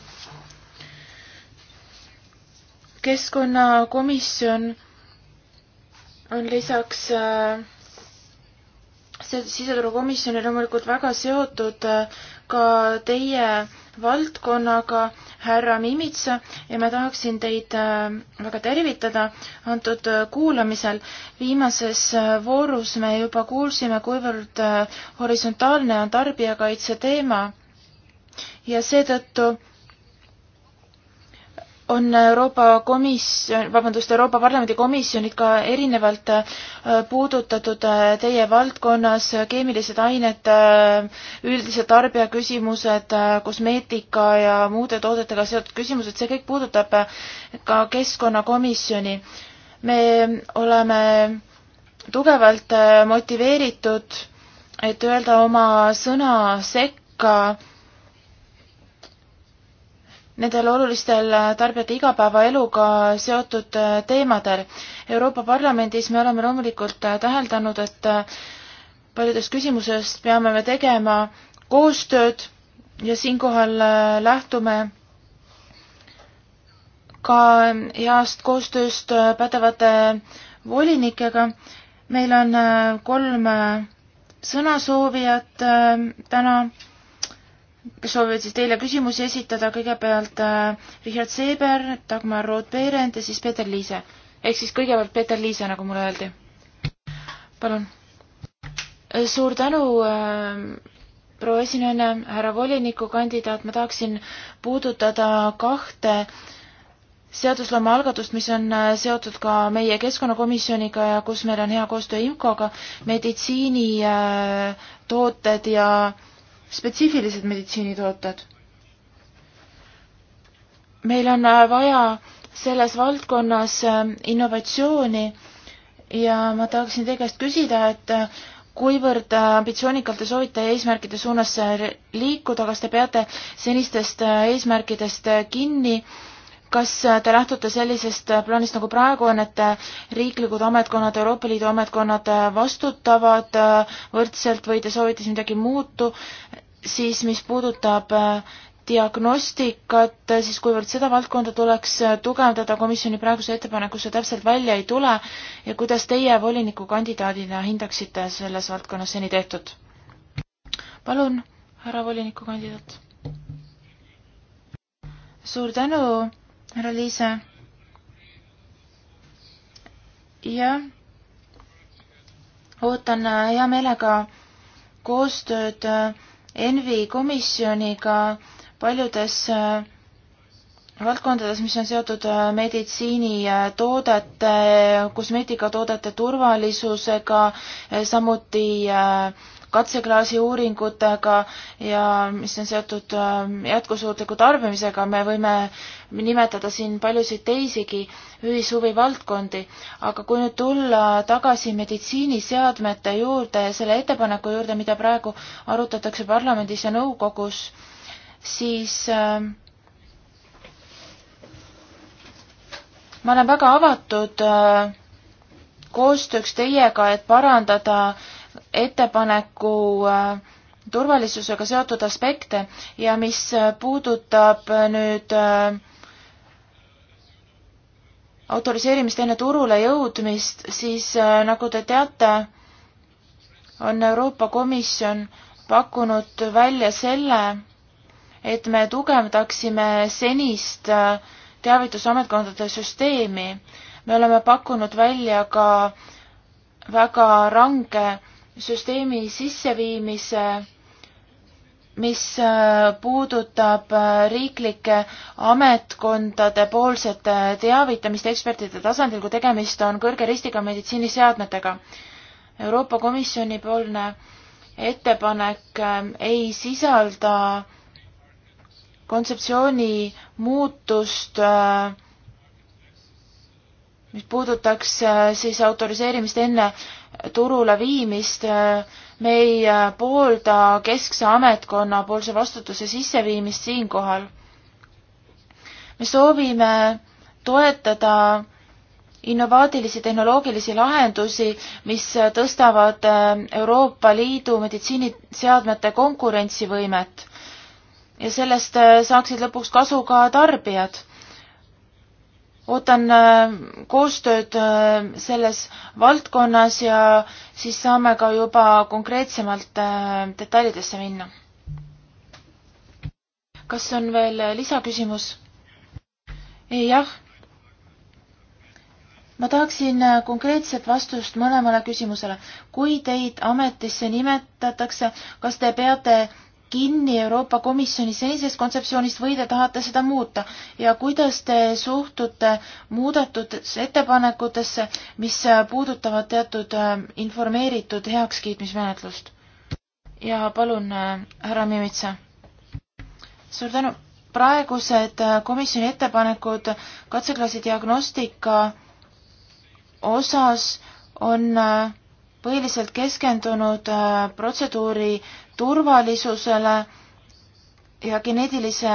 keskkonnakomisjon on lisaks äh, siseturukomisjoni loomulikult väga seotud äh, ka teie äh, valdkonnaga härra Mimitsa ja ma tahaksin teid äh, väga tervitada antud äh, kuulamisel. viimases äh, voorus me juba kuulsime, kuivõrd horisontaalne on tarbijakaitse teema ja seetõttu on Euroopa Komisjon, vabandust, Euroopa Parlamendi komisjonid ka erinevalt äh, puudutatud äh, teie valdkonnas, äh, keemilised ained, üldised tarbijaküsimused, kosmeetika ja muude toodetega seotud küsimused, see kõik puudutab ka keskkonnakomisjoni. me oleme tugevalt motiveeritud, et öelda oma sõna sekka nendel olulistel äh, tarbijate igapäevaeluga seotud äh, teemadel. Euroopa Parlamendis me oleme loomulikult äh, täheldanud, et paljudest küsimusest peame me tegema koostööd ja siinkohal lähtume ka heast koostööst pädevate volinikega. meil on kolm sõnasoovijat täna kes soovivad siis teile küsimusi esitada, kõigepealt äh, Richard Seeber, Dagmar Rood-Berend ja siis Peeter Liise. ehk siis kõigepealt Peeter Liise, nagu mulle öeldi. palun. Äh, suur tänu äh,, proua esinaine, härra volinikukandidaat, ma tahaksin puudutada kahte seadusloome algatust, mis on äh, seotud ka meie keskkonnakomisjoniga ja kus meil on hea koostöö IMCO-ga, meditsiinitooted äh, ja spetsiifilised meditsiinitooted. meil on vaja selles valdkonnas äh, innovatsiooni ja ma tahaksin teie käest küsida, et äh, kuivõrd äh, ambitsioonikalt te soovite eesmärkide suunas liikuda, kas te peate senistest eesmärkidest kinni, kas te lähtute sellisest plaanist, nagu praegu on, et riiklikud ametkonnad, Euroopa Liidu ametkonnad vastutavad võrdselt või te soovite siin midagi muutu, siis mis puudutab äh, diagnostikat, äh, siis kuivõrd seda valdkonda tuleks äh, tugevdada, komisjoni praeguse ettepaneku see täpselt välja ei tule ja kuidas teie volinikukandidaadina hindaksite selles valdkonnas seni tehtud? palun, härra volinikukandidaat. suur tänu, härra Liise. jah, ootan hea meelega koostööd äh, Envi komisjoniga paljudes äh, valdkondades, mis on seotud äh, meditsiinitoodete, äh, kosmeetikatoodete turvalisusega, samuti katseklaasi uuringutega ja mis on seotud ähm, jätkusuutliku tarbimisega, me võime nimetada siin paljusid teisigi ühishuvi valdkondi, aga kui nüüd tulla tagasi meditsiiniseadmete juurde ja selle ettepaneku juurde, mida praegu arutatakse parlamendis ja nõukogus, siis äh, ma olen väga avatud äh, koostööks teiega, et parandada ettepaneku äh, turvalisusega seotud aspekte ja mis äh, puudutab äh, nüüd autoriseerimist enne turule jõudmist, siis nagu te teate, on Euroopa Komisjon pakkunud välja selle, et me tugevdaksime senist teavitusametkondade süsteemi. me oleme pakkunud välja ka väga range süsteemi sisseviimise, mis äh, puudutab äh, riiklike ametkondade poolset äh, teavitamist ekspertide tasandil, kui tegemist on kõrge riskiga meditsiiniseadmetega. Euroopa Komisjoni poolne ettepanek ei sisalda kontseptsiooni muutust äh, mis puudutaks siis autoriseerimist enne turule viimist. me ei poolda keskse ametkonna poolse vastutuse sisseviimist siinkohal. me soovime toetada innovaatilisi tehnoloogilisi lahendusi, mis tõstavad Euroopa Liidu meditsiiniseadmete konkurentsivõimet ja sellest saaksid lõpuks kasu ka tarbijad ootan äh, koostööd äh, selles valdkonnas ja siis saame ka juba konkreetsemalt äh, detailidesse minna. kas on veel lisaküsimus? jah. ma tahaksin konkreetset vastust mõlemale küsimusele. kui teid ametisse nimetatakse, kas te peate kinni Euroopa Komisjoni senisest kontseptsioonist või te tahate seda muuta ja kuidas te suhtute muudetud ettepanekutesse, mis puudutavad teatud äh, informeeritud heakskiitmismenetlust? ja palun, äh, härra Mimitsa. suur tänu. praegused äh, komisjoni ettepanekud katseklaasi diagnostika osas on põhiliselt keskendunud protseduuri äh, turvalisusele ja geneetilise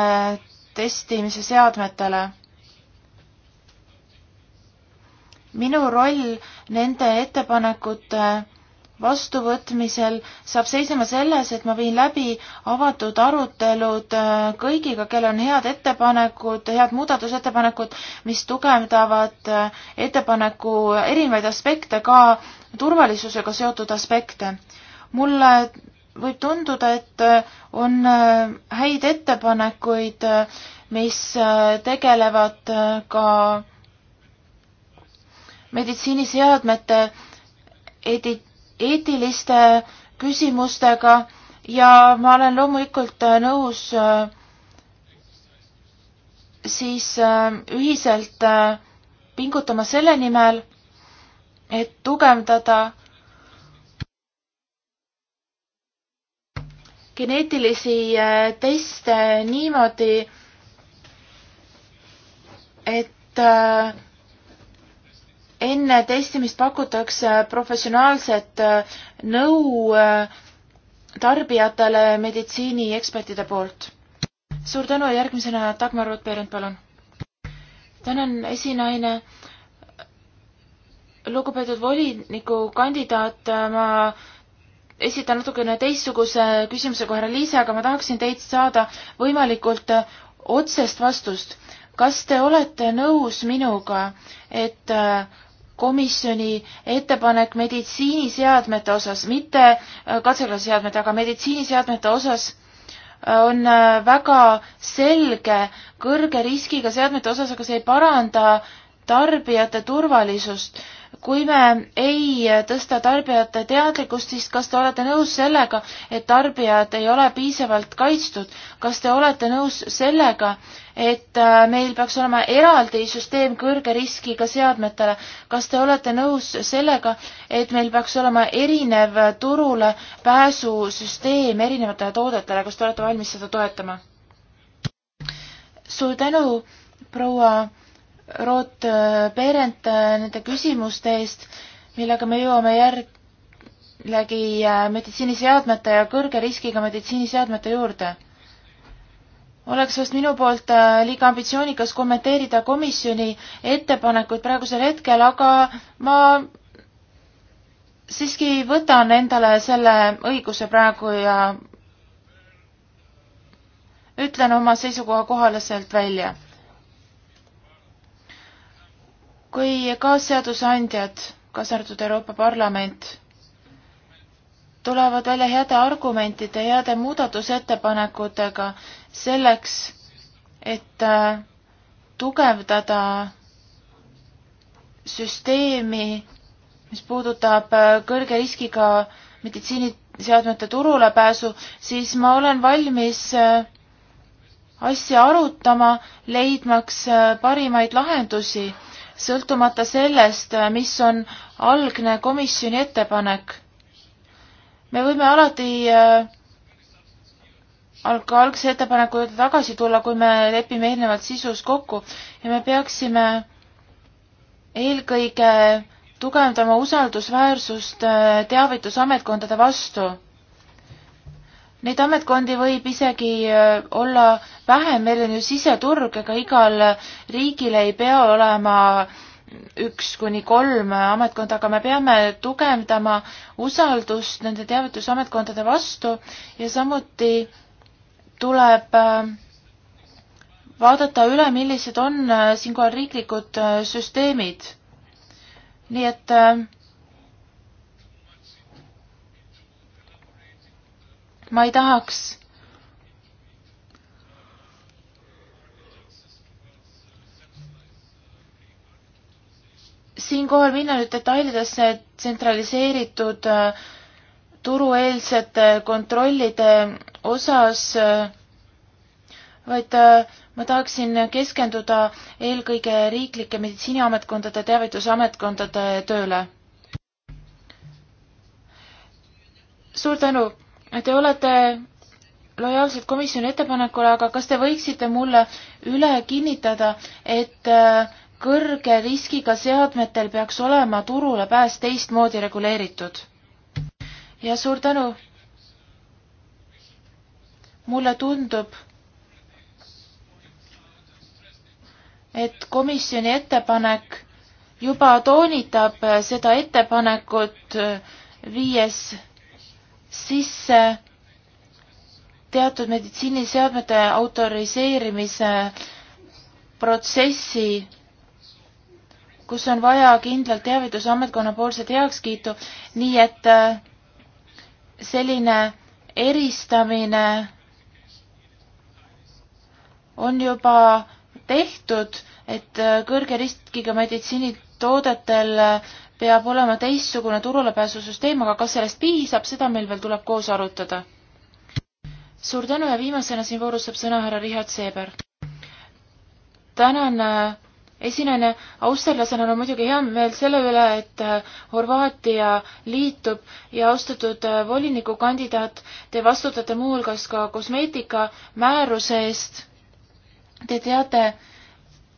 testimise seadmetele. minu roll nende ettepanekute vastuvõtmisel saab seisnema selles, et ma viin läbi avatud arutelud äh, kõigiga, kellel on head ettepanekud, head muudatusettepanekud, mis tugevdavad äh, ettepaneku erinevaid aspekte, ka turvalisusega seotud aspekte. mulle võib tunduda, et äh, on äh, häid ettepanekuid, äh, mis tegelevad ka meditsiiniseadmete edi-, eetiliste küsimustega ja ma olen loomulikult nõus siis ühiselt pingutama selle nimel, et tugevdada geneetilisi äh, teste niimoodi, et äh, enne testimist pakutakse professionaalset äh, nõu tarbijatele meditsiiniekspertide poolt. suur tänu, järgmisena Dagmar Rotberend, palun. tänan, esinaine. lugupeetud volinikukandidaat, ma esitan natukene teistsuguse küsimuse kui härra Liise, aga ma tahaksin teilt saada võimalikult äh, otsest vastust. kas te olete nõus minuga, et äh, komisjoni ettepanek meditsiiniseadmete osas, mitte äh, katseklassiseadmete, aga meditsiiniseadmete osas on väga selge kõrge riskiga seadmete osas, aga see ei paranda tarbijate turvalisust kui me ei tõsta tarbijate teadlikkust, siis kas te olete nõus sellega, et tarbijad ei ole piisavalt kaitstud? kas te olete nõus sellega, et äh, meil peaks olema eraldi süsteem kõrge riskiga seadmetele? kas te olete nõus sellega, et meil peaks olema erinev turule pääsusüsteem erinevatele toodetele, kas te olete valmis seda toetama? suur tänu, proua Root Perent äh, äh, nende küsimuste eest, millega me jõuame järglegi äh, meditsiiniseadmete ja kõrge riskiga meditsiiniseadmete juurde. oleks vast minu poolt liiga ambitsioonikas kommenteerida komisjoni ettepanekuid praegusel hetkel, aga ma siiski võtan endale selle õiguse praegu ja ütlen oma seisukoha kohaleselt välja kui kaasseadusandjad, kaasa arvatud Euroopa Parlament, tulevad välja heade argumentide, heade muudatusettepanekutega selleks, et äh, tugevdada süsteemi, mis puudutab äh, kõrge riskiga meditsiiniseadmete turulepääsu, siis ma olen valmis äh, asja arutama, leidmaks parimaid lahendusi sõltumata sellest, mis on algne komisjoni ettepanek. me võime alati äh, alg-, algse ettepaneku juurde tagasi tulla, kui me lepime eelnevalt sisus kokku ja me peaksime eelkõige tugevdama usaldusväärsust äh, teavitusametkondade vastu Neid ametkondi võib isegi äh, olla vähem, meil on ju siseturg, ega igal riigil ei pea olema üks kuni kolm ametkonda, aga me peame tugevdama usaldust nende teavitusametkondade vastu ja samuti tuleb äh, vaadata üle, millised on äh, siinkohal riiklikud süsteemid. nii et äh, ma ei tahaks siinkohal minna nüüd detailidesse tsentraliseeritud äh, turueelsete kontrollide osas, äh, vaid äh, ma tahaksin keskenduda eelkõige riiklike meditsiiniametkondade, teavitusametkondade tööle. suur tänu Te olete lojaalsed komisjoni ettepanekule, aga kas te võiksite mulle üle kinnitada, et äh, kõrge riskiga seadmetel peaks olema turule pääs teistmoodi reguleeritud? ja suur tänu! mulle tundub, et komisjoni ettepanek juba toonitab seda ettepanekut äh, viies sisse teatud meditsiiniseadmete autoriseerimise protsessi, kus on vaja kindlalt teavitusamentkonna poolset heakskiitu, nii et äh, selline eristamine on juba tehtud, et äh, kõrge riskiga meditsiinitoodetel äh, peab olema teistsugune turulepääsusüsteem, aga kas sellest piisab, seda meil veel tuleb koos arutada. suur tänu ja viimasena siin voorus saab sõna härra Richard Seeber. tänan äh, esinejana, austerlasena on muidugi hea meel selle üle, et äh, Horvaatia liitub ja austatud äh, volinikukandidaat, te vastutate muuhulgas ka kosmeetikamääruses Te teate,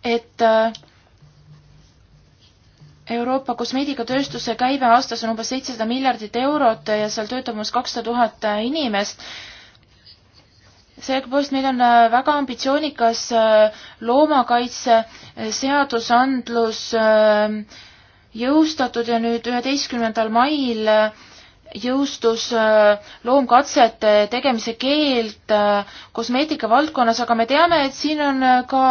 et äh, Euroopa kosmeetikatööstuse käive aastas on umbes seitsesada miljardit eurot ja seal töötab umbes kakssada tuhat inimest. sellegipoolest meil on äh, väga ambitsioonikas äh, loomakaitseseadusandlus äh, jõustatud ja nüüd üheteistkümnendal mail jõustus loomkatsete tegemise keeld kosmeetika valdkonnas, aga me teame, et siin on ka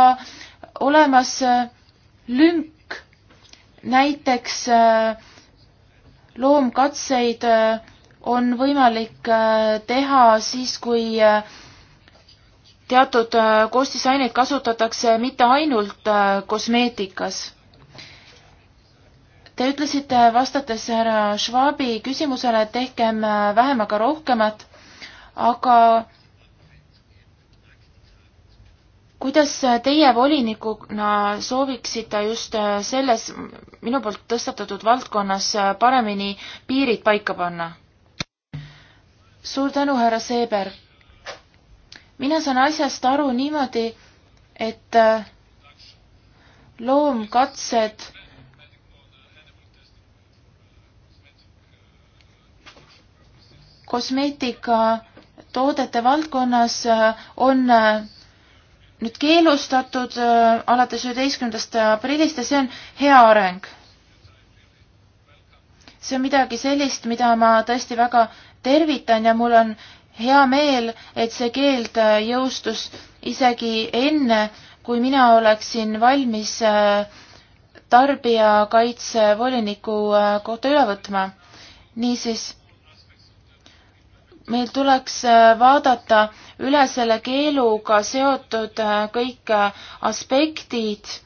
olemas lünk näiteks äh, loomkatseid äh, on võimalik äh, teha siis, kui teatud koostisaineid kasutatakse mitte ainult kosmeetikas. Te ütlesite, vastates härra Schwabi küsimusele, et tehkem vähemaga rohkemat, aga kuidas teie volinikuna sooviksite just äh, selles minu poolt tõstatatud valdkonnas äh, paremini piirid paika panna? suur tänu, härra Seeber. mina saan asjast aru niimoodi, et äh, loomkatsed kosmeetikatoodete valdkonnas on nüüd keelustatud äh, alates üheteistkümnendast aprillist ja see on hea areng. see on midagi sellist, mida ma tõesti väga tervitan ja mul on hea meel, et see keeld äh, jõustus isegi enne, kui mina oleksin valmis äh, tarbijakaitsevoliniku äh, kohta üle võtma. niisiis, meil tuleks äh, vaadata üle selle keeluga seotud äh, kõik äh, aspektid.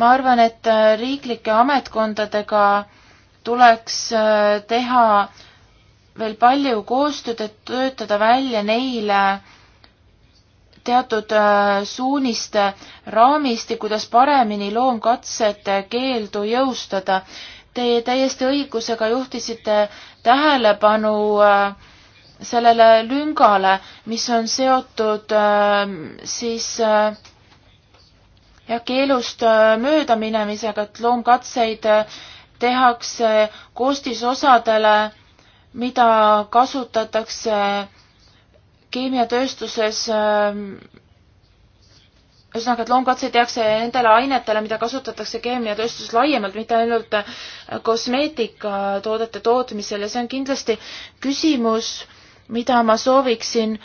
ma arvan, et riiklike ametkondadega tuleks teha veel palju koostööd, et töötada välja neile teatud suuniste raamisti, kuidas paremini loomkatsete keeldu jõustada. Te täiesti õigusega juhtisite tähelepanu äh, sellele lüngale, mis on seotud äh, siis äh, jah, keelust äh, möödaminemisega, et loomkatseid äh, tehakse koostisosadele, mida kasutatakse keemiatööstuses äh, ühesõnaga, et loomkatseid tehakse nendele ainetele, mida kasutatakse keemiatööstuses laiemalt, mitte ainult äh, kosmeetikatoodete tootmisel ja see on kindlasti küsimus, mida ma sooviksin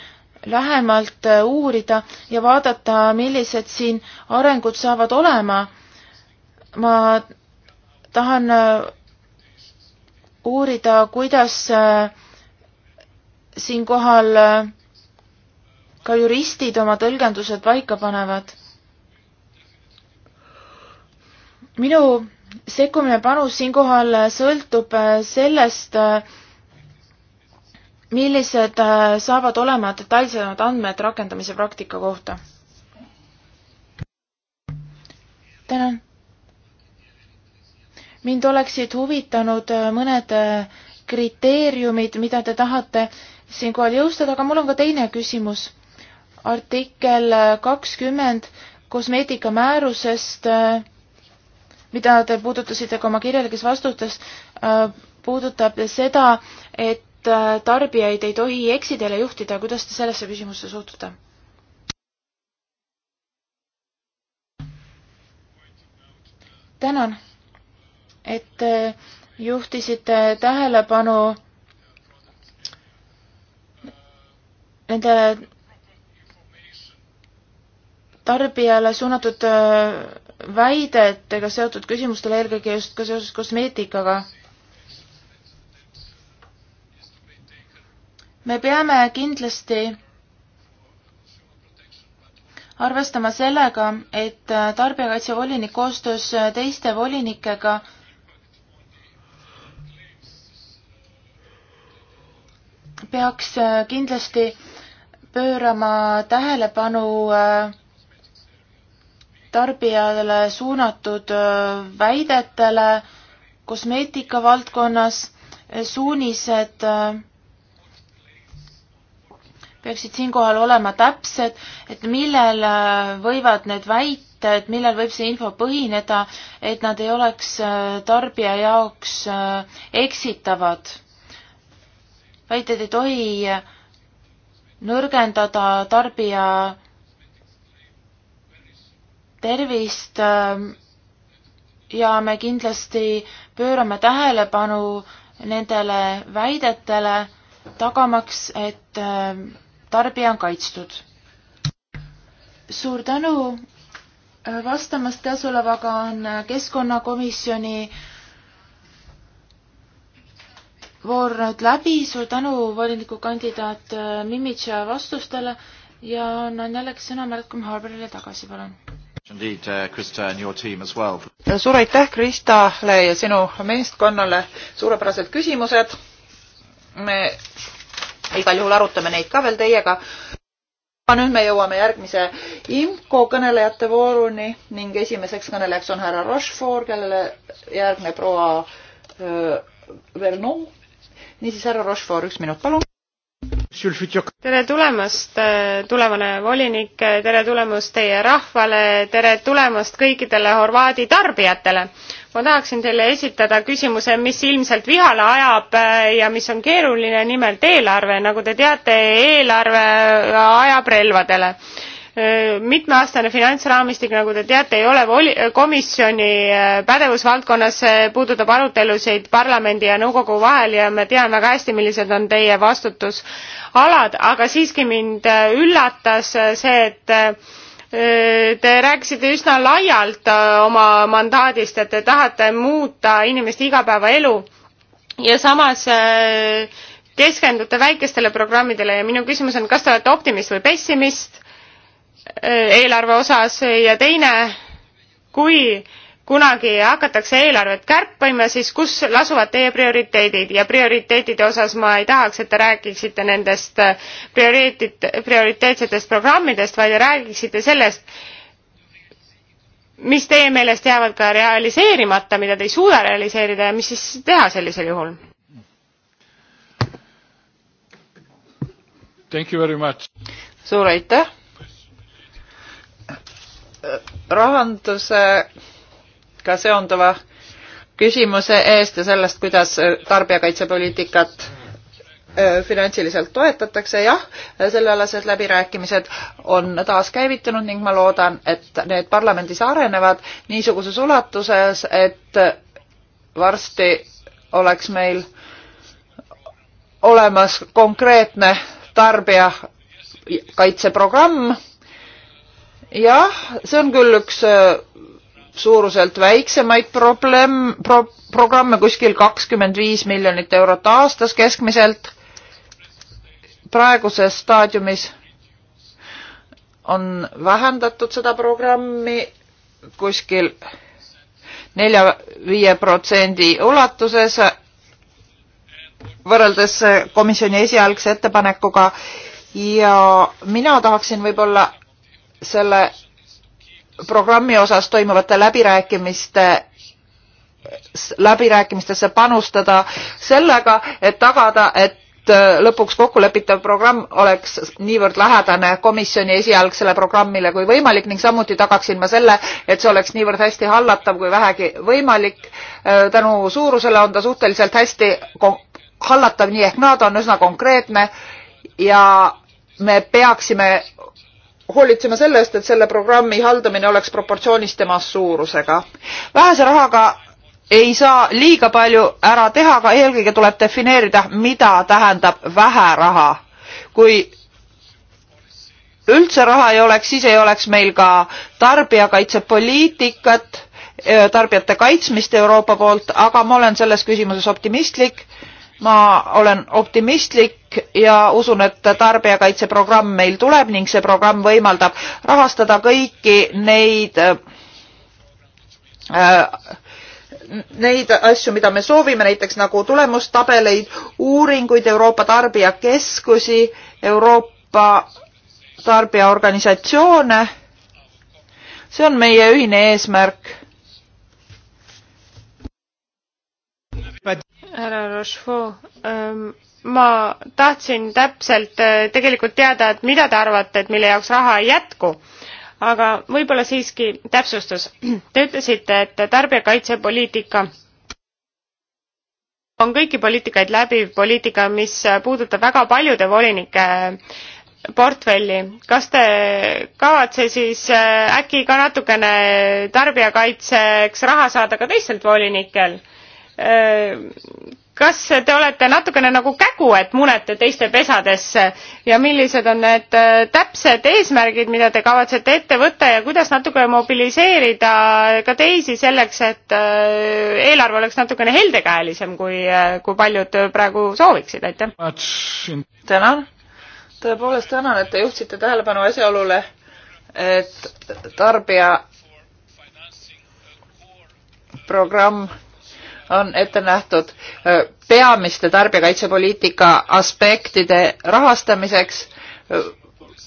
lähemalt äh, uurida ja vaadata, millised siin arengud saavad olema. ma tahan äh, uurida, kuidas äh, siinkohal ka juristid oma tõlgendused paika panevad. minu sekkumine panus siinkohal sõltub sellest, millised äh, saavad olema detailsemad andmed rakendamise praktika kohta? tänan. mind oleksid huvitanud äh, mõned äh, kriteeriumid, mida te tahate siinkohal jõustada, aga mul on ka teine küsimus. artikkel kakskümmend kosmeetikamääruses, mida te puudutasite ka oma kirjalikes vastustes, puudutab seda, et Äh, tarbijaid ei tohi eksidele juhtida, kuidas te sellesse küsimusse suhtute? tänan, et äh, juhtisite tähelepanu nendele tarbijale suunatud äh, väidetega seotud küsimustele, eelkõige just ka seoses kosmeetikaga me peame kindlasti arvestama sellega, et tarbijakaitsevolinik koostöös teiste volinikega peaks kindlasti pöörama tähelepanu äh, tarbijale suunatud äh, väidetele kosmeetika valdkonnas, suunised äh, peaksid siinkohal olema täpsed, et millel äh, võivad need väited, millel võib see info põhineda, et nad ei oleks äh, tarbija jaoks äh, eksitavad. väited ei tohi nõrgendada tarbija tervist ja me kindlasti pöörame tähelepanu nendele väidetele, tagamaks, et tarbija on kaitstud. suur tänu vastamast, käesolevaga on keskkonnakomisjoni voor nüüd läbi, suur tänu volinikukandidaat Mimitša vastustele ja annan jällegi sõna Malcolm Harbourile tagasi, palun. Indeed, uh, Krista and your team as well. suur aitäh Kristale ja sinu meeskonnale, suurepärased küsimused. me igal juhul arutame neid ka veel teiega. aga nüüd me jõuame järgmise IMCO kõnelejate vooruni ning esimeseks kõnelejaks on härra Rochefort, kellele järgneb proua Vernon. niisiis, härra Rochefort, üks minut, palun tere tulemast, tulevane volinik, tere tulemast teie rahvale, tere tulemast kõikidele Horvaadi tarbijatele ma tahaksin teile esitada küsimuse, mis ilmselt vihale ajab äh, ja mis on keeruline, nimelt eelarve. nagu te teate, eelarve ajab relvadele. Äh, mitmeaastane finantsraamistik, nagu te teate, ei ole voli-, komisjoni äh, pädevusvaldkonnas, see puudutab arutelusid parlamendi ja nõukogu vahel ja me teame väga hästi, millised on teie vastutusalad, aga siiski mind üllatas see, et Äh, te rääkisite üsna laialt äh, oma mandaadist, et te tahate muuta inimeste igapäevaelu ja samas äh, keskendute väikestele programmidele ja minu küsimus on, kas te olete optimist või pessimist eelarve osas ja teine, kui kunagi hakatakse eelarvet kärpima, siis kus lasuvad teie prioriteedid ja prioriteetide osas ma ei tahaks, et te räägiksite nendest äh, prioriteet, prioriteetsetest programmidest, vaid räägiksite sellest, mis teie meelest jäävad ka realiseerimata, mida te ei suuda realiseerida ja mis siis teha sellisel juhul? suur aitäh! rahanduse ka seonduva küsimuse eest ja sellest, kuidas äh, tarbijakaitsepoliitikat äh, finantsiliselt toetatakse, jah, sellealased läbirääkimised on taas käivitunud ning ma loodan, et need parlamendis arenevad niisuguses ulatuses, et varsti oleks meil olemas konkreetne tarbijakaitseprogramm. jah, see on küll üks äh, suuruselt väiksemaid probleem, pro, programme, kuskil kakskümmend viis miljonit eurot aastas keskmiselt. praeguses staadiumis on vähendatud seda programmi kuskil nelja-viie protsendi ulatuses võrreldes komisjoni esialgse ettepanekuga ja mina tahaksin võib-olla selle programmi osas toimuvate läbirääkimiste läbirääkimistesse panustada sellega, et tagada, et äh, lõpuks kokkulepitav programm oleks niivõrd lähedane komisjoni esialgsele programmile kui võimalik ning samuti tagaksin ma selle, et see oleks niivõrd hästi hallatav kui vähegi võimalik. Äh, tänu suurusele on ta suhteliselt hästi hallatav, nii ehk naa, ta on üsna konkreetne ja me peaksime hoolitsema selle eest, et selle programmi haldamine oleks proportsioonis tema suurusega. vähese rahaga ei saa liiga palju ära teha, aga eelkõige tuleb defineerida, mida tähendab vähe raha. kui üldse raha ei oleks, siis ei oleks meil ka tarbijakaitsepoliitikat, tarbijate kaitsmist Euroopa poolt, aga ma olen selles küsimuses optimistlik ma olen optimistlik ja usun, et tarbijakaitseprogramm meil tuleb ning see programm võimaldab rahastada kõiki neid äh, neid asju, mida me soovime, näiteks nagu tulemustabeleid, uuringuid, Euroopa tarbijakeskusi, Euroopa tarbijaorganisatsioone. see on meie ühine eesmärk härra Rochefort ähm,, ma tahtsin täpselt äh, tegelikult teada, et mida te arvate, et mille jaoks raha ei jätku. aga võib-olla siiski täpsustus. [CLEARS THROAT] Te ütlesite, et tarbijakaitsepoliitika on kõiki poliitikaid läbiv poliitika, mis puudutab väga paljude volinike äh, portfelli. kas te kavatse siis äh, äkki ka natukene tarbijakaitseks raha saada ka teistelt volinikel? kas te olete natukene nagu kägu, et munete teiste pesadesse ja millised on need äh, täpsed eesmärgid, mida te kavatsete ette võtta ja kuidas natuke mobiliseerida ka teisi selleks, et äh, eelarve oleks natukene heldekäelisem, kui, äh, kui paljud praegu sooviksid, aitäh! tänan! tõepoolest tänan, et te juhtisite tähelepanu asjaolule, et tarbija programm on ette nähtud peamiste tarbijakaitsepoliitika aspektide rahastamiseks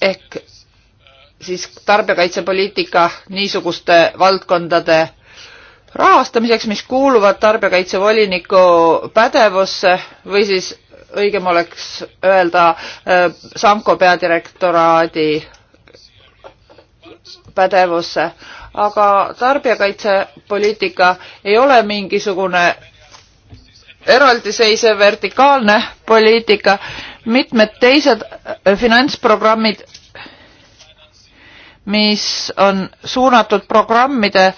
ehk siis tarbijakaitsepoliitika niisuguste valdkondade rahastamiseks, mis kuuluvad tarbijakaitsevoliniku pädevusse või siis õigem oleks öelda Sanko peadirektoraadi pädevusse, aga tarbijakaitsepoliitika ei ole mingisugune eraldiseisev vertikaalne poliitika. mitmed teised äh, finantsprogrammid, mis on suunatud programmide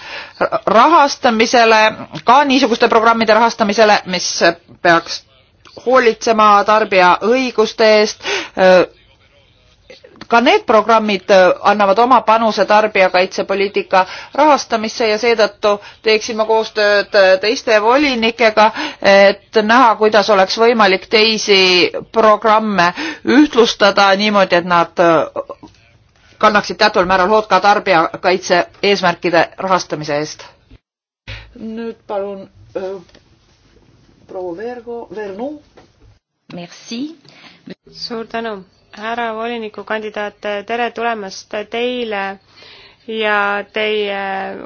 rahastamisele, ka niisuguste programmide rahastamisele, mis peaks hoolitsema tarbija õiguste eest äh, ka need programmid äh, annavad oma panuse tarbijakaitsepoliitika rahastamisse ja seetõttu teeksin ma koostööd äh, teiste volinikega, et näha, kuidas oleks võimalik teisi programme ühtlustada niimoodi, et nad äh, kannaksid teatud määral hood ka tarbijakaitse eesmärkide rahastamise eest. nüüd palun proua Vergo, Vernu. Merci. suur tänu härra volinikukandidaat, tere tulemast teile ja teie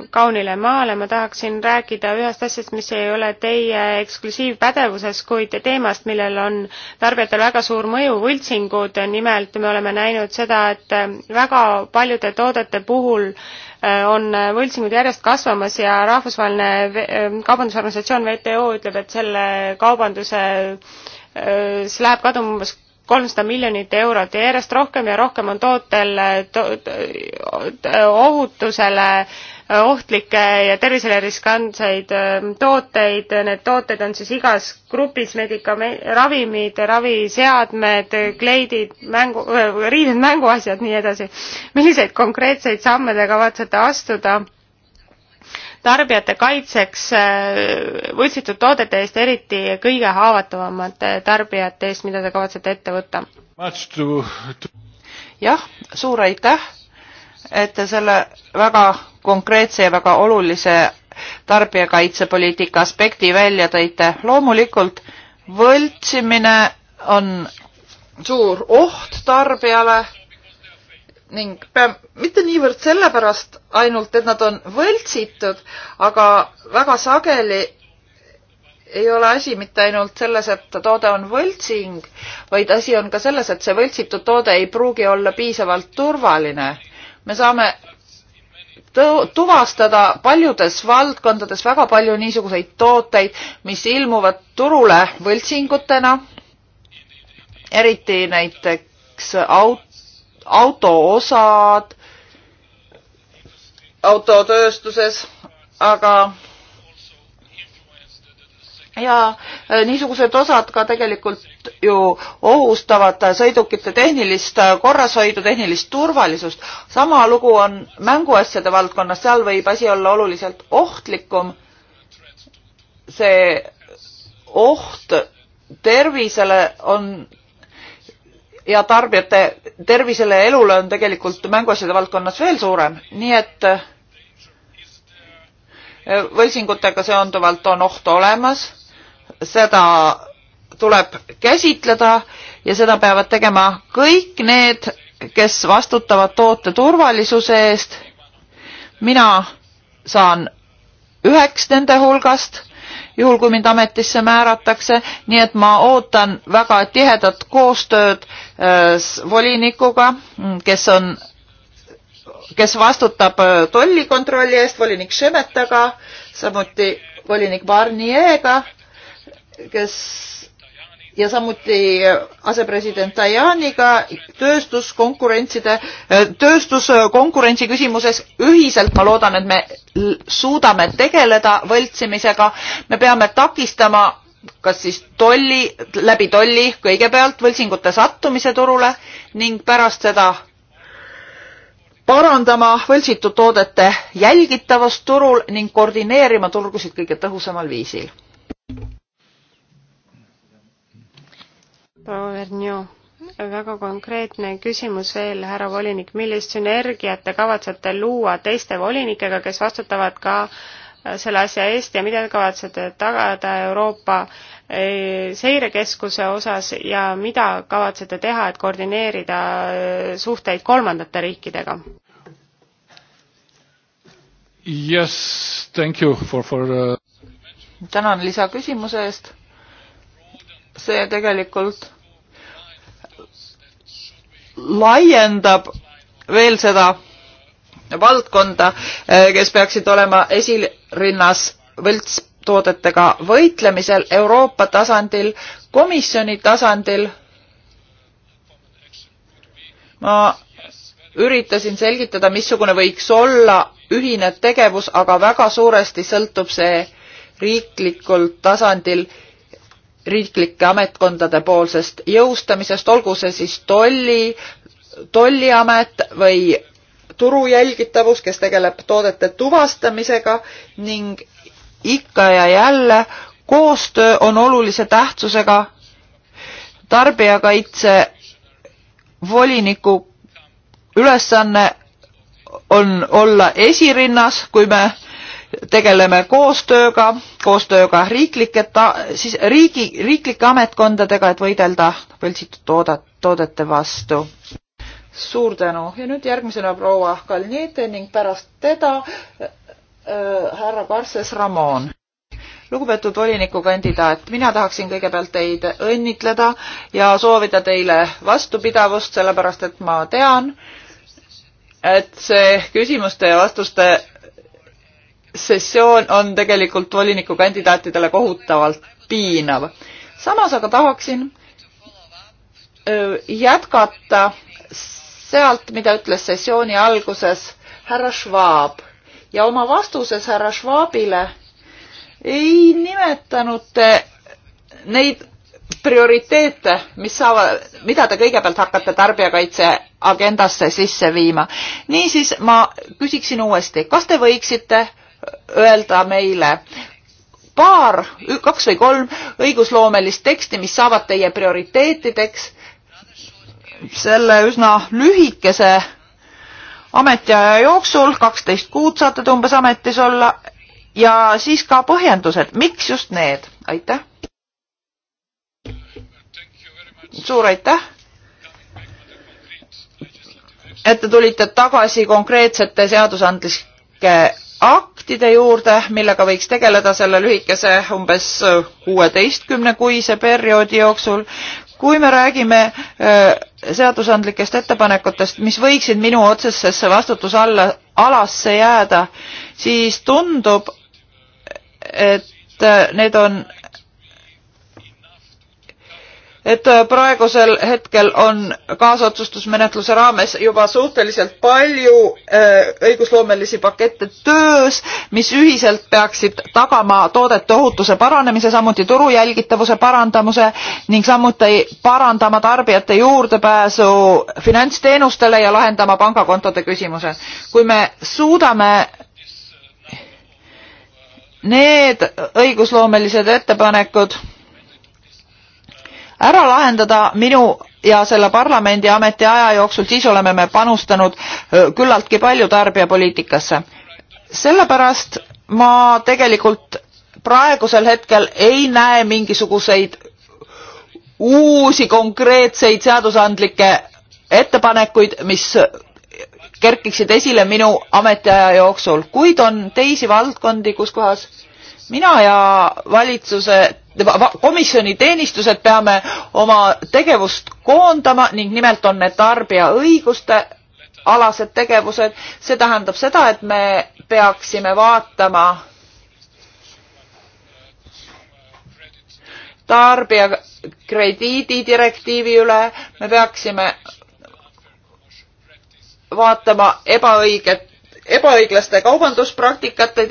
kaunile maale. ma tahaksin rääkida ühest asjast, mis ei ole teie eksklusiivpädevuses, kuid teemast, millel on tarbijatel väga suur mõju, võltsingud. nimelt me oleme näinud seda, et väga paljude toodete puhul äh, on võltsingud järjest kasvamas ja rahvusvaheline äh, kaubandusorganisatsioon WTO ütleb, et selle kaubanduse äh, see läheb kaduma umbes kolmsada miljonit eurot ja järjest rohkem ja rohkem on tootel to, to, ohutusele ohtlikke ja tervisele riskantseid tooteid, need tooted on siis igas grupis medikame-, ravimid, raviseadmed, kleidid, mängu, riided, mänguasjad, nii edasi. milliseid konkreetseid samme te kavatsete astuda? tarbijate kaitseks äh, võltsitud toodete eest, eriti kõige haavatavamate tarbijate eest, mida te kavatsete ette võtta? jah, suur aitäh, et te selle väga konkreetse ja väga olulise tarbijakaitsepoliitika aspekti välja tõite. loomulikult võltsimine on suur oht tarbijale ning pea-, mitte niivõrd sellepärast ainult, et nad on võltsitud, aga väga sageli ei ole asi mitte ainult selles, et toode on võltsing, vaid asi on ka selles, et see võltsitud toode ei pruugi olla piisavalt turvaline. me saame tuvastada paljudes valdkondades väga palju niisuguseid tooteid, mis ilmuvad turule võltsingutena, eriti näiteks aut-, autoosad autotööstuses, aga ja äh, niisugused osad ka tegelikult ju ohustavad sõidukite tehnilist äh, korrashoidu, tehnilist turvalisust. sama lugu on mänguasjade valdkonnas, seal võib asi olla oluliselt ohtlikum. see oht tervisele on ja tarbijate tervisele ja elule on tegelikult mänguasjade valdkonnas veel suurem, nii et e, võltsingutega seonduvalt on oht olemas, seda tuleb käsitleda ja seda peavad tegema kõik need, kes vastutavad toote turvalisuse eest. mina saan üheks nende hulgast juhul kui mind ametisse määratakse, nii et ma ootan väga tihedat koostööd äh, volinikuga, mm, kes on, kes vastutab äh, tollikontrolli eest, volinik Šemetaga, samuti volinik Barnier'ga, kes ja samuti äh, asepresident Tajaniga tööstuskonkurentside, äh, tööstuskonkurentsi küsimuses ühiselt ma loodan, et me suudame tegeleda võltsimisega. me peame takistama kas siis tolli, läbi tolli kõigepealt võltsingute sattumise turule ning pärast seda parandama võltsitud toodete jälgitavust turul ning koordineerima turgusid kõige tõhusamal viisil proua Vernio, väga konkreetne küsimus veel, härra volinik, millist sünergiat te kavatsete luua teiste volinikega, kes vastutavad ka äh, selle asja eest ja mida te kavatsete tagada Euroopa äh, seirekeskuse osas ja mida kavatsete teha, et koordineerida äh, suhteid kolmandate riikidega? Yes, thank you for, for uh... tänan lisaküsimuse eest see tegelikult laiendab veel seda valdkonda, kes peaksid olema esirinnas võltstoodetega võitlemisel Euroopa tasandil, komisjoni tasandil. ma üritasin selgitada, missugune võiks olla ühine tegevus, aga väga suuresti sõltub see riiklikul tasandil riiklike ametkondade poolsest jõustamisest, olgu see siis tolli, tolliamet või turu jälgitavus, kes tegeleb toodete tuvastamisega ning ikka ja jälle koostöö on olulise tähtsusega tarbijakaitse voliniku ülesanne on olla esirinnas, kui me tegeleme koostööga, koostööga riiklike ta-, siis riigi, riiklike ametkondadega, et võidelda võltsitud toodat-, toodete vastu. suur tänu ja nüüd järgmisena proua Kalniete ning pärast teda äh, äh, härra Karses Ramon lugupeetud volinikukandidaat, mina tahaksin kõigepealt teid õnnitleda ja soovida teile vastupidavust, sellepärast et ma tean, et see küsimuste ja vastuste sessioon on tegelikult volinikukandidaatidele kohutavalt piinav. samas aga tahaksin jätkata sealt, mida ütles sessiooni alguses härra Schwab ja oma vastuses härra Schwabile ei nimetanud te neid prioriteete, mis saavad, mida te kõigepealt hakkate tarbijakaitse agendasse sisse viima. niisiis ma küsiksin uuesti, kas te võiksite öelda meile paar, kaks või kolm õigusloomelist teksti, mis saavad teie prioriteetideks selle üsna lühikese ametiaja jooksul, kaksteist kuud saate te umbes ametis olla ja siis ka põhjendused, miks just need, aitäh. suur aitäh, et te tulite tagasi konkreetsete seadusandlike aktide juurde, millega võiks tegeleda selle lühikese umbes äh, kuueteistkümne kuise perioodi jooksul. kui me räägime äh, seadusandlikest ettepanekutest, mis võiksid minu otsesesse vastutuse alla, alasse jääda, siis tundub, et äh, need on et äh, praegusel hetkel on kaasotsustusmenetluse raames juba suhteliselt palju äh, õigusloomelisi pakette töös, mis ühiselt peaksid tagama toodete ohutuse paranemise, samuti turu jälgitavuse parandamise ning samuti parandama tarbijate juurdepääsu finantsteenustele ja lahendama pangakontode küsimuse. kui me suudame need õigusloomelised ettepanekud ära lahendada minu ja selle parlamendi ametiaja jooksul, siis oleme me panustanud küllaltki palju tarbijapoliitikasse. sellepärast ma tegelikult praegusel hetkel ei näe mingisuguseid uusi konkreetseid seadusandlikke ettepanekuid, mis kerkiksid esile minu ametiaja jooksul, kuid on teisi valdkondi, kus kohas mina ja valitsuse komisjoni teenistused peame oma tegevust koondama ning nimelt on need tarbija õiguste alased tegevused, see tähendab seda, et me peaksime vaatama tarbija krediididirektiivi üle, me peaksime vaatama ebaõiget ebaõiglaste kaubanduspraktikate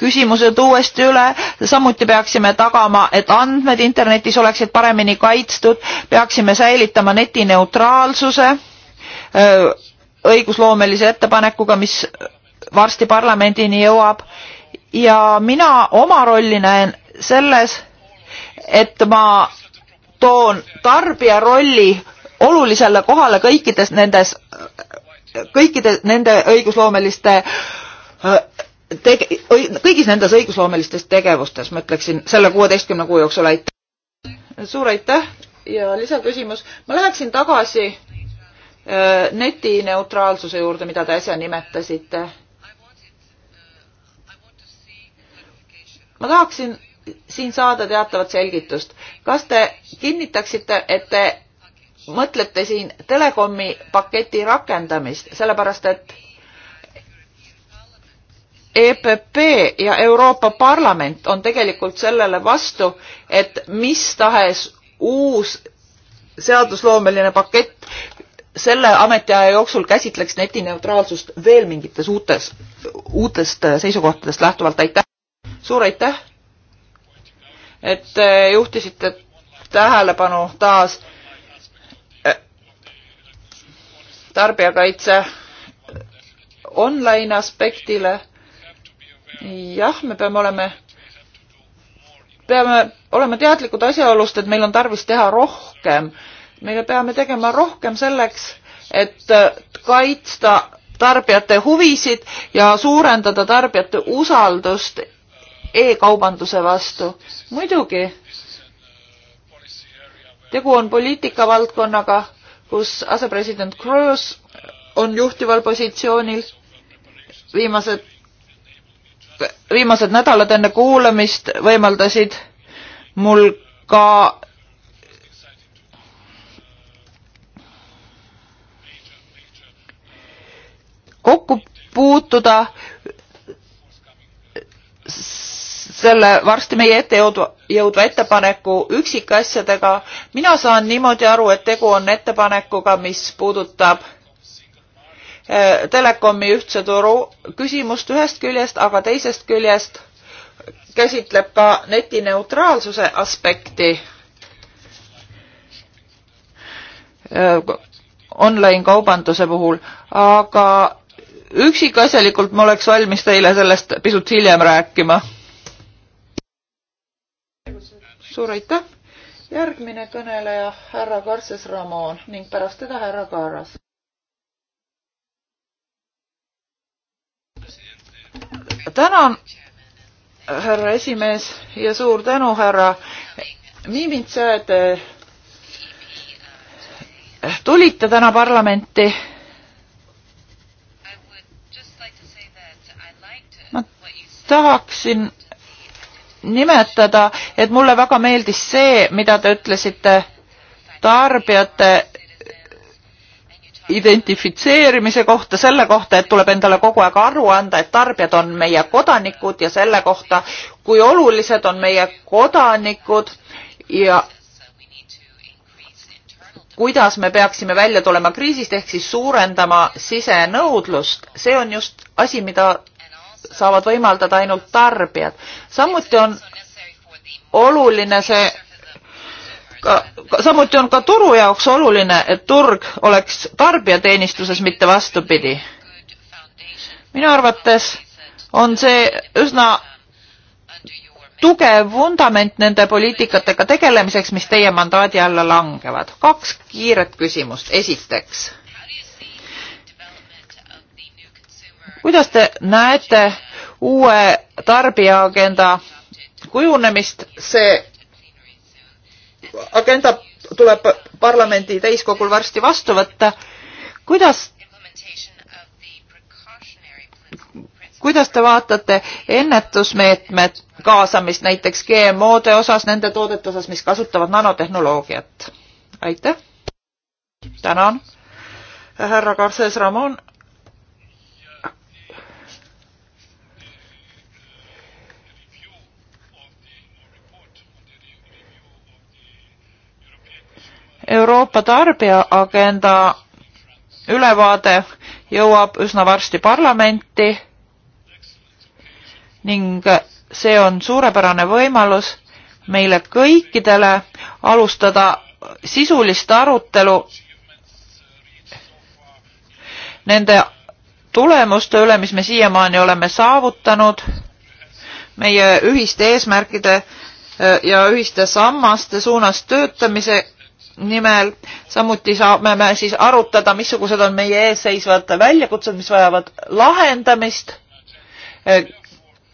küsimused uuesti üle, samuti peaksime tagama, et andmed internetis oleksid paremini kaitstud, peaksime säilitama netineutraalsuse äh, õigusloomelise ettepanekuga, mis varsti parlamendini jõuab ja mina oma rolli näen selles, et ma toon tarbija rolli olulisele kohale kõikides nendes kõikide nende õigusloomeliste äh, tege-, kõigis nendes õigusloomelistes tegevustes, ma ütleksin, selle kuueteistkümne kuu jooksul aitäh. suur aitäh ja lisaküsimus. ma läheksin tagasi äh, netineutraalsuse juurde, mida te äsja nimetasite. ma tahaksin siin saada teatavat selgitust. kas te kinnitaksite, et te mõtlete siin telekomi paketi rakendamist, sellepärast et EPP ja Euroopa Parlament on tegelikult sellele vastu, et mis tahes uus seadusloomeline pakett selle ametiaja jooksul käsitleks netineutraalsust veel mingites uutes, uutest seisukohtadest lähtuvalt, aitäh! suur aitäh, et eh, juhtisite tähelepanu taas tarbijakaitse online aspektile. jah, me peame olema, peame olema teadlikud asjaolust, et meil on tarvis teha rohkem. me peame tegema rohkem selleks, et kaitsta tarbijate huvisid ja suurendada tarbijate usaldust e-kaubanduse vastu. muidugi, tegu on poliitikavaldkonnaga kus asepresident Kroos on juhtival positsioonil viimased, viimased nädalad enne kuulamist võimaldasid mul ka kokku puutuda selle varsti meie ette jõudva ettepaneku üksikasjadega. mina saan niimoodi aru, et tegu on ettepanekuga, mis puudutab äh, telekomi ühtse turu küsimust ühest küljest, aga teisest küljest käsitleb ka netineutraalsuse aspekti. Äh, online kaubanduse puhul, aga üksikasjalikult ma oleks valmis teile sellest pisut hiljem rääkima suur aitäh. järgmine kõneleja härra Karses Ramon ning pärast teda härra Kaaras. tänan, härra esimees ja suur tänu, härra Miimitsa, et te tulite täna parlamenti tahaksin nimetada, et mulle väga meeldis see, mida te ütlesite tarbijate identifitseerimise kohta, selle kohta, et tuleb endale kogu aeg aru anda, et tarbijad on meie kodanikud ja selle kohta, kui olulised on meie kodanikud ja kuidas me peaksime välja tulema kriisist ehk siis suurendama sisenõudlust, see on just asi, mida saavad võimaldada ainult tarbijad. samuti on oluline see ka, ka, samuti on ka turu jaoks oluline, et turg oleks tarbijateenistuses, mitte vastupidi. minu arvates on see üsna tugev vundament nende poliitikatega tegelemiseks, mis teie mandaadi alla langevad. kaks kiiret küsimust. esiteks, kuidas te näete uue tarbijaagenda kujunemist. see agenda tuleb parlamendi täiskogul varsti vastu võtta. kuidas, kuidas te vaatate ennetusmeetmed kaasamist näiteks GMO-de osas, nende toodete osas, mis kasutavad nanotehnoloogiat? aitäh. tänan. härra Garces Ramon Euroopa tarbijaagenda ülevaade jõuab üsna varsti parlamenti ning see on suurepärane võimalus meile kõikidele alustada sisulist arutelu nende tulemuste üle, mis me siiamaani oleme saavutanud, meie ühiste eesmärkide ja ühiste sammaste suunas töötamise nimel. samuti saame me siis arutada, missugused on meie ees seisvad väljakutsed, mis vajavad lahendamist eh,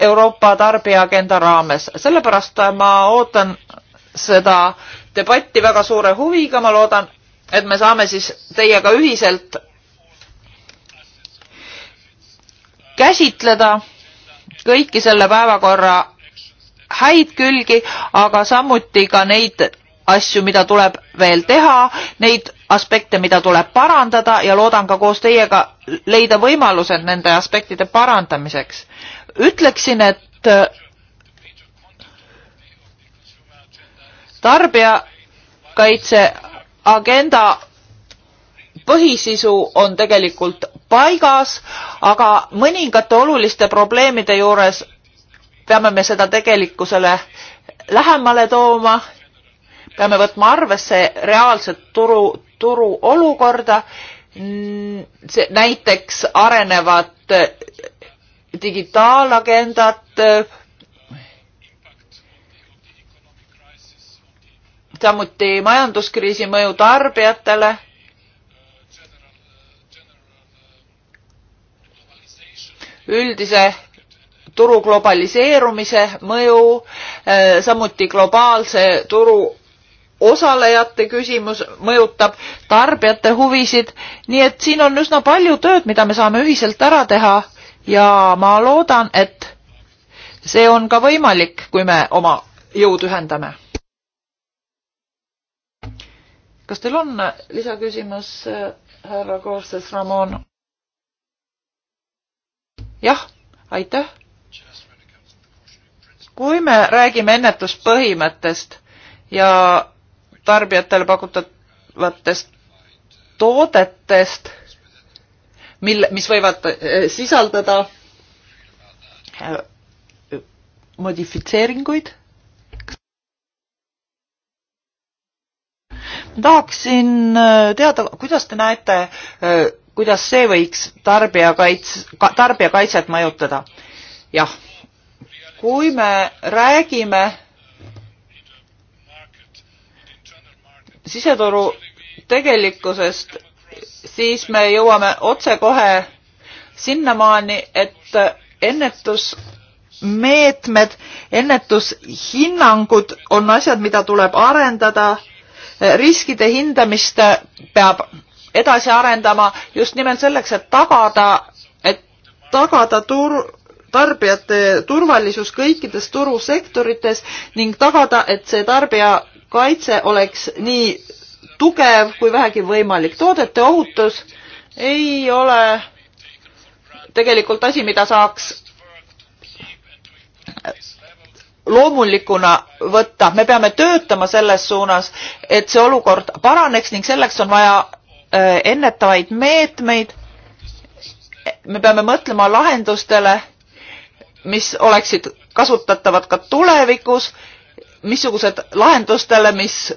Euroopa tarbijaagenda raames. sellepärast ma ootan seda debatti väga suure huviga, ma loodan, et me saame siis teiega ühiselt käsitleda kõiki selle päevakorra häid külgi, aga samuti ka neid asju, mida tuleb veel teha, neid aspekte, mida tuleb parandada ja loodan ka koos teiega leida võimalused nende aspektide parandamiseks. ütleksin, et äh, tarbijakaitse agenda põhisisu on tegelikult paigas, aga mõningate oluliste probleemide juures peame me seda tegelikkusele lähemale tooma peame võtma arvesse reaalset turu, turu olukorda, näiteks arenevat digitaalagendat, samuti majanduskriisi mõju tarbijatele. üldise turu globaliseerumise mõju, samuti globaalse turu osalejate küsimus mõjutab tarbijate huvisid, nii et siin on üsna palju tööd, mida me saame ühiselt ära teha ja ma loodan, et see on ka võimalik, kui me oma jõud ühendame. kas teil on lisaküsimus, härra Koostes Ramon? jah, aitäh. kui me räägime ennetuspõhimõttest ja tarbijatele pakutavatest toodetest, mille, mis võivad eh, sisaldada eh, modifitseeringuid. tahaksin eh, teada, kuidas te näete, kuidas see võiks tarbijakaits-, tarbijakaitset mõjutada? jah, kui me räägime siseturu tegelikkusest, siis me jõuame otsekohe sinnamaani, et ennetusmeetmed, ennetushinnangud on asjad, mida tuleb arendada. riskide hindamist peab edasi arendama just nimelt selleks, et tagada, et tagada tur-, tarbijate turvalisus kõikides turusektorites ning tagada, et see tarbijakaitse oleks nii tugev kui vähegi võimalik. toodete ohutus ei ole tegelikult asi, mida saaks loomulikuna võtta. me peame töötama selles suunas, et see olukord paraneks ning selleks on vaja äh, ennetavaid meetmeid. me peame mõtlema lahendustele mis oleksid kasutatavad ka tulevikus, missugused lahendustele, mis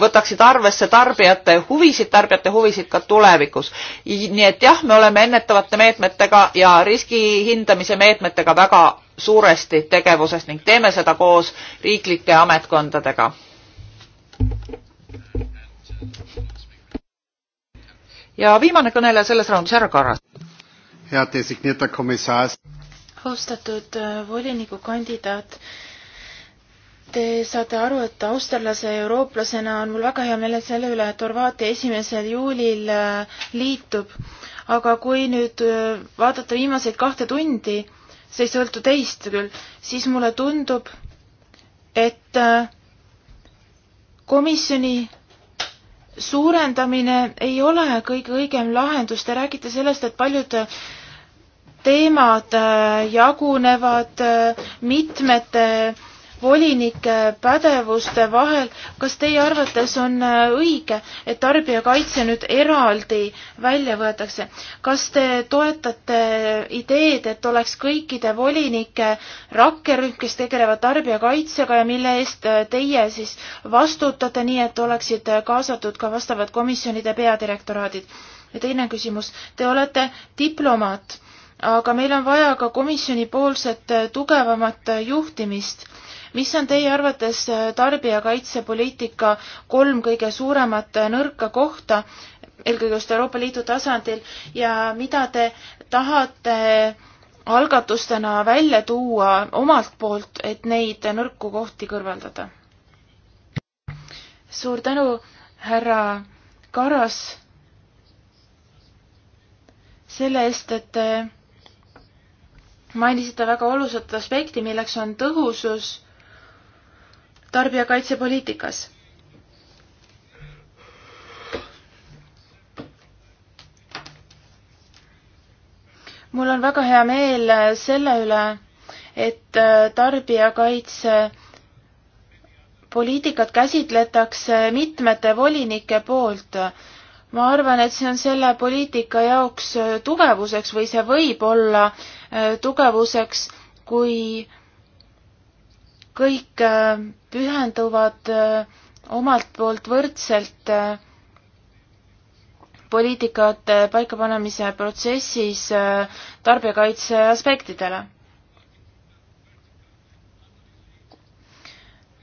võtaksid arvesse tarbijate huvisid, tarbijate huvisid ka tulevikus. nii et jah, me oleme ennetavate meetmetega ja riski hindamise meetmetega väga suuresti tegevuses ning teeme seda koos riiklike ametkondadega. ja viimane kõneleja selles raundis, härra Karras. head designeeritud komissar austatud äh, volinikukandidaat, te saate aru, et austerlase eurooplasena on mul väga hea meel selle üle, et Horvaatia esimesel juulil äh, liitub. aga kui nüüd äh, vaadata viimaseid kahte tundi, see ei sõltu teist küll, siis mulle tundub, et komisjoni suurendamine ei ole kõige õigem lahendus, te räägite sellest, et paljud teemad äh, jagunevad äh, mitmete volinike pädevuste vahel, kas teie arvates on äh, õige, et tarbijakaitse nüüd eraldi välja võetakse? kas te toetate ideed, et oleks kõikide volinike rakkerühm, kes tegelevad tarbijakaitsega ja mille eest teie siis vastutate, nii et oleksid kaasatud ka vastavad komisjonide peadirektoraadid? ja teine küsimus, te olete diplomaat aga meil on vaja ka komisjonipoolset äh, tugevamat äh, juhtimist. mis on teie arvates äh, tarbijakaitsepoliitika kolm kõige suuremat nõrka kohta, eelkõige just Euroopa Liidu tasandil ja mida te tahate algatustena välja tuua omalt poolt, et neid nõrku kohti kõrvaldada? suur tänu, härra Karas, selle eest, et te mainisite väga olulisat aspekti, milleks on tõhusus tarbijakaitsepoliitikas. mul on väga hea meel selle üle, et tarbijakaitse poliitikat käsitletakse mitmete volinike poolt. ma arvan, et see on selle poliitika jaoks tugevuseks või see võib olla äh, Äh, tugevuseks, kui kõik äh, pühenduvad äh, omalt poolt võrdselt poliitikate paikapanemise protsessis tarbijakaitse aspektidele.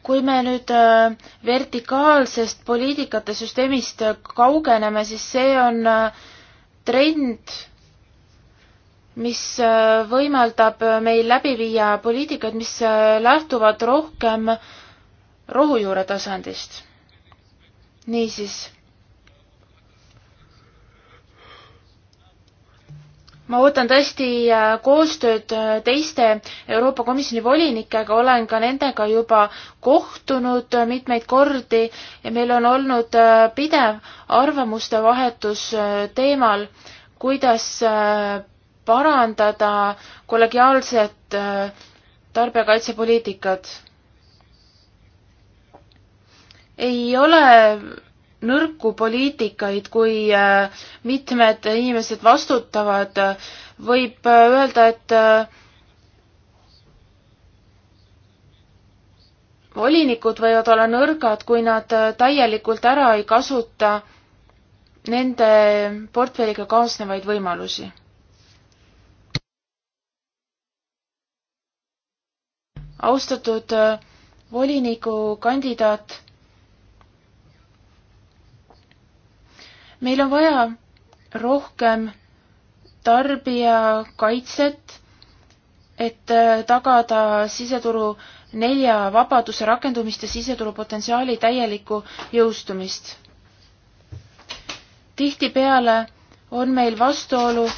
kui me nüüd vertikaalsest poliitikate süsteemist kaugeneme, siis see on trend, mis äh, võimaldab äh, meil läbi viia poliitikat, mis äh, lähtuvad rohkem rohujuure tasandist. niisiis. ma ootan tõesti koostööd teiste Euroopa Komisjoni volinikega, olen ka nendega juba kohtunud mitmeid kordi ja meil on olnud pidev arvamuste vahetus teemal, kuidas parandada kollegiaalset äh, tarbijakaitsepoliitikat. ei ole nõrku poliitikaid, kui äh, mitmed inimesed vastutavad, võib äh, öelda, et volinikud võivad olla nõrgad, kui nad täielikult ära ei kasuta nende portfelliga kaasnevaid võimalusi austatud äh, volinikukandidaat. meil on vaja rohkem tarbijakaitset, et äh, tagada siseturu nelja vabaduse rakendumist ja siseturu potentsiaali täielikku jõustumist. tihtipeale on meil vastuolu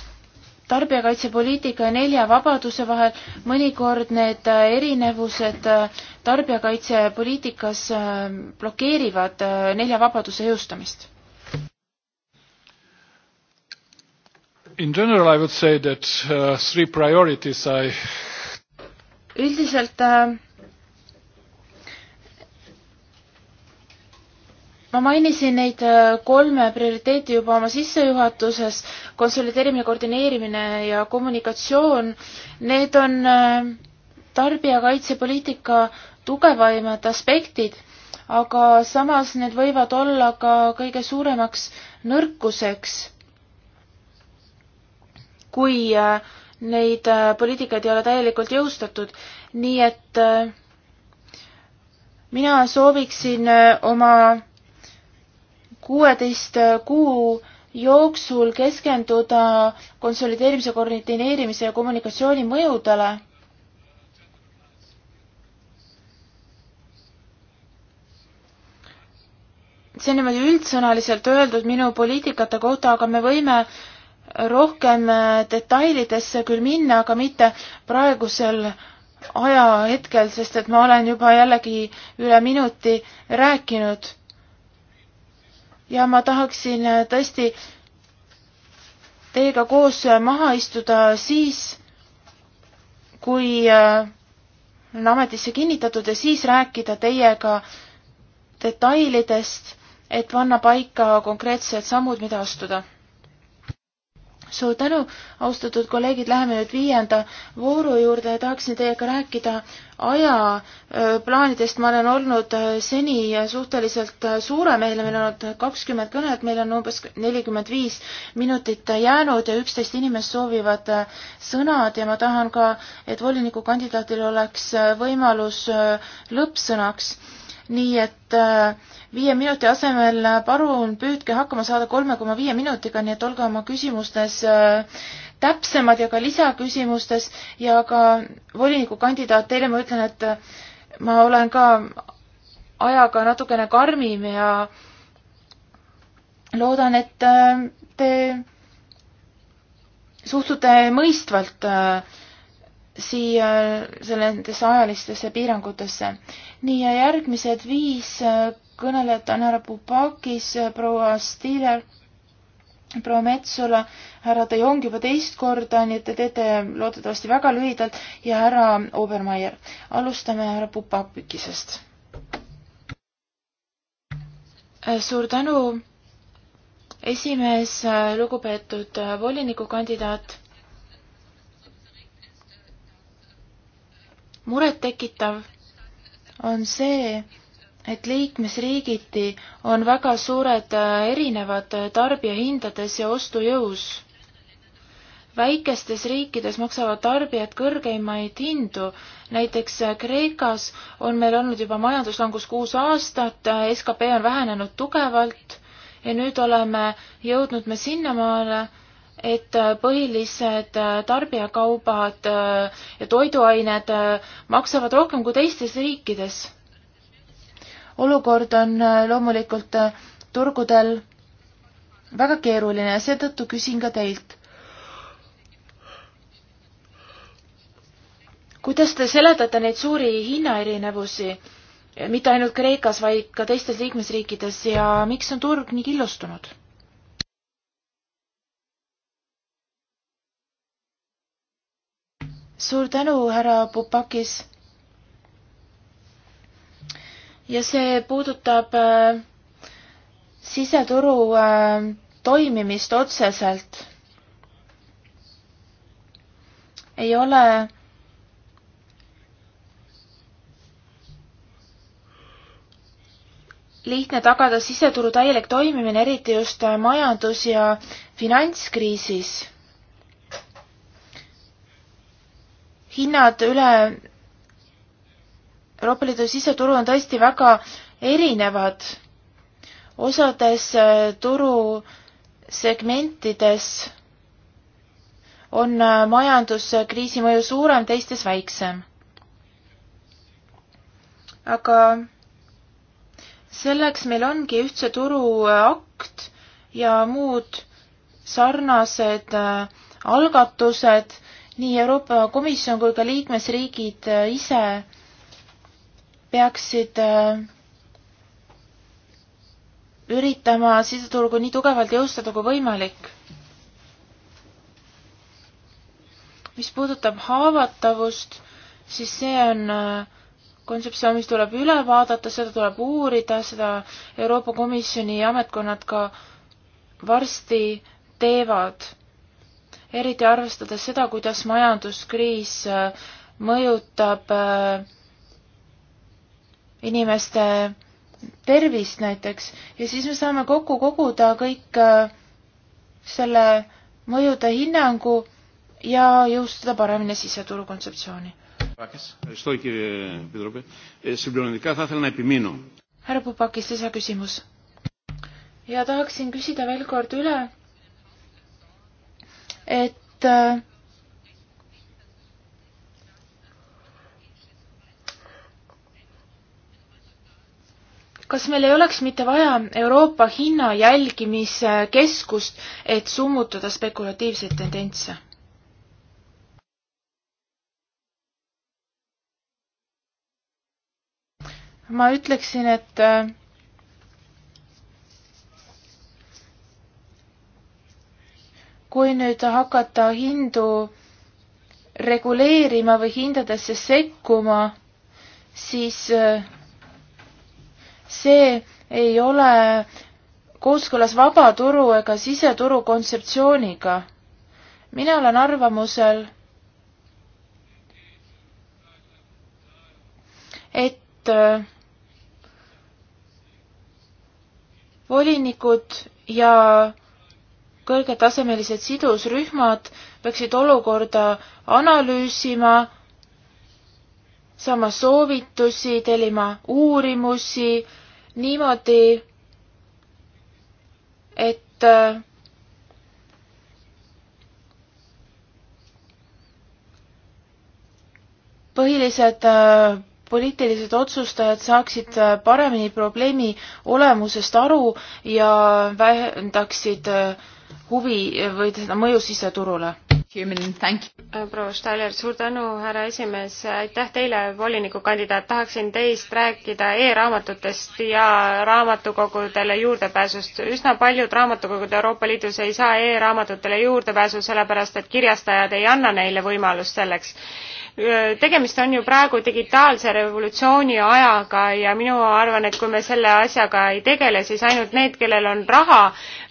tarbijakaitsepoliitika ja nelja vabaduse vahel, mõnikord need erinevused äh, tarbijakaitsepoliitikas äh, blokeerivad äh, nelja vabaduse jõustamist? In general I would say that uh, three priorities I üldiselt uh, ma mainisin neid äh, kolme prioriteeti juba oma sissejuhatuses, konsolideerimine, koordineerimine ja kommunikatsioon, need on äh, tarbijakaitsepoliitika tugevaimad aspektid, aga samas need võivad olla ka kõige suuremaks nõrkuseks, kui äh, neid poliitikaid ei ole täielikult jõustatud, nii et mina sooviksin oma kuueteist kuu jooksul keskenduda konsolideerimise, koordineerimise ja kommunikatsiooni mõjudele. see on niimoodi üldsõnaliselt öeldud minu poliitikate kohta, aga me võime rohkem detailidesse küll minna, aga mitte praegusel ajahetkel, sest et ma olen juba jällegi üle minuti rääkinud ja ma tahaksin äh, tõesti teiega koos äh, maha istuda siis, kui äh, on ametisse kinnitatud ja siis rääkida teiega detailidest, et panna paika konkreetsed sammud, mida astuda suur tänu, austatud kolleegid, läheme nüüd viienda vooru juurde ja tahaksin teiega rääkida ajaplaanidest. ma olen olnud seni suhteliselt suuremeelne, meil on olnud kakskümmend kõnet, meil on umbes nelikümmend viis minutit jäänud ja üksteist inimest soovivad sõnad ja ma tahan ka, et volinikukandidaadil oleks võimalus lõppsõnaks nii et äh, viie minuti asemel äh, palun püüdke hakkama saada kolme koma viie minutiga, nii et olge oma küsimustes äh, täpsemad ja ka lisaküsimustes ja ka volinikukandidaat, teile ma ütlen, et ma olen ka ajaga natukene karmim ja loodan, et te suhtute mõistvalt äh, siia sellesse ajalistesse piirangutesse. nii ja järgmised viis äh, kõnelejat on härra Pupakis, äh, proua Stiiler, proua Metsula, härra De Jong juba teist korda, nii et te teete loodetavasti väga lühidalt ja härra Obermeier. alustame härra Pupakisest. Äh, suur tänu, esimees, lugupeetud volinikukandidaat murettekitav on see, et liikmesriigiti on väga suured äh, erinevad äh, tarbijahindades ja ostujõus. väikestes riikides maksavad tarbijad kõrgeimaid hindu, näiteks äh, Kreekas on meil olnud juba majanduslangus kuus aastat, skp on vähenenud tugevalt ja nüüd oleme jõudnud me sinnamaale, et äh, põhilised äh, tarbijakaubad äh, ja toiduained maksavad rohkem kui teistes riikides. olukord on loomulikult turgudel väga keeruline ja seetõttu küsin ka teilt. kuidas te seletate neid suuri hinnaerinevusi, mitte ainult Kreekas, vaid ka teistes liikmesriikides ja miks on turg nii killustunud? suur tänu, härra Pupakis. ja see puudutab äh, siseturu äh, toimimist otseselt. ei ole lihtne tagada siseturu täielik toimimine, eriti just äh, majandus- ja finantskriisis hinnad üle Euroopa Liidu siseturu on tõesti väga erinevad. osades äh, turusegmentides on äh, majanduskriisi äh, mõju suurem, teistes väiksem. aga selleks meil ongi ühtse turu akt ja muud sarnased algatused, nii Euroopa Komisjon kui ka liikmesriigid äh, ise peaksid äh, üritama siseturgu nii tugevalt jõustada kui võimalik. mis puudutab haavatavust, siis see on äh, kontseptsioon, mis tuleb üle vaadata, seda tuleb uurida, seda Euroopa Komisjoni ametkonnad ka varsti teevad eriti arvestades seda, kuidas majanduskriis äh, mõjutab äh, inimeste tervist näiteks ja siis me saame kokku koguda kõik äh, selle mõjude hinnangu ja jõustada paremini siseturu kontseptsiooni. härra Pupakis, lisaküsimus. ja tahaksin küsida veel kord üle et äh, kas meil ei oleks mitte vaja Euroopa hinna jälgimiskeskust, et summutada spekulatiivseid tendentse? ma ütleksin, et äh, kui nüüd hakata hindu reguleerima või hindadesse sekkuma, siis äh, see ei ole kooskõlas vabaturu ega siseturu kontseptsiooniga. mina olen arvamusel, et äh, volinikud ja kõrgetasemelised sidusrühmad peaksid olukorda analüüsima, saama soovitusi, tellima uurimusi niimoodi, et põhilised poliitilised otsustajad saaksid paremini probleemi olemusest aru ja vähendaksid äh, huvi või seda mõju siseturule. Äh, proua Stahler, suur tänu, härra esimees, aitäh teile, volinikukandidaat, tahaksin teist rääkida e-raamatutest ja raamatukogudele juurdepääsust. üsna paljud raamatukogud Euroopa Liidus ei saa e-raamatutele juurdepääsu, sellepärast et kirjastajad ei anna neile võimalust selleks Äh, tegemist on ju praegu digitaalse revolutsiooni ajaga ja minu arvan, et kui me selle asjaga ei tegele, siis ainult need, kellel on raha,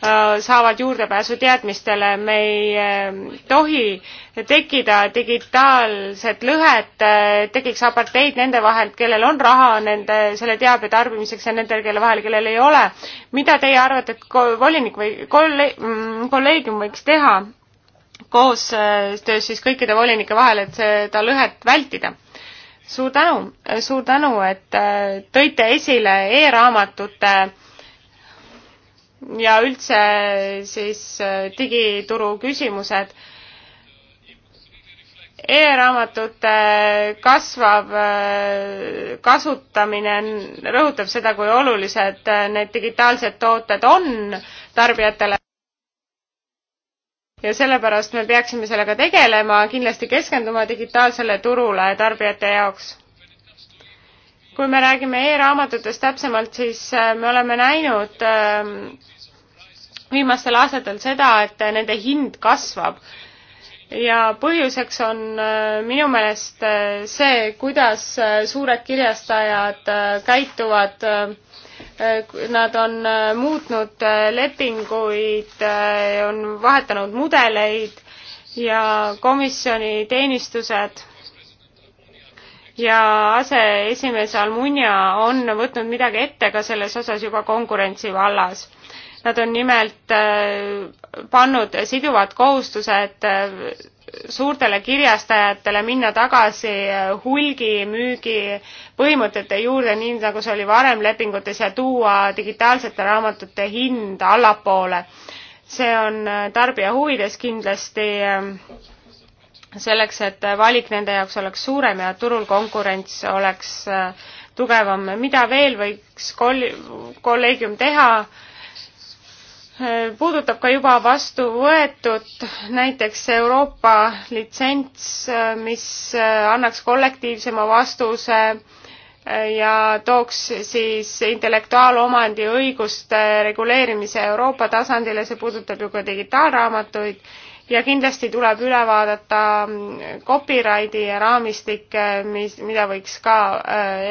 äh, saavad juurdepääsu teadmistele. me ei äh, tohi tekkida digitaalset lõhet, tekiks aparteid nende vahelt, kellel on raha nende, selle teabe tarbimiseks ja nendel, kelle vahel, kellel ei ole. mida teie arvate, et volinik või mm, kolleegium võiks teha? koostöös äh, siis kõikide volinike vahel, et seda lõhet vältida. suur tänu, äh, suur tänu, et äh, tõite esile e-raamatute ja üldse siis digituru küsimused e-raamatute kasvav kasutamine rõhutab seda, kui olulised need digitaalsed tooted on tarbijatele ja sellepärast me peaksime sellega tegelema, kindlasti keskenduma digitaalsele turule tarbijate jaoks. kui me räägime e-raamatutest täpsemalt, siis äh, me oleme näinud ähm, viimastel aastatel seda, et nende hind kasvab ja põhjuseks on äh, minu meelest äh, see, kuidas suured kirjastajad käituvad äh, Nad on äh, muutnud äh, lepinguid, äh, on vahetanud mudeleid ja komisjoni teenistused ja aseesimees Almunia on võtnud midagi ette ka selles osas juba konkurentsi vallas. Nad on nimelt pannud siduvad kohustused suurtele kirjastajatele minna tagasi eh, hulgimüügi põhimõtete juurde, nii nagu see oli varem lepingutes ja tuua digitaalsete raamatute hind allapoole. see on eh, tarbija huvides kindlasti eh, selleks, et valik nende jaoks oleks suurem ja turul konkurents oleks tugevam. mida veel võiks kol-, kolleegium teha? Eh, puudutab ka juba vastu võetud näiteks Euroopa litsents, eh, mis eh, annaks kollektiivsema vastuse ja tooks siis intellektuaalomandi õiguste reguleerimise Euroopa tasandile, see puudutab ju ka digitaalraamatuid ja kindlasti tuleb üle vaadata mm, copyrighti ja raamistikke, mis, mida võiks ka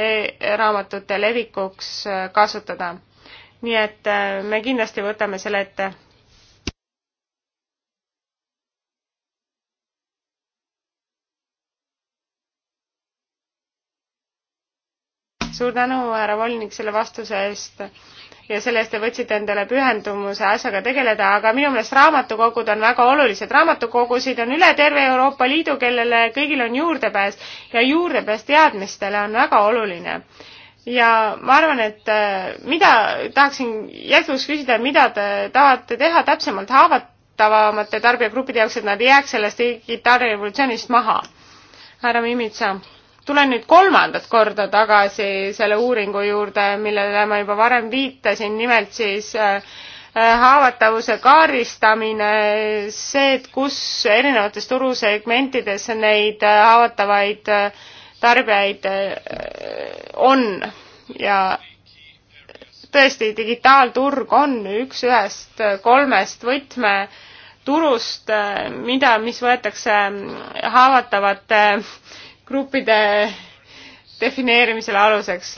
e-raamatute e-, levikuks kasutada nii et äh, me kindlasti võtame selle ette. suur tänu, härra volinik, selle vastuse eest ja selle eest te võtsite endale pühendumuse asjaga tegeleda, aga minu meelest raamatukogud on väga olulised. raamatukogusid on üle terve Euroopa Liidu, kellele kõigil on juurdepääs ja juurdepääs teadmistele on väga oluline ja ma arvan, et äh, mida, tahaksin jätkuks küsida, mida te tahate teha täpsemalt haavatavamate tarbijagruppide jaoks, et nad ei jääks sellest digitaalrevolutsioonist maha? härra Mimitsa, tulen nüüd kolmandat korda tagasi selle uuringu juurde, millele ma juba varem viitasin, nimelt siis äh, äh haavatavuse kaardistamine, see, et kus erinevates turusegmentides neid äh, haavatavaid äh, tarbijaid äh, on ja tõesti, digitaalturg on üks ühest äh, kolmest võtmeturust, äh, mida, mis võetakse haavatavate gruppide defineerimisele aluseks.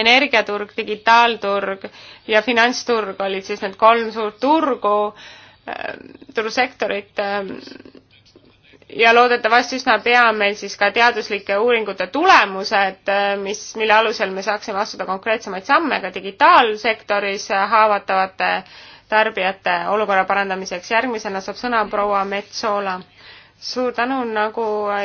energiaturg, digitaalturg ja finantsturg olid siis need kolm suurt turgu Äh, turusektorit äh, ja loodetavasti üsna pea meil siis ka teaduslike uuringute tulemused, äh, mis, mille alusel me saaksime astuda konkreetsemaid samme ka digitaalsektoris haavatavate tarbijate olukorra parandamiseks. järgmisena saab sõna proua Metsoola. suur tänu, nagu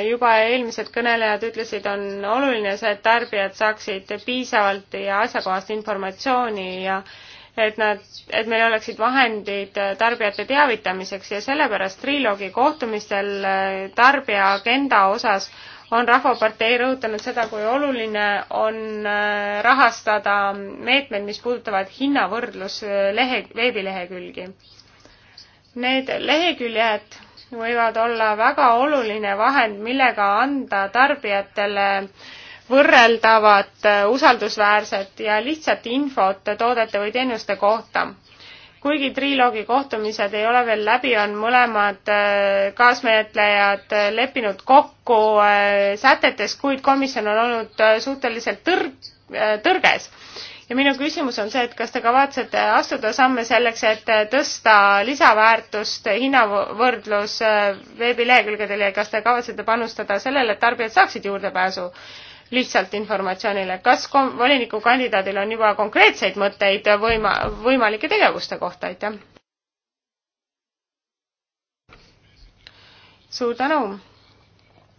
juba eelmised kõnelejad ütlesid, on oluline see, et tarbijad saaksid piisavalt ja asjakohast informatsiooni ja äh, et nad, et meil oleksid vahendid äh, tarbijate teavitamiseks ja sellepärast triloogi kohtumistel äh, tarbija agenda osas on Rahvapartei rõhutanud seda, kui oluline on äh, rahastada meetmed, mis puudutavad hinnavõrdluslehe, veebilehekülgi. Need leheküljed võivad olla väga oluline vahend, millega anda tarbijatele äh, võrreldavat, äh, usaldusväärset ja lihtsat infot toodete või teenuste kohta. kuigi triloogi kohtumised ei ole veel läbi, on mõlemad äh, kaasmenetlejad äh, leppinud kokku sätetes, kuid komisjon on olnud suhteliselt tõr-, tõrges ja minu küsimus on see, et kas te kavatsete astuda samme selleks, et tõsta lisaväärtust hinnavõrdlus veebilehekülgedel ja kas te kavatsete panustada sellele, et tarbijad saaksid juurdepääsu lihtsalt informatsioonile. kas kom-, volinikukandidaadil on juba konkreetseid mõtteid võima-, võimalike tegevuste kohta, aitäh? suur tänu,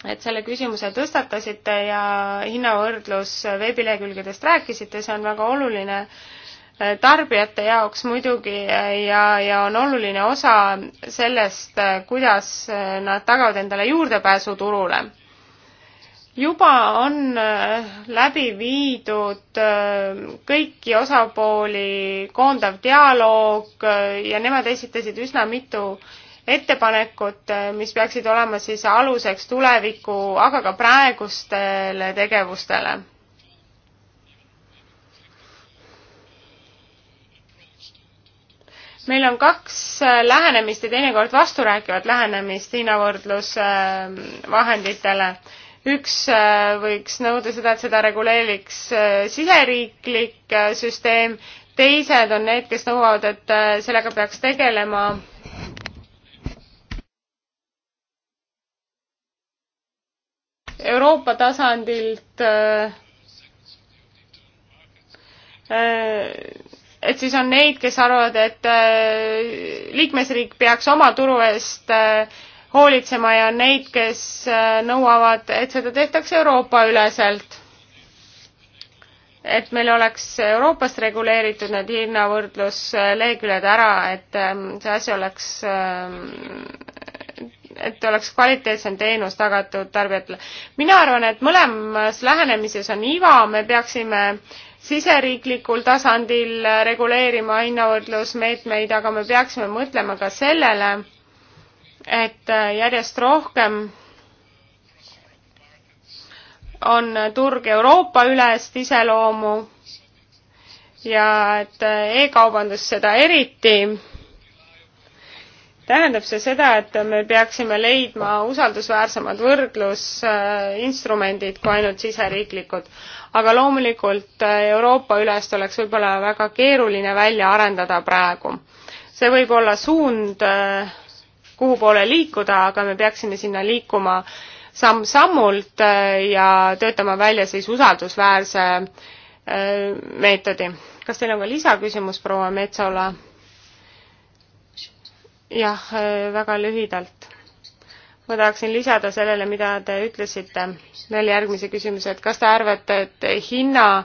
et selle küsimuse tõstatasite ja hinnavõrdlus veebilehekülgedest rääkisite, see on väga oluline eh, tarbijate jaoks muidugi eh, ja, ja on oluline osa sellest, eh, kuidas nad tagavad endale juurdepääsu turule juba on äh, läbi viidud äh, kõiki osapooli koondav dialoog äh, ja nemad esitasid üsna mitu ettepanekut, mis peaksid olema siis aluseks tuleviku, aga ka praegustele tegevustele. meil on kaks lähenemist ja teinekord vasturääkivat lähenemist hinnavõrdlusvahenditele äh, üks äh, võiks nõuda seda, et seda reguleeriks äh, siseriiklik äh, süsteem, teised on need, kes nõuavad, et sellega peaks tegelema Euroopa tasandilt et siis on neid, kes arvavad, et liikmesriik peaks oma turu eest hoolitsema ja neid, kes äh, nõuavad, et seda tehtaks Euroopa-üleselt. et meil oleks Euroopast reguleeritud need hinnavõrdlus leheküljed ära, et ähm, see asi oleks, ähm, et oleks kvaliteetsem teenus tagatud tarbijatele. mina arvan, et mõlemas lähenemises on iva, me peaksime siseriiklikul tasandil reguleerima hinnavõrdlusmeetmeid, aga me peaksime mõtlema ka sellele, et äh, järjest rohkem on turg Euroopa ülest iseloomu ja et äh, e-kaubandus seda eriti tähendab see seda, et me peaksime leidma usaldusväärsemad võrdlusinstrumendid äh, kui ainult siseriiklikud. aga loomulikult Euroopa ülest oleks võib-olla väga keeruline välja arendada praegu. see võib olla suund äh, kuhu poole liikuda, aga me peaksime sinna liikuma samm-sammult äh, ja töötama välja siis usaldusväärse äh, meetodi. kas teil on ka lisaküsimus, proua Metsola? jah, äh, väga lühidalt. ma tahaksin lisada sellele, mida te ütlesite, veel järgmise küsimuse, et kas te arvate, et hinna äh,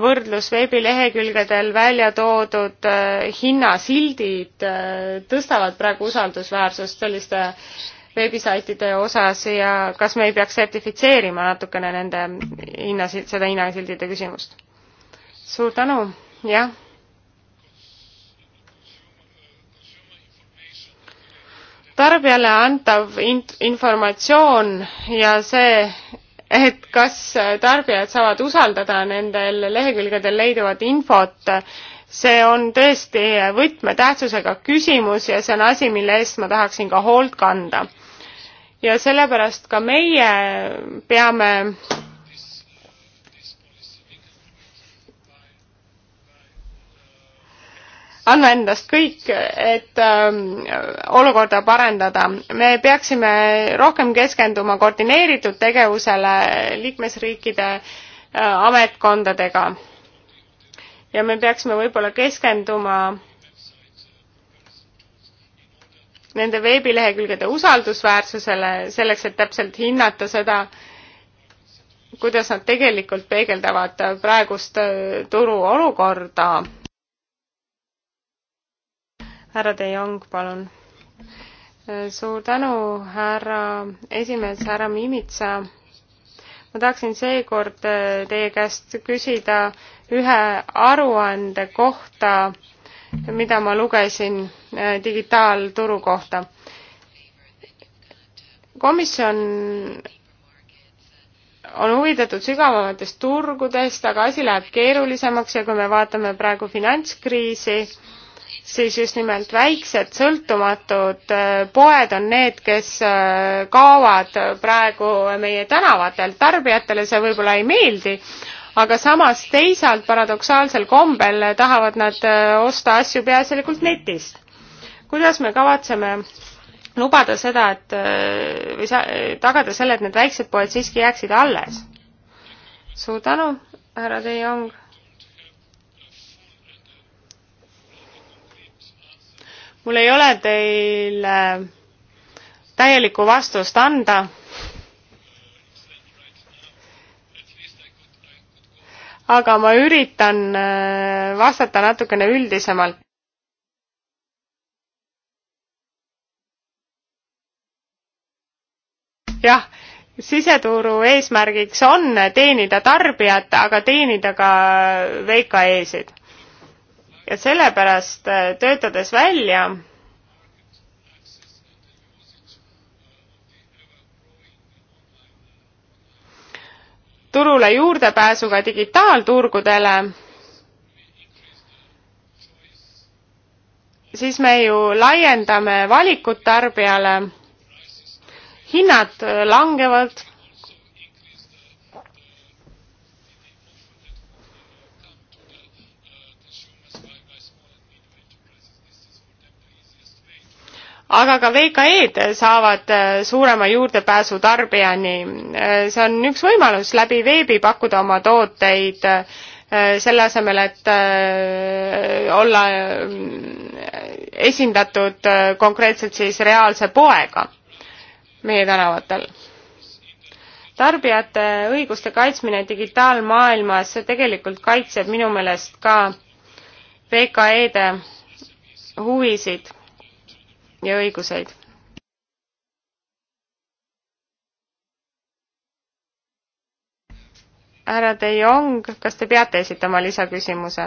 võrdlus veebilehekülgedel välja toodud äh, hinnasildid äh, tõstavad praegu usaldusväärsust selliste veebisaitide osas ja kas me ei peaks sertifitseerima natukene nende hinnasild, seda hinnasildide küsimust? suur tänu, jah. tarbijale antav int-, informatsioon ja see et kas tarbijad saavad usaldada nendel lehekülgedel leiduvat infot, see on tõesti võtmetähtsusega küsimus ja see on asi, mille eest ma tahaksin ka hoolt kanda. ja sellepärast ka meie peame anna endast kõik, et ähm, olukorda parendada. me peaksime rohkem keskenduma koordineeritud tegevusele liikmesriikide äh, ametkondadega. ja me peaksime võib-olla keskenduma nende veebilehekülgede usaldusväärsusele, selleks et täpselt hinnata seda, kuidas nad tegelikult peegeldavad praegust äh, turuolukorda härra De Jong, palun. suur tänu, härra esimees, härra Mimitsa. ma tahaksin seekord eh, teie käest küsida ühe aruande kohta, mida ma lugesin eh, digitaalturu kohta. komisjon on huvitatud sügavamatest turgudest, aga asi läheb keerulisemaks ja kui me vaatame praegu finantskriisi, siis just nimelt väiksed sõltumatud äh, poed on need, kes äh, kaovad äh, praegu meie tänavatel. tarbijatele see võib-olla ei meeldi, aga samas teisalt paradoksaalsel kombel tahavad nad osta asju peaasjalikult netist. kuidas me kavatseme lubada seda, et või sa-, tagada selle, et need väiksed poed siiski jääksid alles? suur tänu, härra De Jong mul ei ole teile täielikku vastust anda. aga ma üritan äh, vastata natukene üldisemalt. jah, siseturu eesmärgiks on teenida tarbijat, aga teenida ka VKE-sid ja sellepärast äh, töötades välja turule juurdepääsuga digitaalturgudele, siis me ju laiendame valikut tarbijale, hinnad langevad aga ka VKE-d saavad äh, suurema juurdepääsu tarbijani. Äh, see on üks võimalus läbi veebi pakkuda oma tooteid äh, selle asemel, et olla esindatud konkreetselt siis reaalse poega meie tänavatel tarbijate õiguste kaitsmine digitaalmaailmas tegelikult kaitseb minu meelest ka VKE-de huvisid ja õiguseid. härra De Jong, kas te peate esitama lisaküsimuse?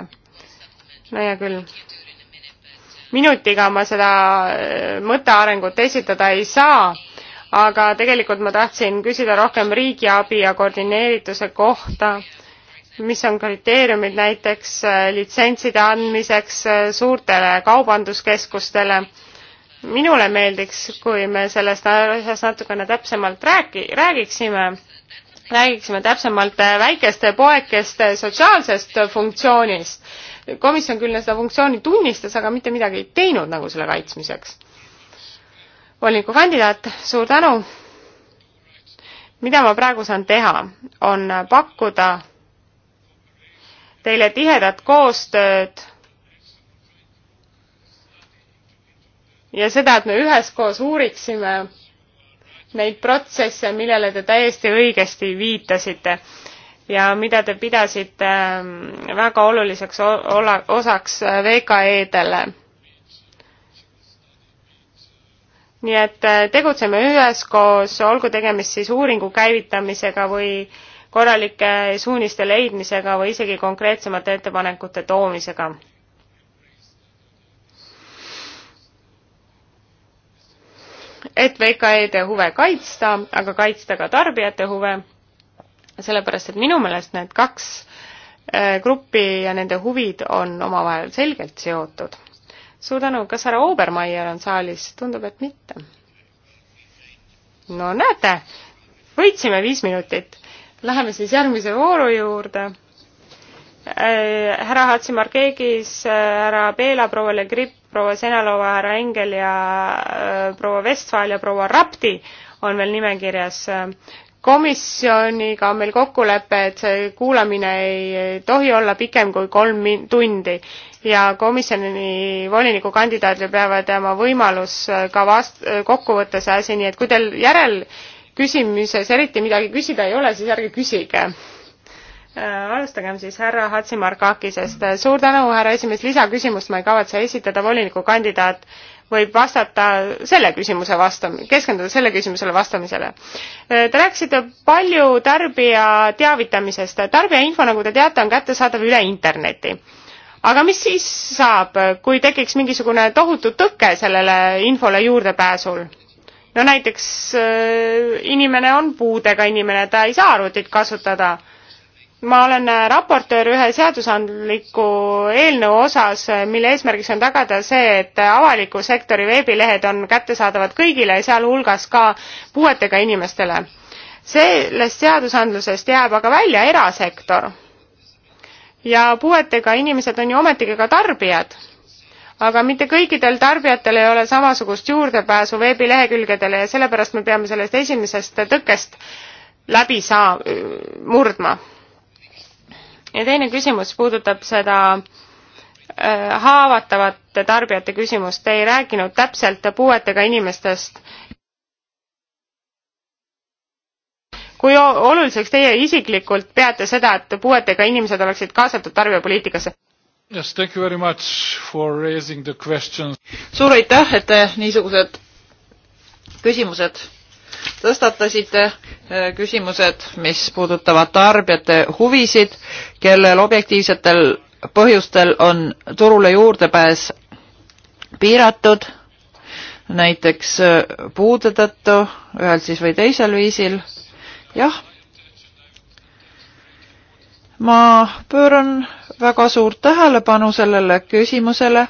no hea küll. minutiga ma seda äh, mõttearengut esitada ei saa, aga tegelikult ma tahtsin küsida rohkem riigiabi ja koordineerituse kohta mis on kriteeriumid näiteks äh, litsentside andmiseks äh, suurtele kaubanduskeskustele minule meeldiks, kui me sellest asjast natukene täpsemalt räägi-, räägiksime, räägiksime täpsemalt väikeste poekeste sotsiaalsest funktsioonist. komisjon küll seda funktsiooni tunnistas, aga mitte midagi ei teinud nagu selle kaitsmiseks. volinikukandidaat, suur tänu. mida ma praegu saan teha, on pakkuda teile tihedat koostööd ja seda, et me üheskoos uuriksime neid protsesse, millele te täiesti õigesti viitasite ja mida te pidasite ähm, väga oluliseks ola-, osaks äh, VKE-dele. nii et äh, tegutseme üheskoos, olgu tegemist siis uuringu käivitamisega või korralike suuniste leidmisega või isegi konkreetsemate ettepanekute toomisega et VKE-de huve kaitsta, aga kaitsta ka tarbijate huve, sellepärast et minu meelest need kaks äh, gruppi ja nende huvid on omavahel selgelt seotud. suur tänu, kas härra Obermeier on saalis, tundub, et mitte. no näete, võitsime viis minutit. Läheme siis järgmise vooru juurde äh, härra Hatsimarkeegis, äh, härra Peela, proua Le Gripp, proua Senalova, härra Engel ja äh, proua Vestfaal ja proua Rapti on veel nimekirjas. komisjoniga on meil kokkulepe, et see kuulamine ei tohi olla pikem kui kolm tundi ja komisjoni volinikukandidaadil peavad jääma võimalus äh, ka vast-, äh, kokku võtta see asi, nii et kui teil järel küsimuses eriti midagi küsida ei ole, siis ärge küsige Äh, alustagem siis härra Hatsimarkakisest. suur tänu, härra esimees, lisaküsimust ma ei kavatse esitada, volinikukandidaat võib vastata selle küsimuse vastam-, keskenduda selle küsimusele vastamisele. Äh, te rääkisite palju tarbija teavitamisest. tarbijainfo, nagu te teate, on kättesaadav üle interneti. aga mis siis saab, kui tekiks mingisugune tohutu tõke sellele infole juurdepääsul? no näiteks äh, inimene on puudega inimene, ta ei saa arvutit kasutada ma olen äh, raportöör ühe seadusandliku eelnõu osas, äh, mille eesmärgiks on tagada see, et äh, avaliku sektori veebilehed on kättesaadavad kõigile, sealhulgas ka puuetega inimestele. sellest seadusandlusest jääb aga välja erasektor. ja puuetega inimesed on ju ometigi ka tarbijad. aga mitte kõikidel tarbijatel ei ole samasugust juurdepääsu veebilehekülgedele ja sellepärast me peame sellest esimesest tõkkest läbi saa-, murdma ja teine küsimus puudutab seda äh, haavatavate tarbijate küsimust. Te ei rääkinud täpselt puuetega inimestest. kui oluliseks teie isiklikult peate seda, et puuetega inimesed oleksid kaasatud tarbijapoliitikasse? Yes, thank you very much for raising the questions. suur aitäh, et te niisugused küsimused tõstatasite äh, küsimused, mis puudutavad tarbijate huvisid, kellel objektiivsetel põhjustel on turule juurdepääs piiratud, näiteks äh, puude tõttu ühel siis või teisel viisil. jah, ma pööran väga suurt tähelepanu sellele küsimusele,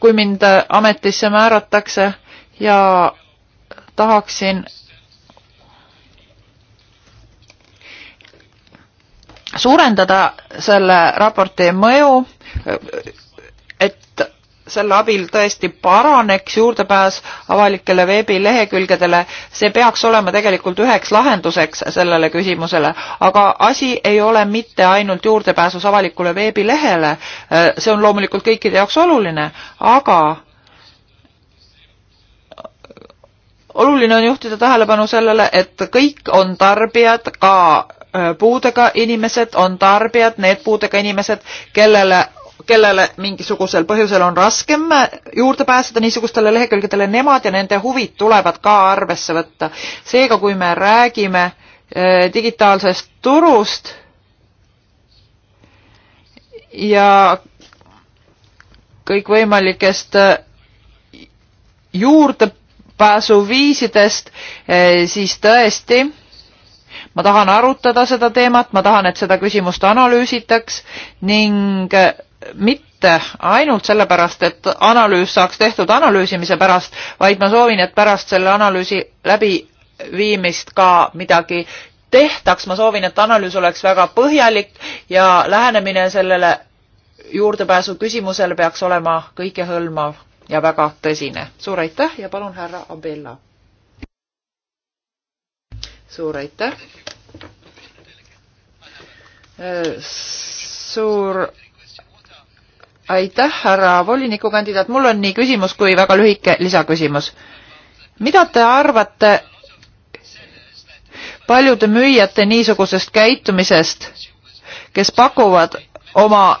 kui mind äh, ametisse määratakse ja tahaksin suurendada selle raporti mõju, et selle abil tõesti paraneks juurdepääs avalikele veebilehekülgedele, see peaks olema tegelikult üheks lahenduseks sellele küsimusele, aga asi ei ole mitte ainult juurdepääsus avalikule veebilehele, see on loomulikult kõikide jaoks oluline, aga oluline on juhtida tähelepanu sellele, et kõik on tarbijad, ka äh, puudega inimesed on tarbijad, need puudega inimesed, kellele, kellele mingisugusel põhjusel on raskem äh, juurde pääseda niisugustele lehekülgedele, nemad ja nende huvid tulevad ka arvesse võtta. seega, kui me räägime äh, digitaalsest turust ja kõikvõimalikest juurde pääsuviisidest, eh, siis tõesti, ma tahan arutada seda teemat, ma tahan, et seda küsimust analüüsitaks ning eh, mitte ainult sellepärast, et analüüs saaks tehtud analüüsimise pärast, vaid ma soovin, et pärast selle analüüsi läbiviimist ka midagi tehtaks, ma soovin, et analüüs oleks väga põhjalik ja lähenemine sellele juurdepääsu küsimusele peaks olema kõikehõlmav ja väga tõsine. suur aitäh ja palun, härra Abella. suur aitäh. suur aitäh, härra volinikukandidaat, mul on nii küsimus kui väga lühike lisaküsimus. mida te arvate paljude müüjate niisugusest käitumisest, kes pakuvad oma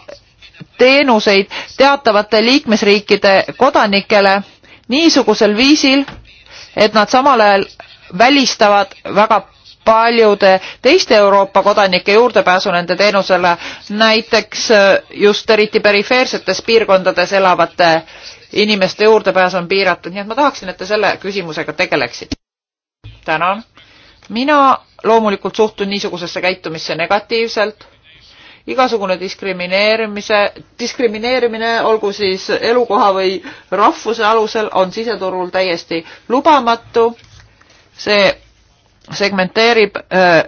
teenuseid teatavate liikmesriikide kodanikele niisugusel viisil, et nad samal ajal välistavad väga paljude teiste Euroopa kodanike juurdepääsu nende teenusele, näiteks äh, just eriti perifeersetes piirkondades elavate inimeste juurdepääs on piiratud, nii et ma tahaksin, et te selle küsimusega tegeleksite. tänan. mina loomulikult suhtun niisugusesse käitumisse negatiivselt igasugune diskrimineerimise, diskrimineerimine, olgu siis elukoha või rahvuse alusel, on siseturul täiesti lubamatu. see segmenteerib äh,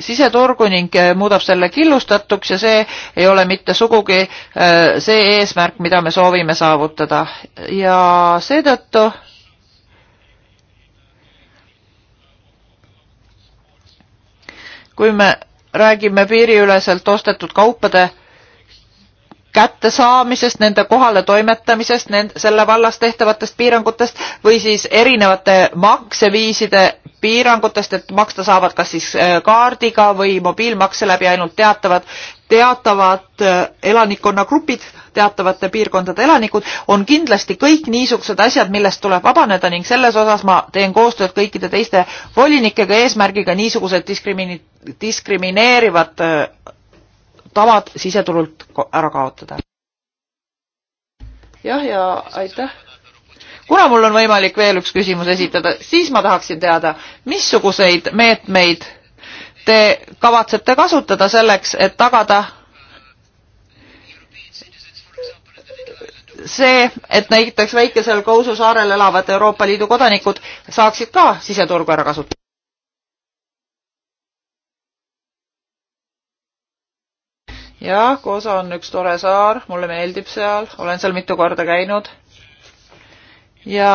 siseturgu ning äh, muudab selle killustatuks ja see ei ole mitte sugugi äh, see eesmärk, mida me soovime saavutada ja seetõttu kui me räägime piiriüleselt ostetud kaupade kättesaamisest, nende kohale toimetamisest, selle vallas tehtavatest piirangutest või siis erinevate makseviiside piirangutest, et maksta saavad kas siis äh, kaardiga või mobiilmakse läbi ainult teatavad, teatavad äh, elanikkonnagrupid, teatavate piirkondade elanikud, on kindlasti kõik niisugused asjad, millest tuleb vabaneda ning selles osas ma teen koostööd kõikide teiste volinikega eesmärgiga niisugused diskrimineerivad diskrimineerivad äh, tavad siseturult ära kaotada. jah, ja aitäh. kuna mul on võimalik veel üks küsimus esitada, siis ma tahaksin teada, missuguseid meetmeid te kavatsete kasutada selleks, et tagada see, et näiteks väikesel Kousu saarel elavad Euroopa Liidu kodanikud saaksid ka siseturgu ära kasutada. jah, Kosa on üks tore saar, mulle meeldib seal, olen seal mitu korda käinud. ja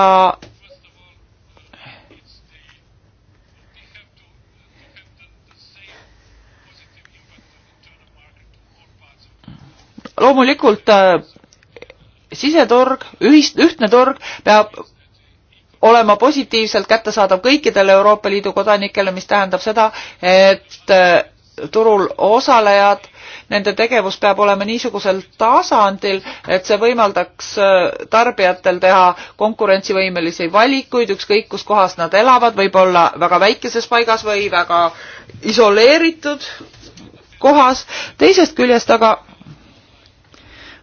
loomulikult äh, siseturg, ühist, ühtne turg peab olema positiivselt kättesaadav kõikidele Euroopa Liidu kodanikele, mis tähendab seda, et äh, turul osalejad, nende tegevus peab olema niisugusel tasandil, et see võimaldaks äh, tarbijatel teha konkurentsivõimelisi valikuid, ükskõik kus kohas nad elavad, võib-olla väga väikeses paigas või väga isoleeritud kohas. teisest küljest aga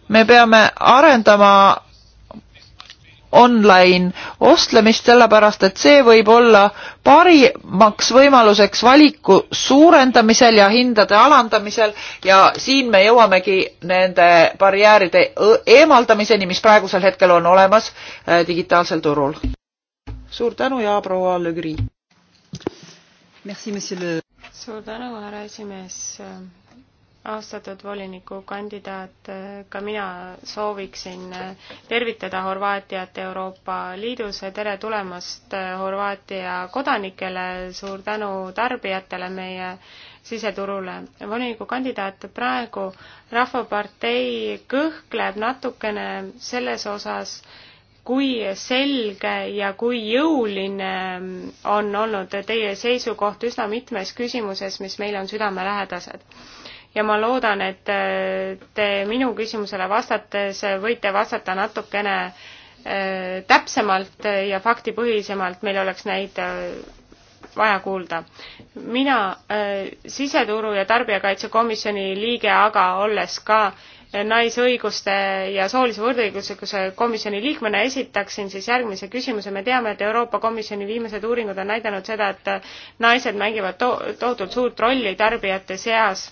me peame arendama online ostlemist, sellepärast et see võib olla parimaks võimaluseks valiku suurendamisel ja hindade alandamisel ja siin me jõuamegi nende barjääride e-, eemaldamiseni, mis praegusel hetkel on olemas äh, digitaalsel turul. suur tänu ja proua Le Gris! suur tänu, härra esimees austatud volinikukandidaat, ka mina sooviksin tervitada Horvaatiat Euroopa Liidus, tere tulemast Horvaatia kodanikele, suur tänu tarbijatele meie siseturule. volinikukandidaat, praegu Rahvapartei kõhkleb natukene selles osas, kui selge ja kui jõuline on olnud teie seisukoht üsna mitmes küsimuses, mis meile on südamelähedased ja ma loodan, et äh, te minu küsimusele vastates võite vastata natukene äh, täpsemalt ja faktipõhisemalt, meil oleks neid äh, vaja kuulda. mina siseturu ja tarbijakaitsekomisjoni liige, aga olles ka naisõiguste ja soolise võrdõiguslikkuse komisjoni liikmena esitaksin siis järgmise küsimuse. me teame, et Euroopa Komisjoni viimased uuringud on näidanud seda, et naised mängivad to tohutult suurt rolli tarbijate seas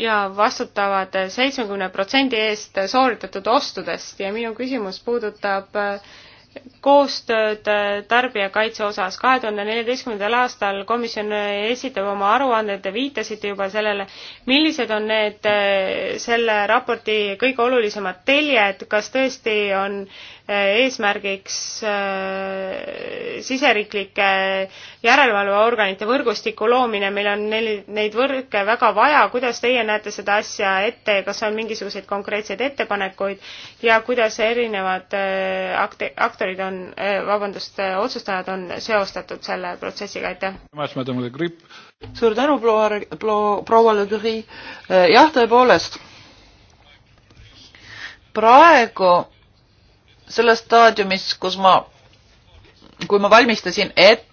ja vastutavad seitsmekümne protsendi eest sooritatud ostudest ja minu küsimus puudutab äh, koostööd äh, tarbijakaitse osas. kahe tuhande neljateistkümnendal aastal komisjon äh, esitab oma aruanded, te viitasite juba sellele, millised on need selle raporti kõige olulisemad teljed, kas tõesti on eesmärgiks siseriiklike järelevalveorganite võrgustiku loomine, meil on neli, neid võrke väga vaja, kuidas teie näete seda asja ette ja kas on mingisuguseid konkreetseid ettepanekuid ja kuidas erinevad äh, akte-, aktorid on, äh, vabandust, äh, otsustajad on seostatud selle protsessiga, aitäh! suur tänu, proua, proua Le Duri, jah, tõepoolest, praegu selles staadiumis, kus ma, kui ma valmistasin ette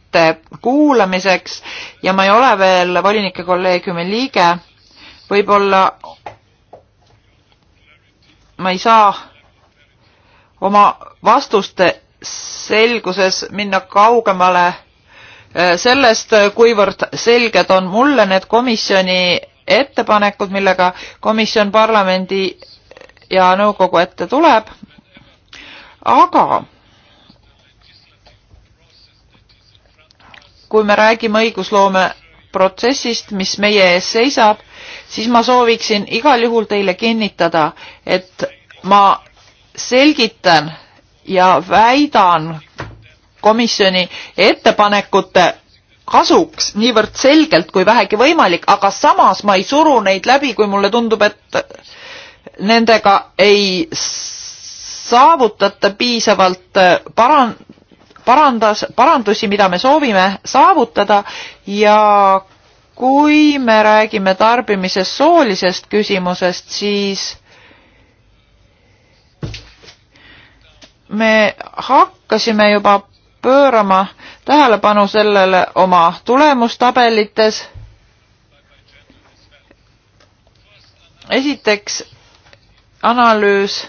kuulamiseks ja ma ei ole veel volinike kolleegiumi liige, võib-olla ma ei saa oma vastuste selguses minna kaugemale äh, sellest, kuivõrd selged on mulle need komisjoni ettepanekud, millega komisjon parlamendi ja nõukogu ette tuleb. aga kui me räägime õigusloome protsessist, mis meie ees seisab, siis ma sooviksin igal juhul teile kinnitada, et ma selgitan ja väidan komisjoni ettepanekute kasuks niivõrd selgelt kui vähegi võimalik, aga samas ma ei suru neid läbi, kui mulle tundub, et nendega ei saavutata piisavalt paran-, parandas, parandusi, mida me soovime saavutada ja kui me räägime tarbimisest soolisest küsimusest, siis me hakkasime juba pöörama tähelepanu sellele oma tulemustabelites. esiteks analüüs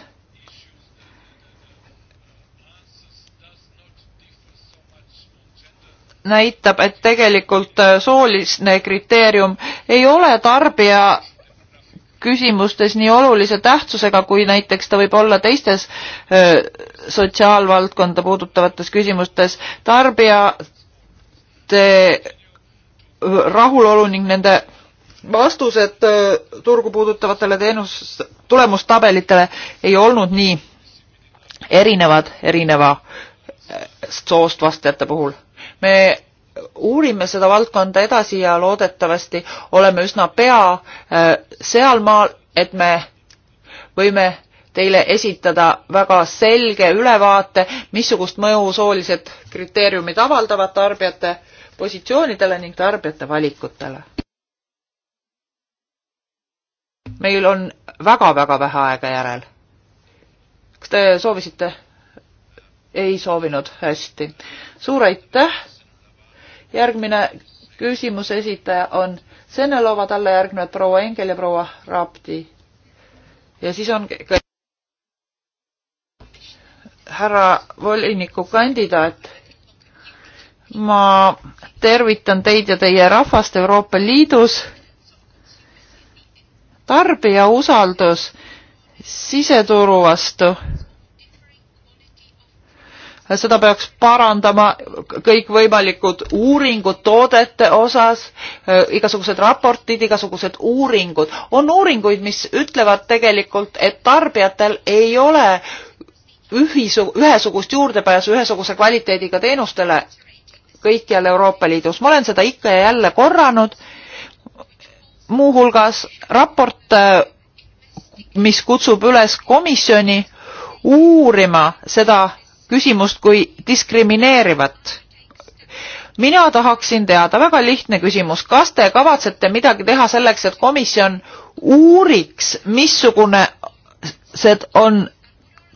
näitab, et tegelikult äh, sooline kriteerium ei ole tarbija küsimustes nii olulise tähtsusega, kui näiteks ta võib olla teistes äh, sotsiaalvaldkonda puudutavates küsimustes. tarbijate rahulolu ning nende vastused äh, turgu puudutavatele teenus, tulemustabelitele ei olnud nii erinevad erineva soost vastajate puhul me uurime seda valdkonda edasi ja loodetavasti oleme üsna pea äh, sealmaal, et me võime teile esitada väga selge ülevaate, missugust mõju soolised kriteeriumid avaldavad tarbijate positsioonidele ning tarbijate valikutele. meil on väga-väga vähe aega järel. kas te soovisite? ei soovinud, hästi. suur aitäh järgmine küsimuse esitaja on Sennelova, talle järgnevad proua Engel ja proua Rapti. ja siis on härra volinikukandidaat. ma tervitan teid ja teie rahvast Euroopa Liidus. tarbija usaldus siseturu vastu seda peaks parandama kõikvõimalikud uuringud toodete osas, äh, igasugused raportid, igasugused uuringud. on uuringuid, mis ütlevad tegelikult, et tarbijatel ei ole ühisu-, ühesugust juurdepääsu ühesuguse kvaliteediga teenustele kõikjal Euroopa Liidus. ma olen seda ikka ja jälle korranud, muuhulgas raport, äh, mis kutsub üles komisjoni uurima seda küsimust kui diskrimineerivat. mina tahaksin teada, väga lihtne küsimus, kas te kavatsete midagi teha selleks, et komisjon uuriks, missugune see on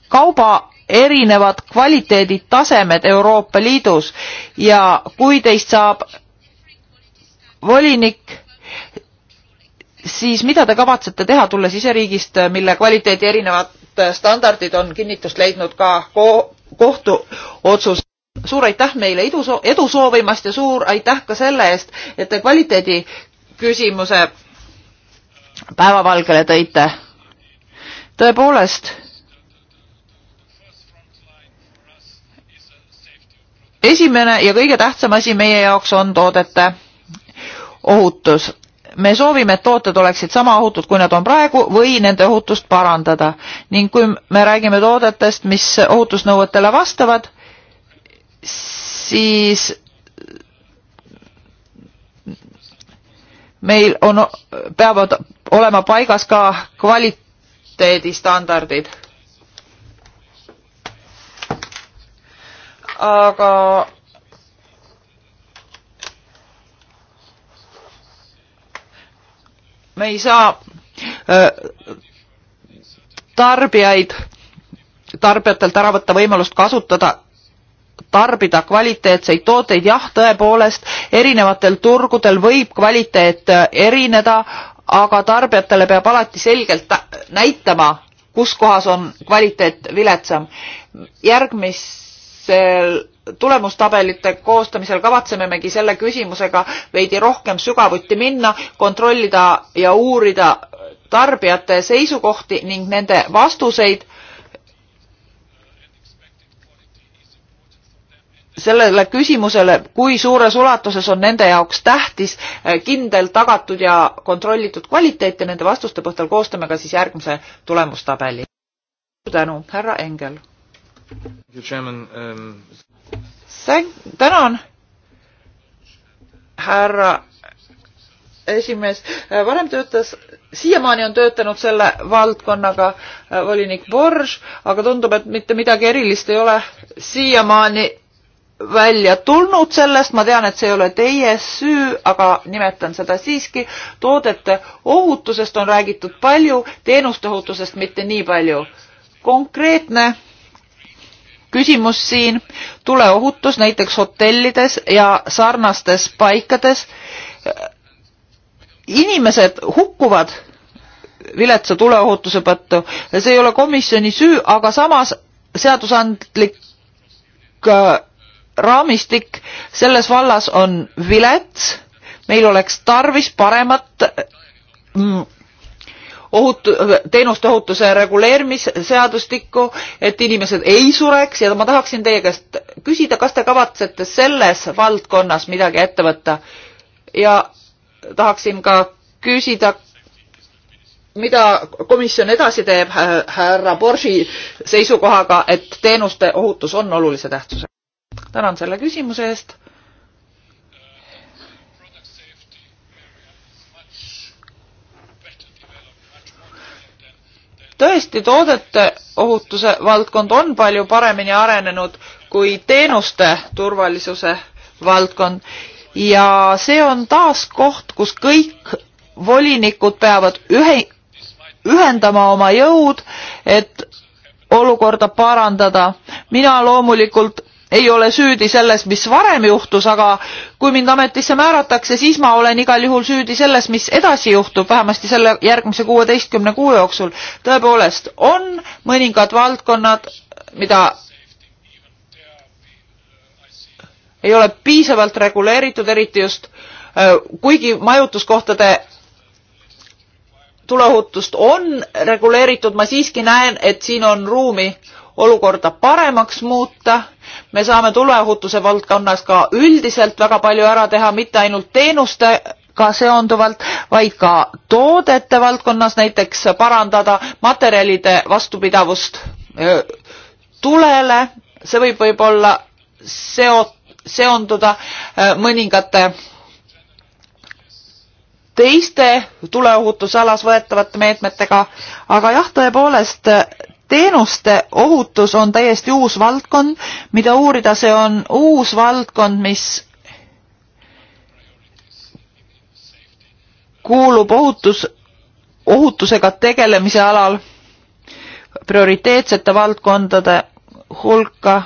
kauba erinevad kvaliteeditasemed Euroopa Liidus ja kui teist saab volinik, siis mida te kavatsete teha, tulles ise riigist, mille kvaliteedi erinevad standardid on kinnitust leidnud ka kohtuotsus. suur aitäh meile edu, edu soovimast ja suur aitäh ka selle eest, et te kvaliteedi küsimuse päevavalgele tõite. tõepoolest, esimene ja kõige tähtsam asi meie jaoks on toodete ohutus me soovime, et tooted oleksid sama ohutud, kui nad on praegu või nende ohutust parandada ning kui me räägime toodetest, mis ohutusnõuetele vastavad, siis meil on, peavad olema paigas ka kvaliteedistandardid. aga me ei saa tarbijaid, tarbijatelt ära võtta võimalust kasutada tarbida kvaliteetseid tooteid, jah, tõepoolest, erinevatel turgudel võib kvaliteet erineda, aga tarbijatele peab alati selgelt näitama, kus kohas on kvaliteet viletsam. järgmisel tulemustabelite koostamisel kavatsememegi selle küsimusega veidi rohkem sügavuti minna, kontrollida ja uurida tarbijate seisukohti ning nende vastuseid. sellele küsimusele, kui suures ulatuses on nende jaoks tähtis kindel, tagatud ja kontrollitud kvaliteet ja nende vastuste põhjal koostame ka siis järgmise tulemustabeli. suur tänu, härra Engel tänan, härra esimees. varem töötas, siiamaani on töötanud selle valdkonnaga äh, volinik Borž, aga tundub, et mitte midagi erilist ei ole siiamaani välja tulnud sellest, ma tean, et see ei ole teie süü, aga nimetan seda siiski. toodete ohutusest on räägitud palju, teenuste ohutusest mitte nii palju. konkreetne küsimus siin, tuleohutus näiteks hotellides ja sarnastes paikades. inimesed hukkuvad viletsa tuleohutuse tõttu, see ei ole komisjoni süü, aga samas seadusandlik äh, raamistik selles vallas on vilets, meil oleks tarvis paremat mm, ohutu, teenuste ohutuse reguleerimisseadustikku, et inimesed ei sureks ja ma tahaksin teie käest küsida, kas te kavatsete selles valdkonnas midagi ette võtta? ja tahaksin ka küsida, mida komisjon edasi teeb härra Borsi seisukohaga, et teenuste ohutus on olulise tähtsusega? tänan selle küsimuse eest tõesti, toodete ohutuse valdkond on palju paremini arenenud kui teenuste turvalisuse valdkond ja see on taas koht, kus kõik volinikud peavad ühe, ühendama oma jõud, et olukorda parandada. mina loomulikult ei ole süüdi selles, mis varem juhtus, aga kui mind ametisse määratakse, siis ma olen igal juhul süüdi selles, mis edasi juhtub, vähemasti selle järgmise kuueteistkümne kuu jooksul. tõepoolest on mõningad valdkonnad, mida ei ole piisavalt reguleeritud, eriti just äh, kuigi majutuskohtade tuleohutust on reguleeritud, ma siiski näen, et siin on ruumi olukorda paremaks muuta. me saame tuleohutuse valdkonnas ka üldiselt väga palju ära teha, mitte ainult teenuste ka seonduvalt, vaid ka toodete valdkonnas näiteks parandada materjalide vastupidavust tulele, see võib võib-olla seo-, seonduda mõningate teiste tuleohutusalas võetavate meetmetega, aga jah, tõepoolest teenuste ohutus on täiesti uus valdkond, mida uurida, see on uus valdkond, mis kuulub ohutus, ohutusega tegelemise alal prioriteetsete valdkondade hulka.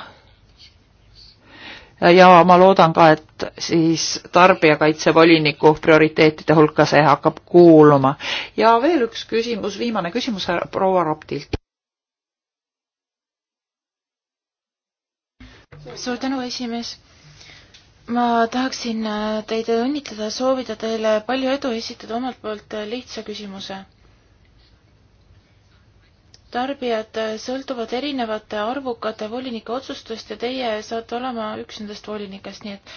ja ma loodan ka, et siis tarbijakaitsevoliniku prioriteetide hulka see hakkab kuuluma. ja veel üks küsimus, viimane küsimus proua Raptilt. suur tänu, esimees. ma tahaksin äh, teid õnnitleda, soovida teile palju edu, esitada omalt poolt äh, lihtsa küsimuse. tarbijad äh, sõltuvad erinevate arvukate volinike otsustest ja teie saate olema üks nendest volinikest, nii et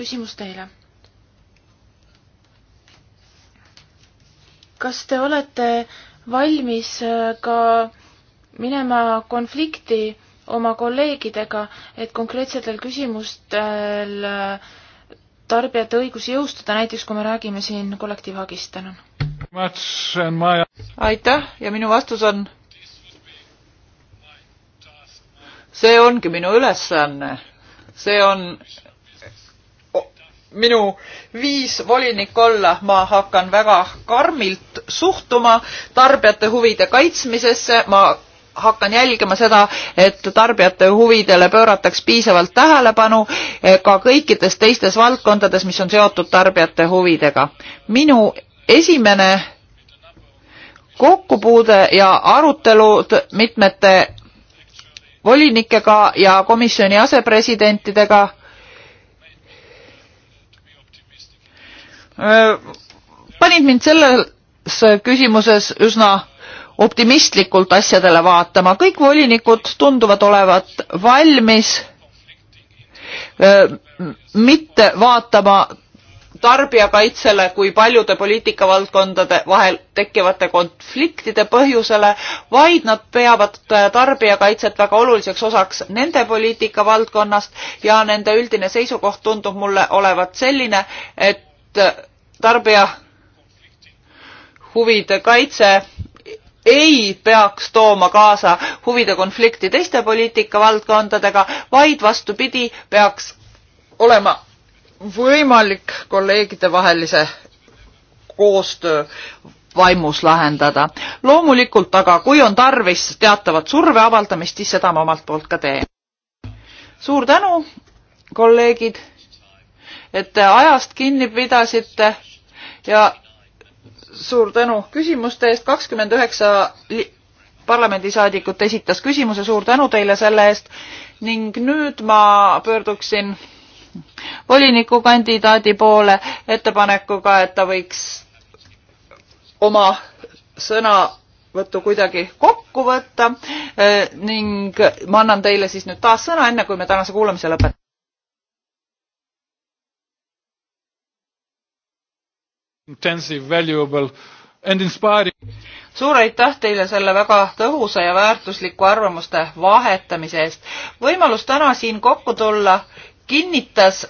küsimus teile. kas te olete valmis ka minema konflikti oma kolleegidega, et konkreetsetel küsimustel äh, tarbijate õigusi jõustada, näiteks kui me räägime siin kollektiivhagist, tänan. aitäh ja minu vastus on. see ongi minu ülesanne, see on minu viis volinik olla, ma hakkan väga karmilt suhtuma tarbijate huvide kaitsmisesse, ma hakkan jälgima seda, et tarbijate huvidele pöörataks piisavalt tähelepanu eh, ka kõikides teistes valdkondades, mis on seotud tarbijate huvidega. minu esimene kokkupuude ja arutelud mitmete volinikega ja komisjoni asepresidentidega eh, panid mind selles küsimuses üsna optimistlikult asjadele vaatama, kõik volinikud tunduvad olevat valmis mitte vaatama tarbijakaitsele kui paljude poliitikavaldkondade vahel tekkivate konfliktide põhjusele, vaid nad peavad tarbijakaitset väga oluliseks osaks nende poliitikavaldkonnast ja nende üldine seisukoht tundub mulle olevat selline, et tarbija huvide kaitse ei peaks tooma kaasa huvide konflikti teiste poliitikavaldkondadega, vaid vastupidi, peaks olema võimalik kolleegidevahelise koostöö vaimus lahendada. loomulikult aga, kui on tarvis teatavat surve avaldamist, siis seda ma omalt poolt ka teen. suur tänu, kolleegid, et ajast kinni pidasite ja suur tänu küsimuste eest, kakskümmend üheksa parlamendisaadikut esitas küsimuse, suur tänu teile selle eest ning nüüd ma pöörduksin volinikukandidaadi poole ettepanekuga, et ta võiks oma sõnavõttu kuidagi kokku võtta ning ma annan teile siis nüüd taas sõna, enne kui me tänase kuulamise lõpetame. intensive, valuable and inspiring. suur aitäh teile selle väga tõhusa ja väärtusliku arvamuste vahetamise eest. võimalus täna siin kokku tulla kinnitas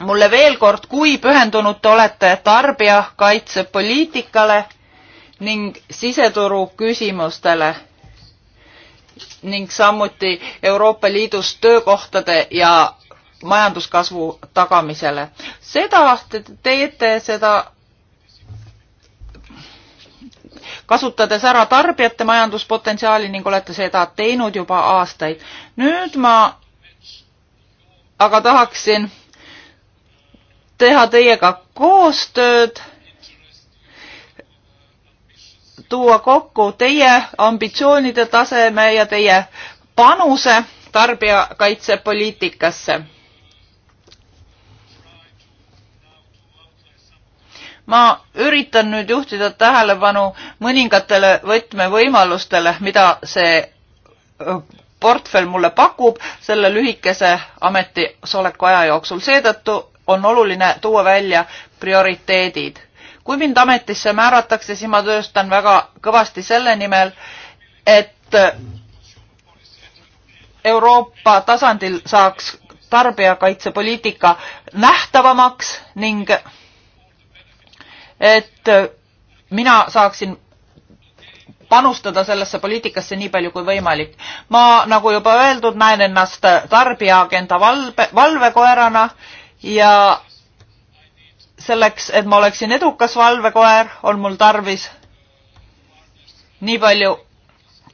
mulle veel kord, kui pühendunud te olete tarbijakaitsepoliitikale ning siseturu küsimustele ning samuti Euroopa Liidus töökohtade ja majanduskasvu tagamisele. seda te teete, seda kasutades ära tarbijate majanduspotentsiaali ning olete seda teinud juba aastaid. nüüd ma aga tahaksin teha teiega koostööd, tuua kokku teie ambitsioonide taseme ja teie panuse tarbijakaitsepoliitikasse ma üritan nüüd juhtida tähelepanu mõningatele võtmevõimalustele, mida see portfell mulle pakub selle lühikese ametisoleku aja jooksul. seetõttu on oluline tuua välja prioriteedid. kui mind ametisse määratakse, siis ma tööstan väga kõvasti selle nimel, et Euroopa tasandil saaks tarbijakaitsepoliitika nähtavamaks ning et äh, mina saaksin panustada sellesse poliitikasse nii palju kui võimalik. ma, nagu juba öeldud, näen ennast tarbijaagenda valve, valvekoerana ja selleks, et ma oleksin edukas valvekoer, on mul tarvis nii palju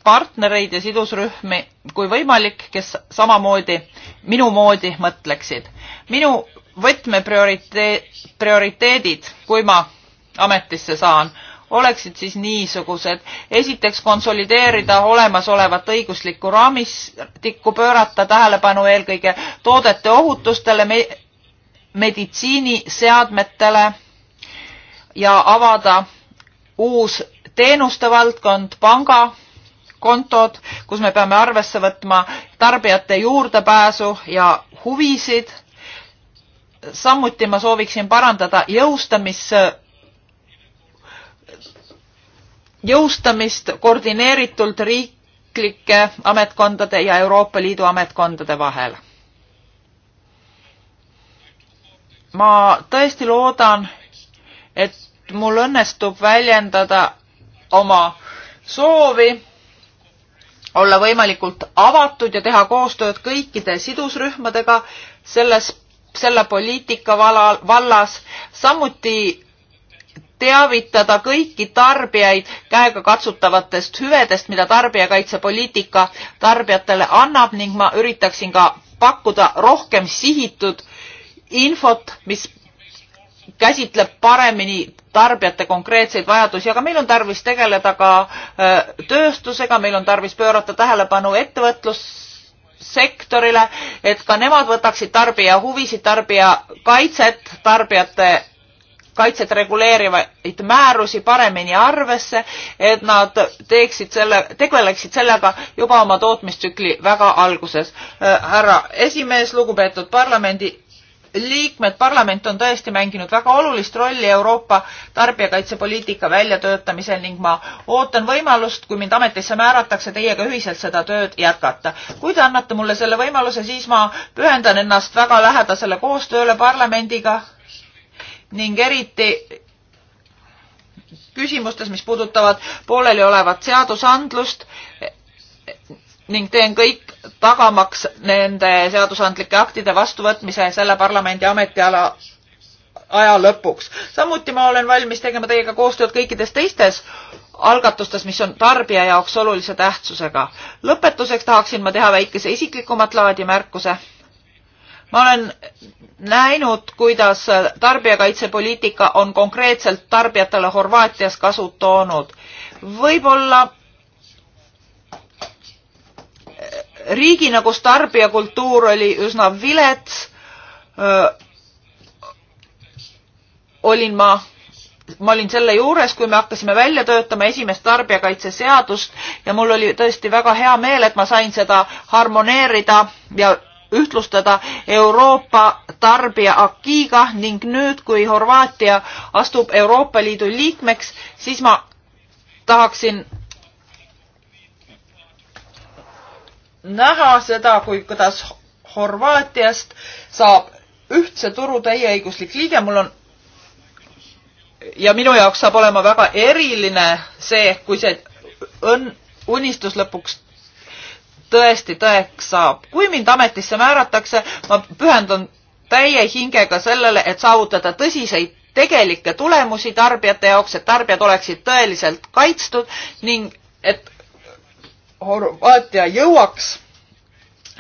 partnereid ja sidusrühmi kui võimalik, kes samamoodi minu moodi mõtleksid. minu võtmeprioriteedid, kui ma ametisse saan, oleksid siis niisugused. esiteks konsolideerida olemasolevat õiguslikku raamistikku, pöörata tähelepanu eelkõige toodete ohutustele me, meditsiiniseadmetele ja avada uus teenuste valdkond, pangakontod, kus me peame arvesse võtma tarbijate juurdepääsu ja huvisid. samuti ma sooviksin parandada jõustamis jõustamist koordineeritult riiklike ametkondade ja Euroopa Liidu ametkondade vahel. ma tõesti loodan, et mul õnnestub väljendada oma soovi olla võimalikult avatud ja teha koostööd kõikide sidusrühmadega selles, selle poliitika valal, vallas, samuti teavitada kõiki tarbijaid käegakatsutavatest hüvedest, mida tarbijakaitsepoliitika tarbijatele annab ning ma üritaksin ka pakkuda rohkem sihitud infot, mis käsitleb paremini tarbijate konkreetseid vajadusi, aga meil on tarvis tegeleda ka tööstusega, meil on tarvis pöörata tähelepanu ettevõtlussektorile, et ka nemad võtaksid tarbija huvisid, tarbija kaitset, tarbijate kaitset reguleerivaid määrusi paremini arvesse, et nad teeksid selle, tegeleksid sellega juba oma tootmistsükli väga alguses. Äh, härra esimees, lugupeetud parlamendi liikmed, parlament on tõesti mänginud väga olulist rolli Euroopa tarbijakaitsepoliitika väljatöötamisel ning ma ootan võimalust, kui mind ametisse määratakse, teiega ühiselt seda tööd jätkata. kui te annate mulle selle võimaluse, siis ma pühendan ennast väga lähedasele koostööle parlamendiga ning eriti küsimustes, mis puudutavad pooleliolevat seadusandlust ning teen kõik tagamaks nende seadusandlike aktide vastuvõtmise selle parlamendi ametiala aja lõpuks. samuti ma olen valmis tegema teiega koostööd kõikides teistes algatustes, mis on tarbija jaoks olulise tähtsusega. lõpetuseks tahaksin ma teha väikese isiklikumat laadi märkuse ma olen näinud, kuidas tarbijakaitsepoliitika on konkreetselt tarbijatele Horvaatias kasu toonud. võib-olla riigina, nagu kus tarbijakultuur oli üsna vilets, olin ma, ma olin selle juures, kui me hakkasime välja töötama esimest tarbijakaitseseadust ja mul oli tõesti väga hea meel, et ma sain seda harmoneerida ja ühtlustada Euroopa tarbija akiiga ning nüüd, kui Horvaatia astub Euroopa Liidu liikmeks, siis ma tahaksin näha seda, kui, kuidas Horvaatiast saab ühtse turu täieõiguslik liige, mul on ja minu jaoks saab olema väga eriline see, kui see õnn, unistus lõpuks tõesti tõeks saab. kui mind ametisse määratakse, ma pühendun täie hingega sellele, et saavutada tõsiseid tegelikke tulemusi tarbijate jaoks, et tarbijad oleksid tõeliselt kaitstud ning et Horvaatia jõuaks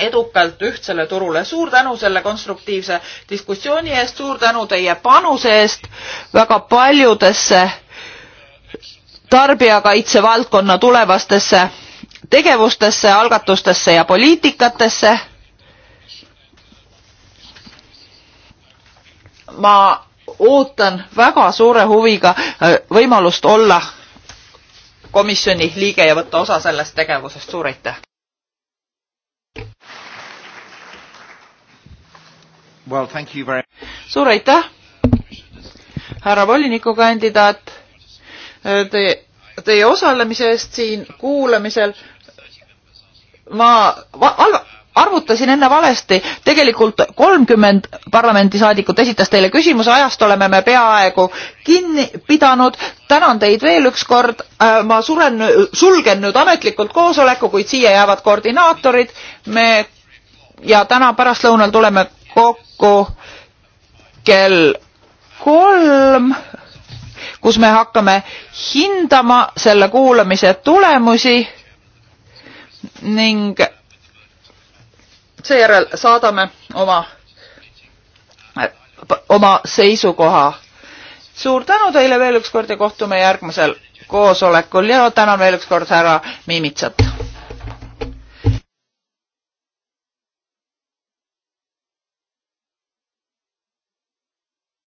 edukalt ühtsele turule. suur tänu selle konstruktiivse diskussiooni eest, suur tänu teie panuse eest väga paljudesse tarbijakaitse valdkonna tulevastesse tegevustesse, algatustesse ja poliitikatesse. ma ootan väga suure huviga äh, võimalust olla komisjoni liige ja võtta osa sellest tegevusest, suur aitäh! Well, very... suur aitäh, härra volinikukandidaat, äh, teie, teie osalemise eest siin kuulamisel ma arvutasin enne valesti, tegelikult kolmkümmend parlamendisaadikut esitas teile küsimuse, ajast oleme me peaaegu kinni pidanud. tänan teid veel ükskord, äh, ma suren, sulgen nüüd ametlikult koosoleku, kuid siia jäävad koordinaatorid. me ja täna pärastlõunal tuleme kokku kell kolm, kus me hakkame hindama selle kuulamise tulemusi ning seejärel saadame oma, oma seisukoha. suur tänu teile veel ükskord ja kohtume järgmisel koosolekul ja tänan veel ükskord härra Miimitsat.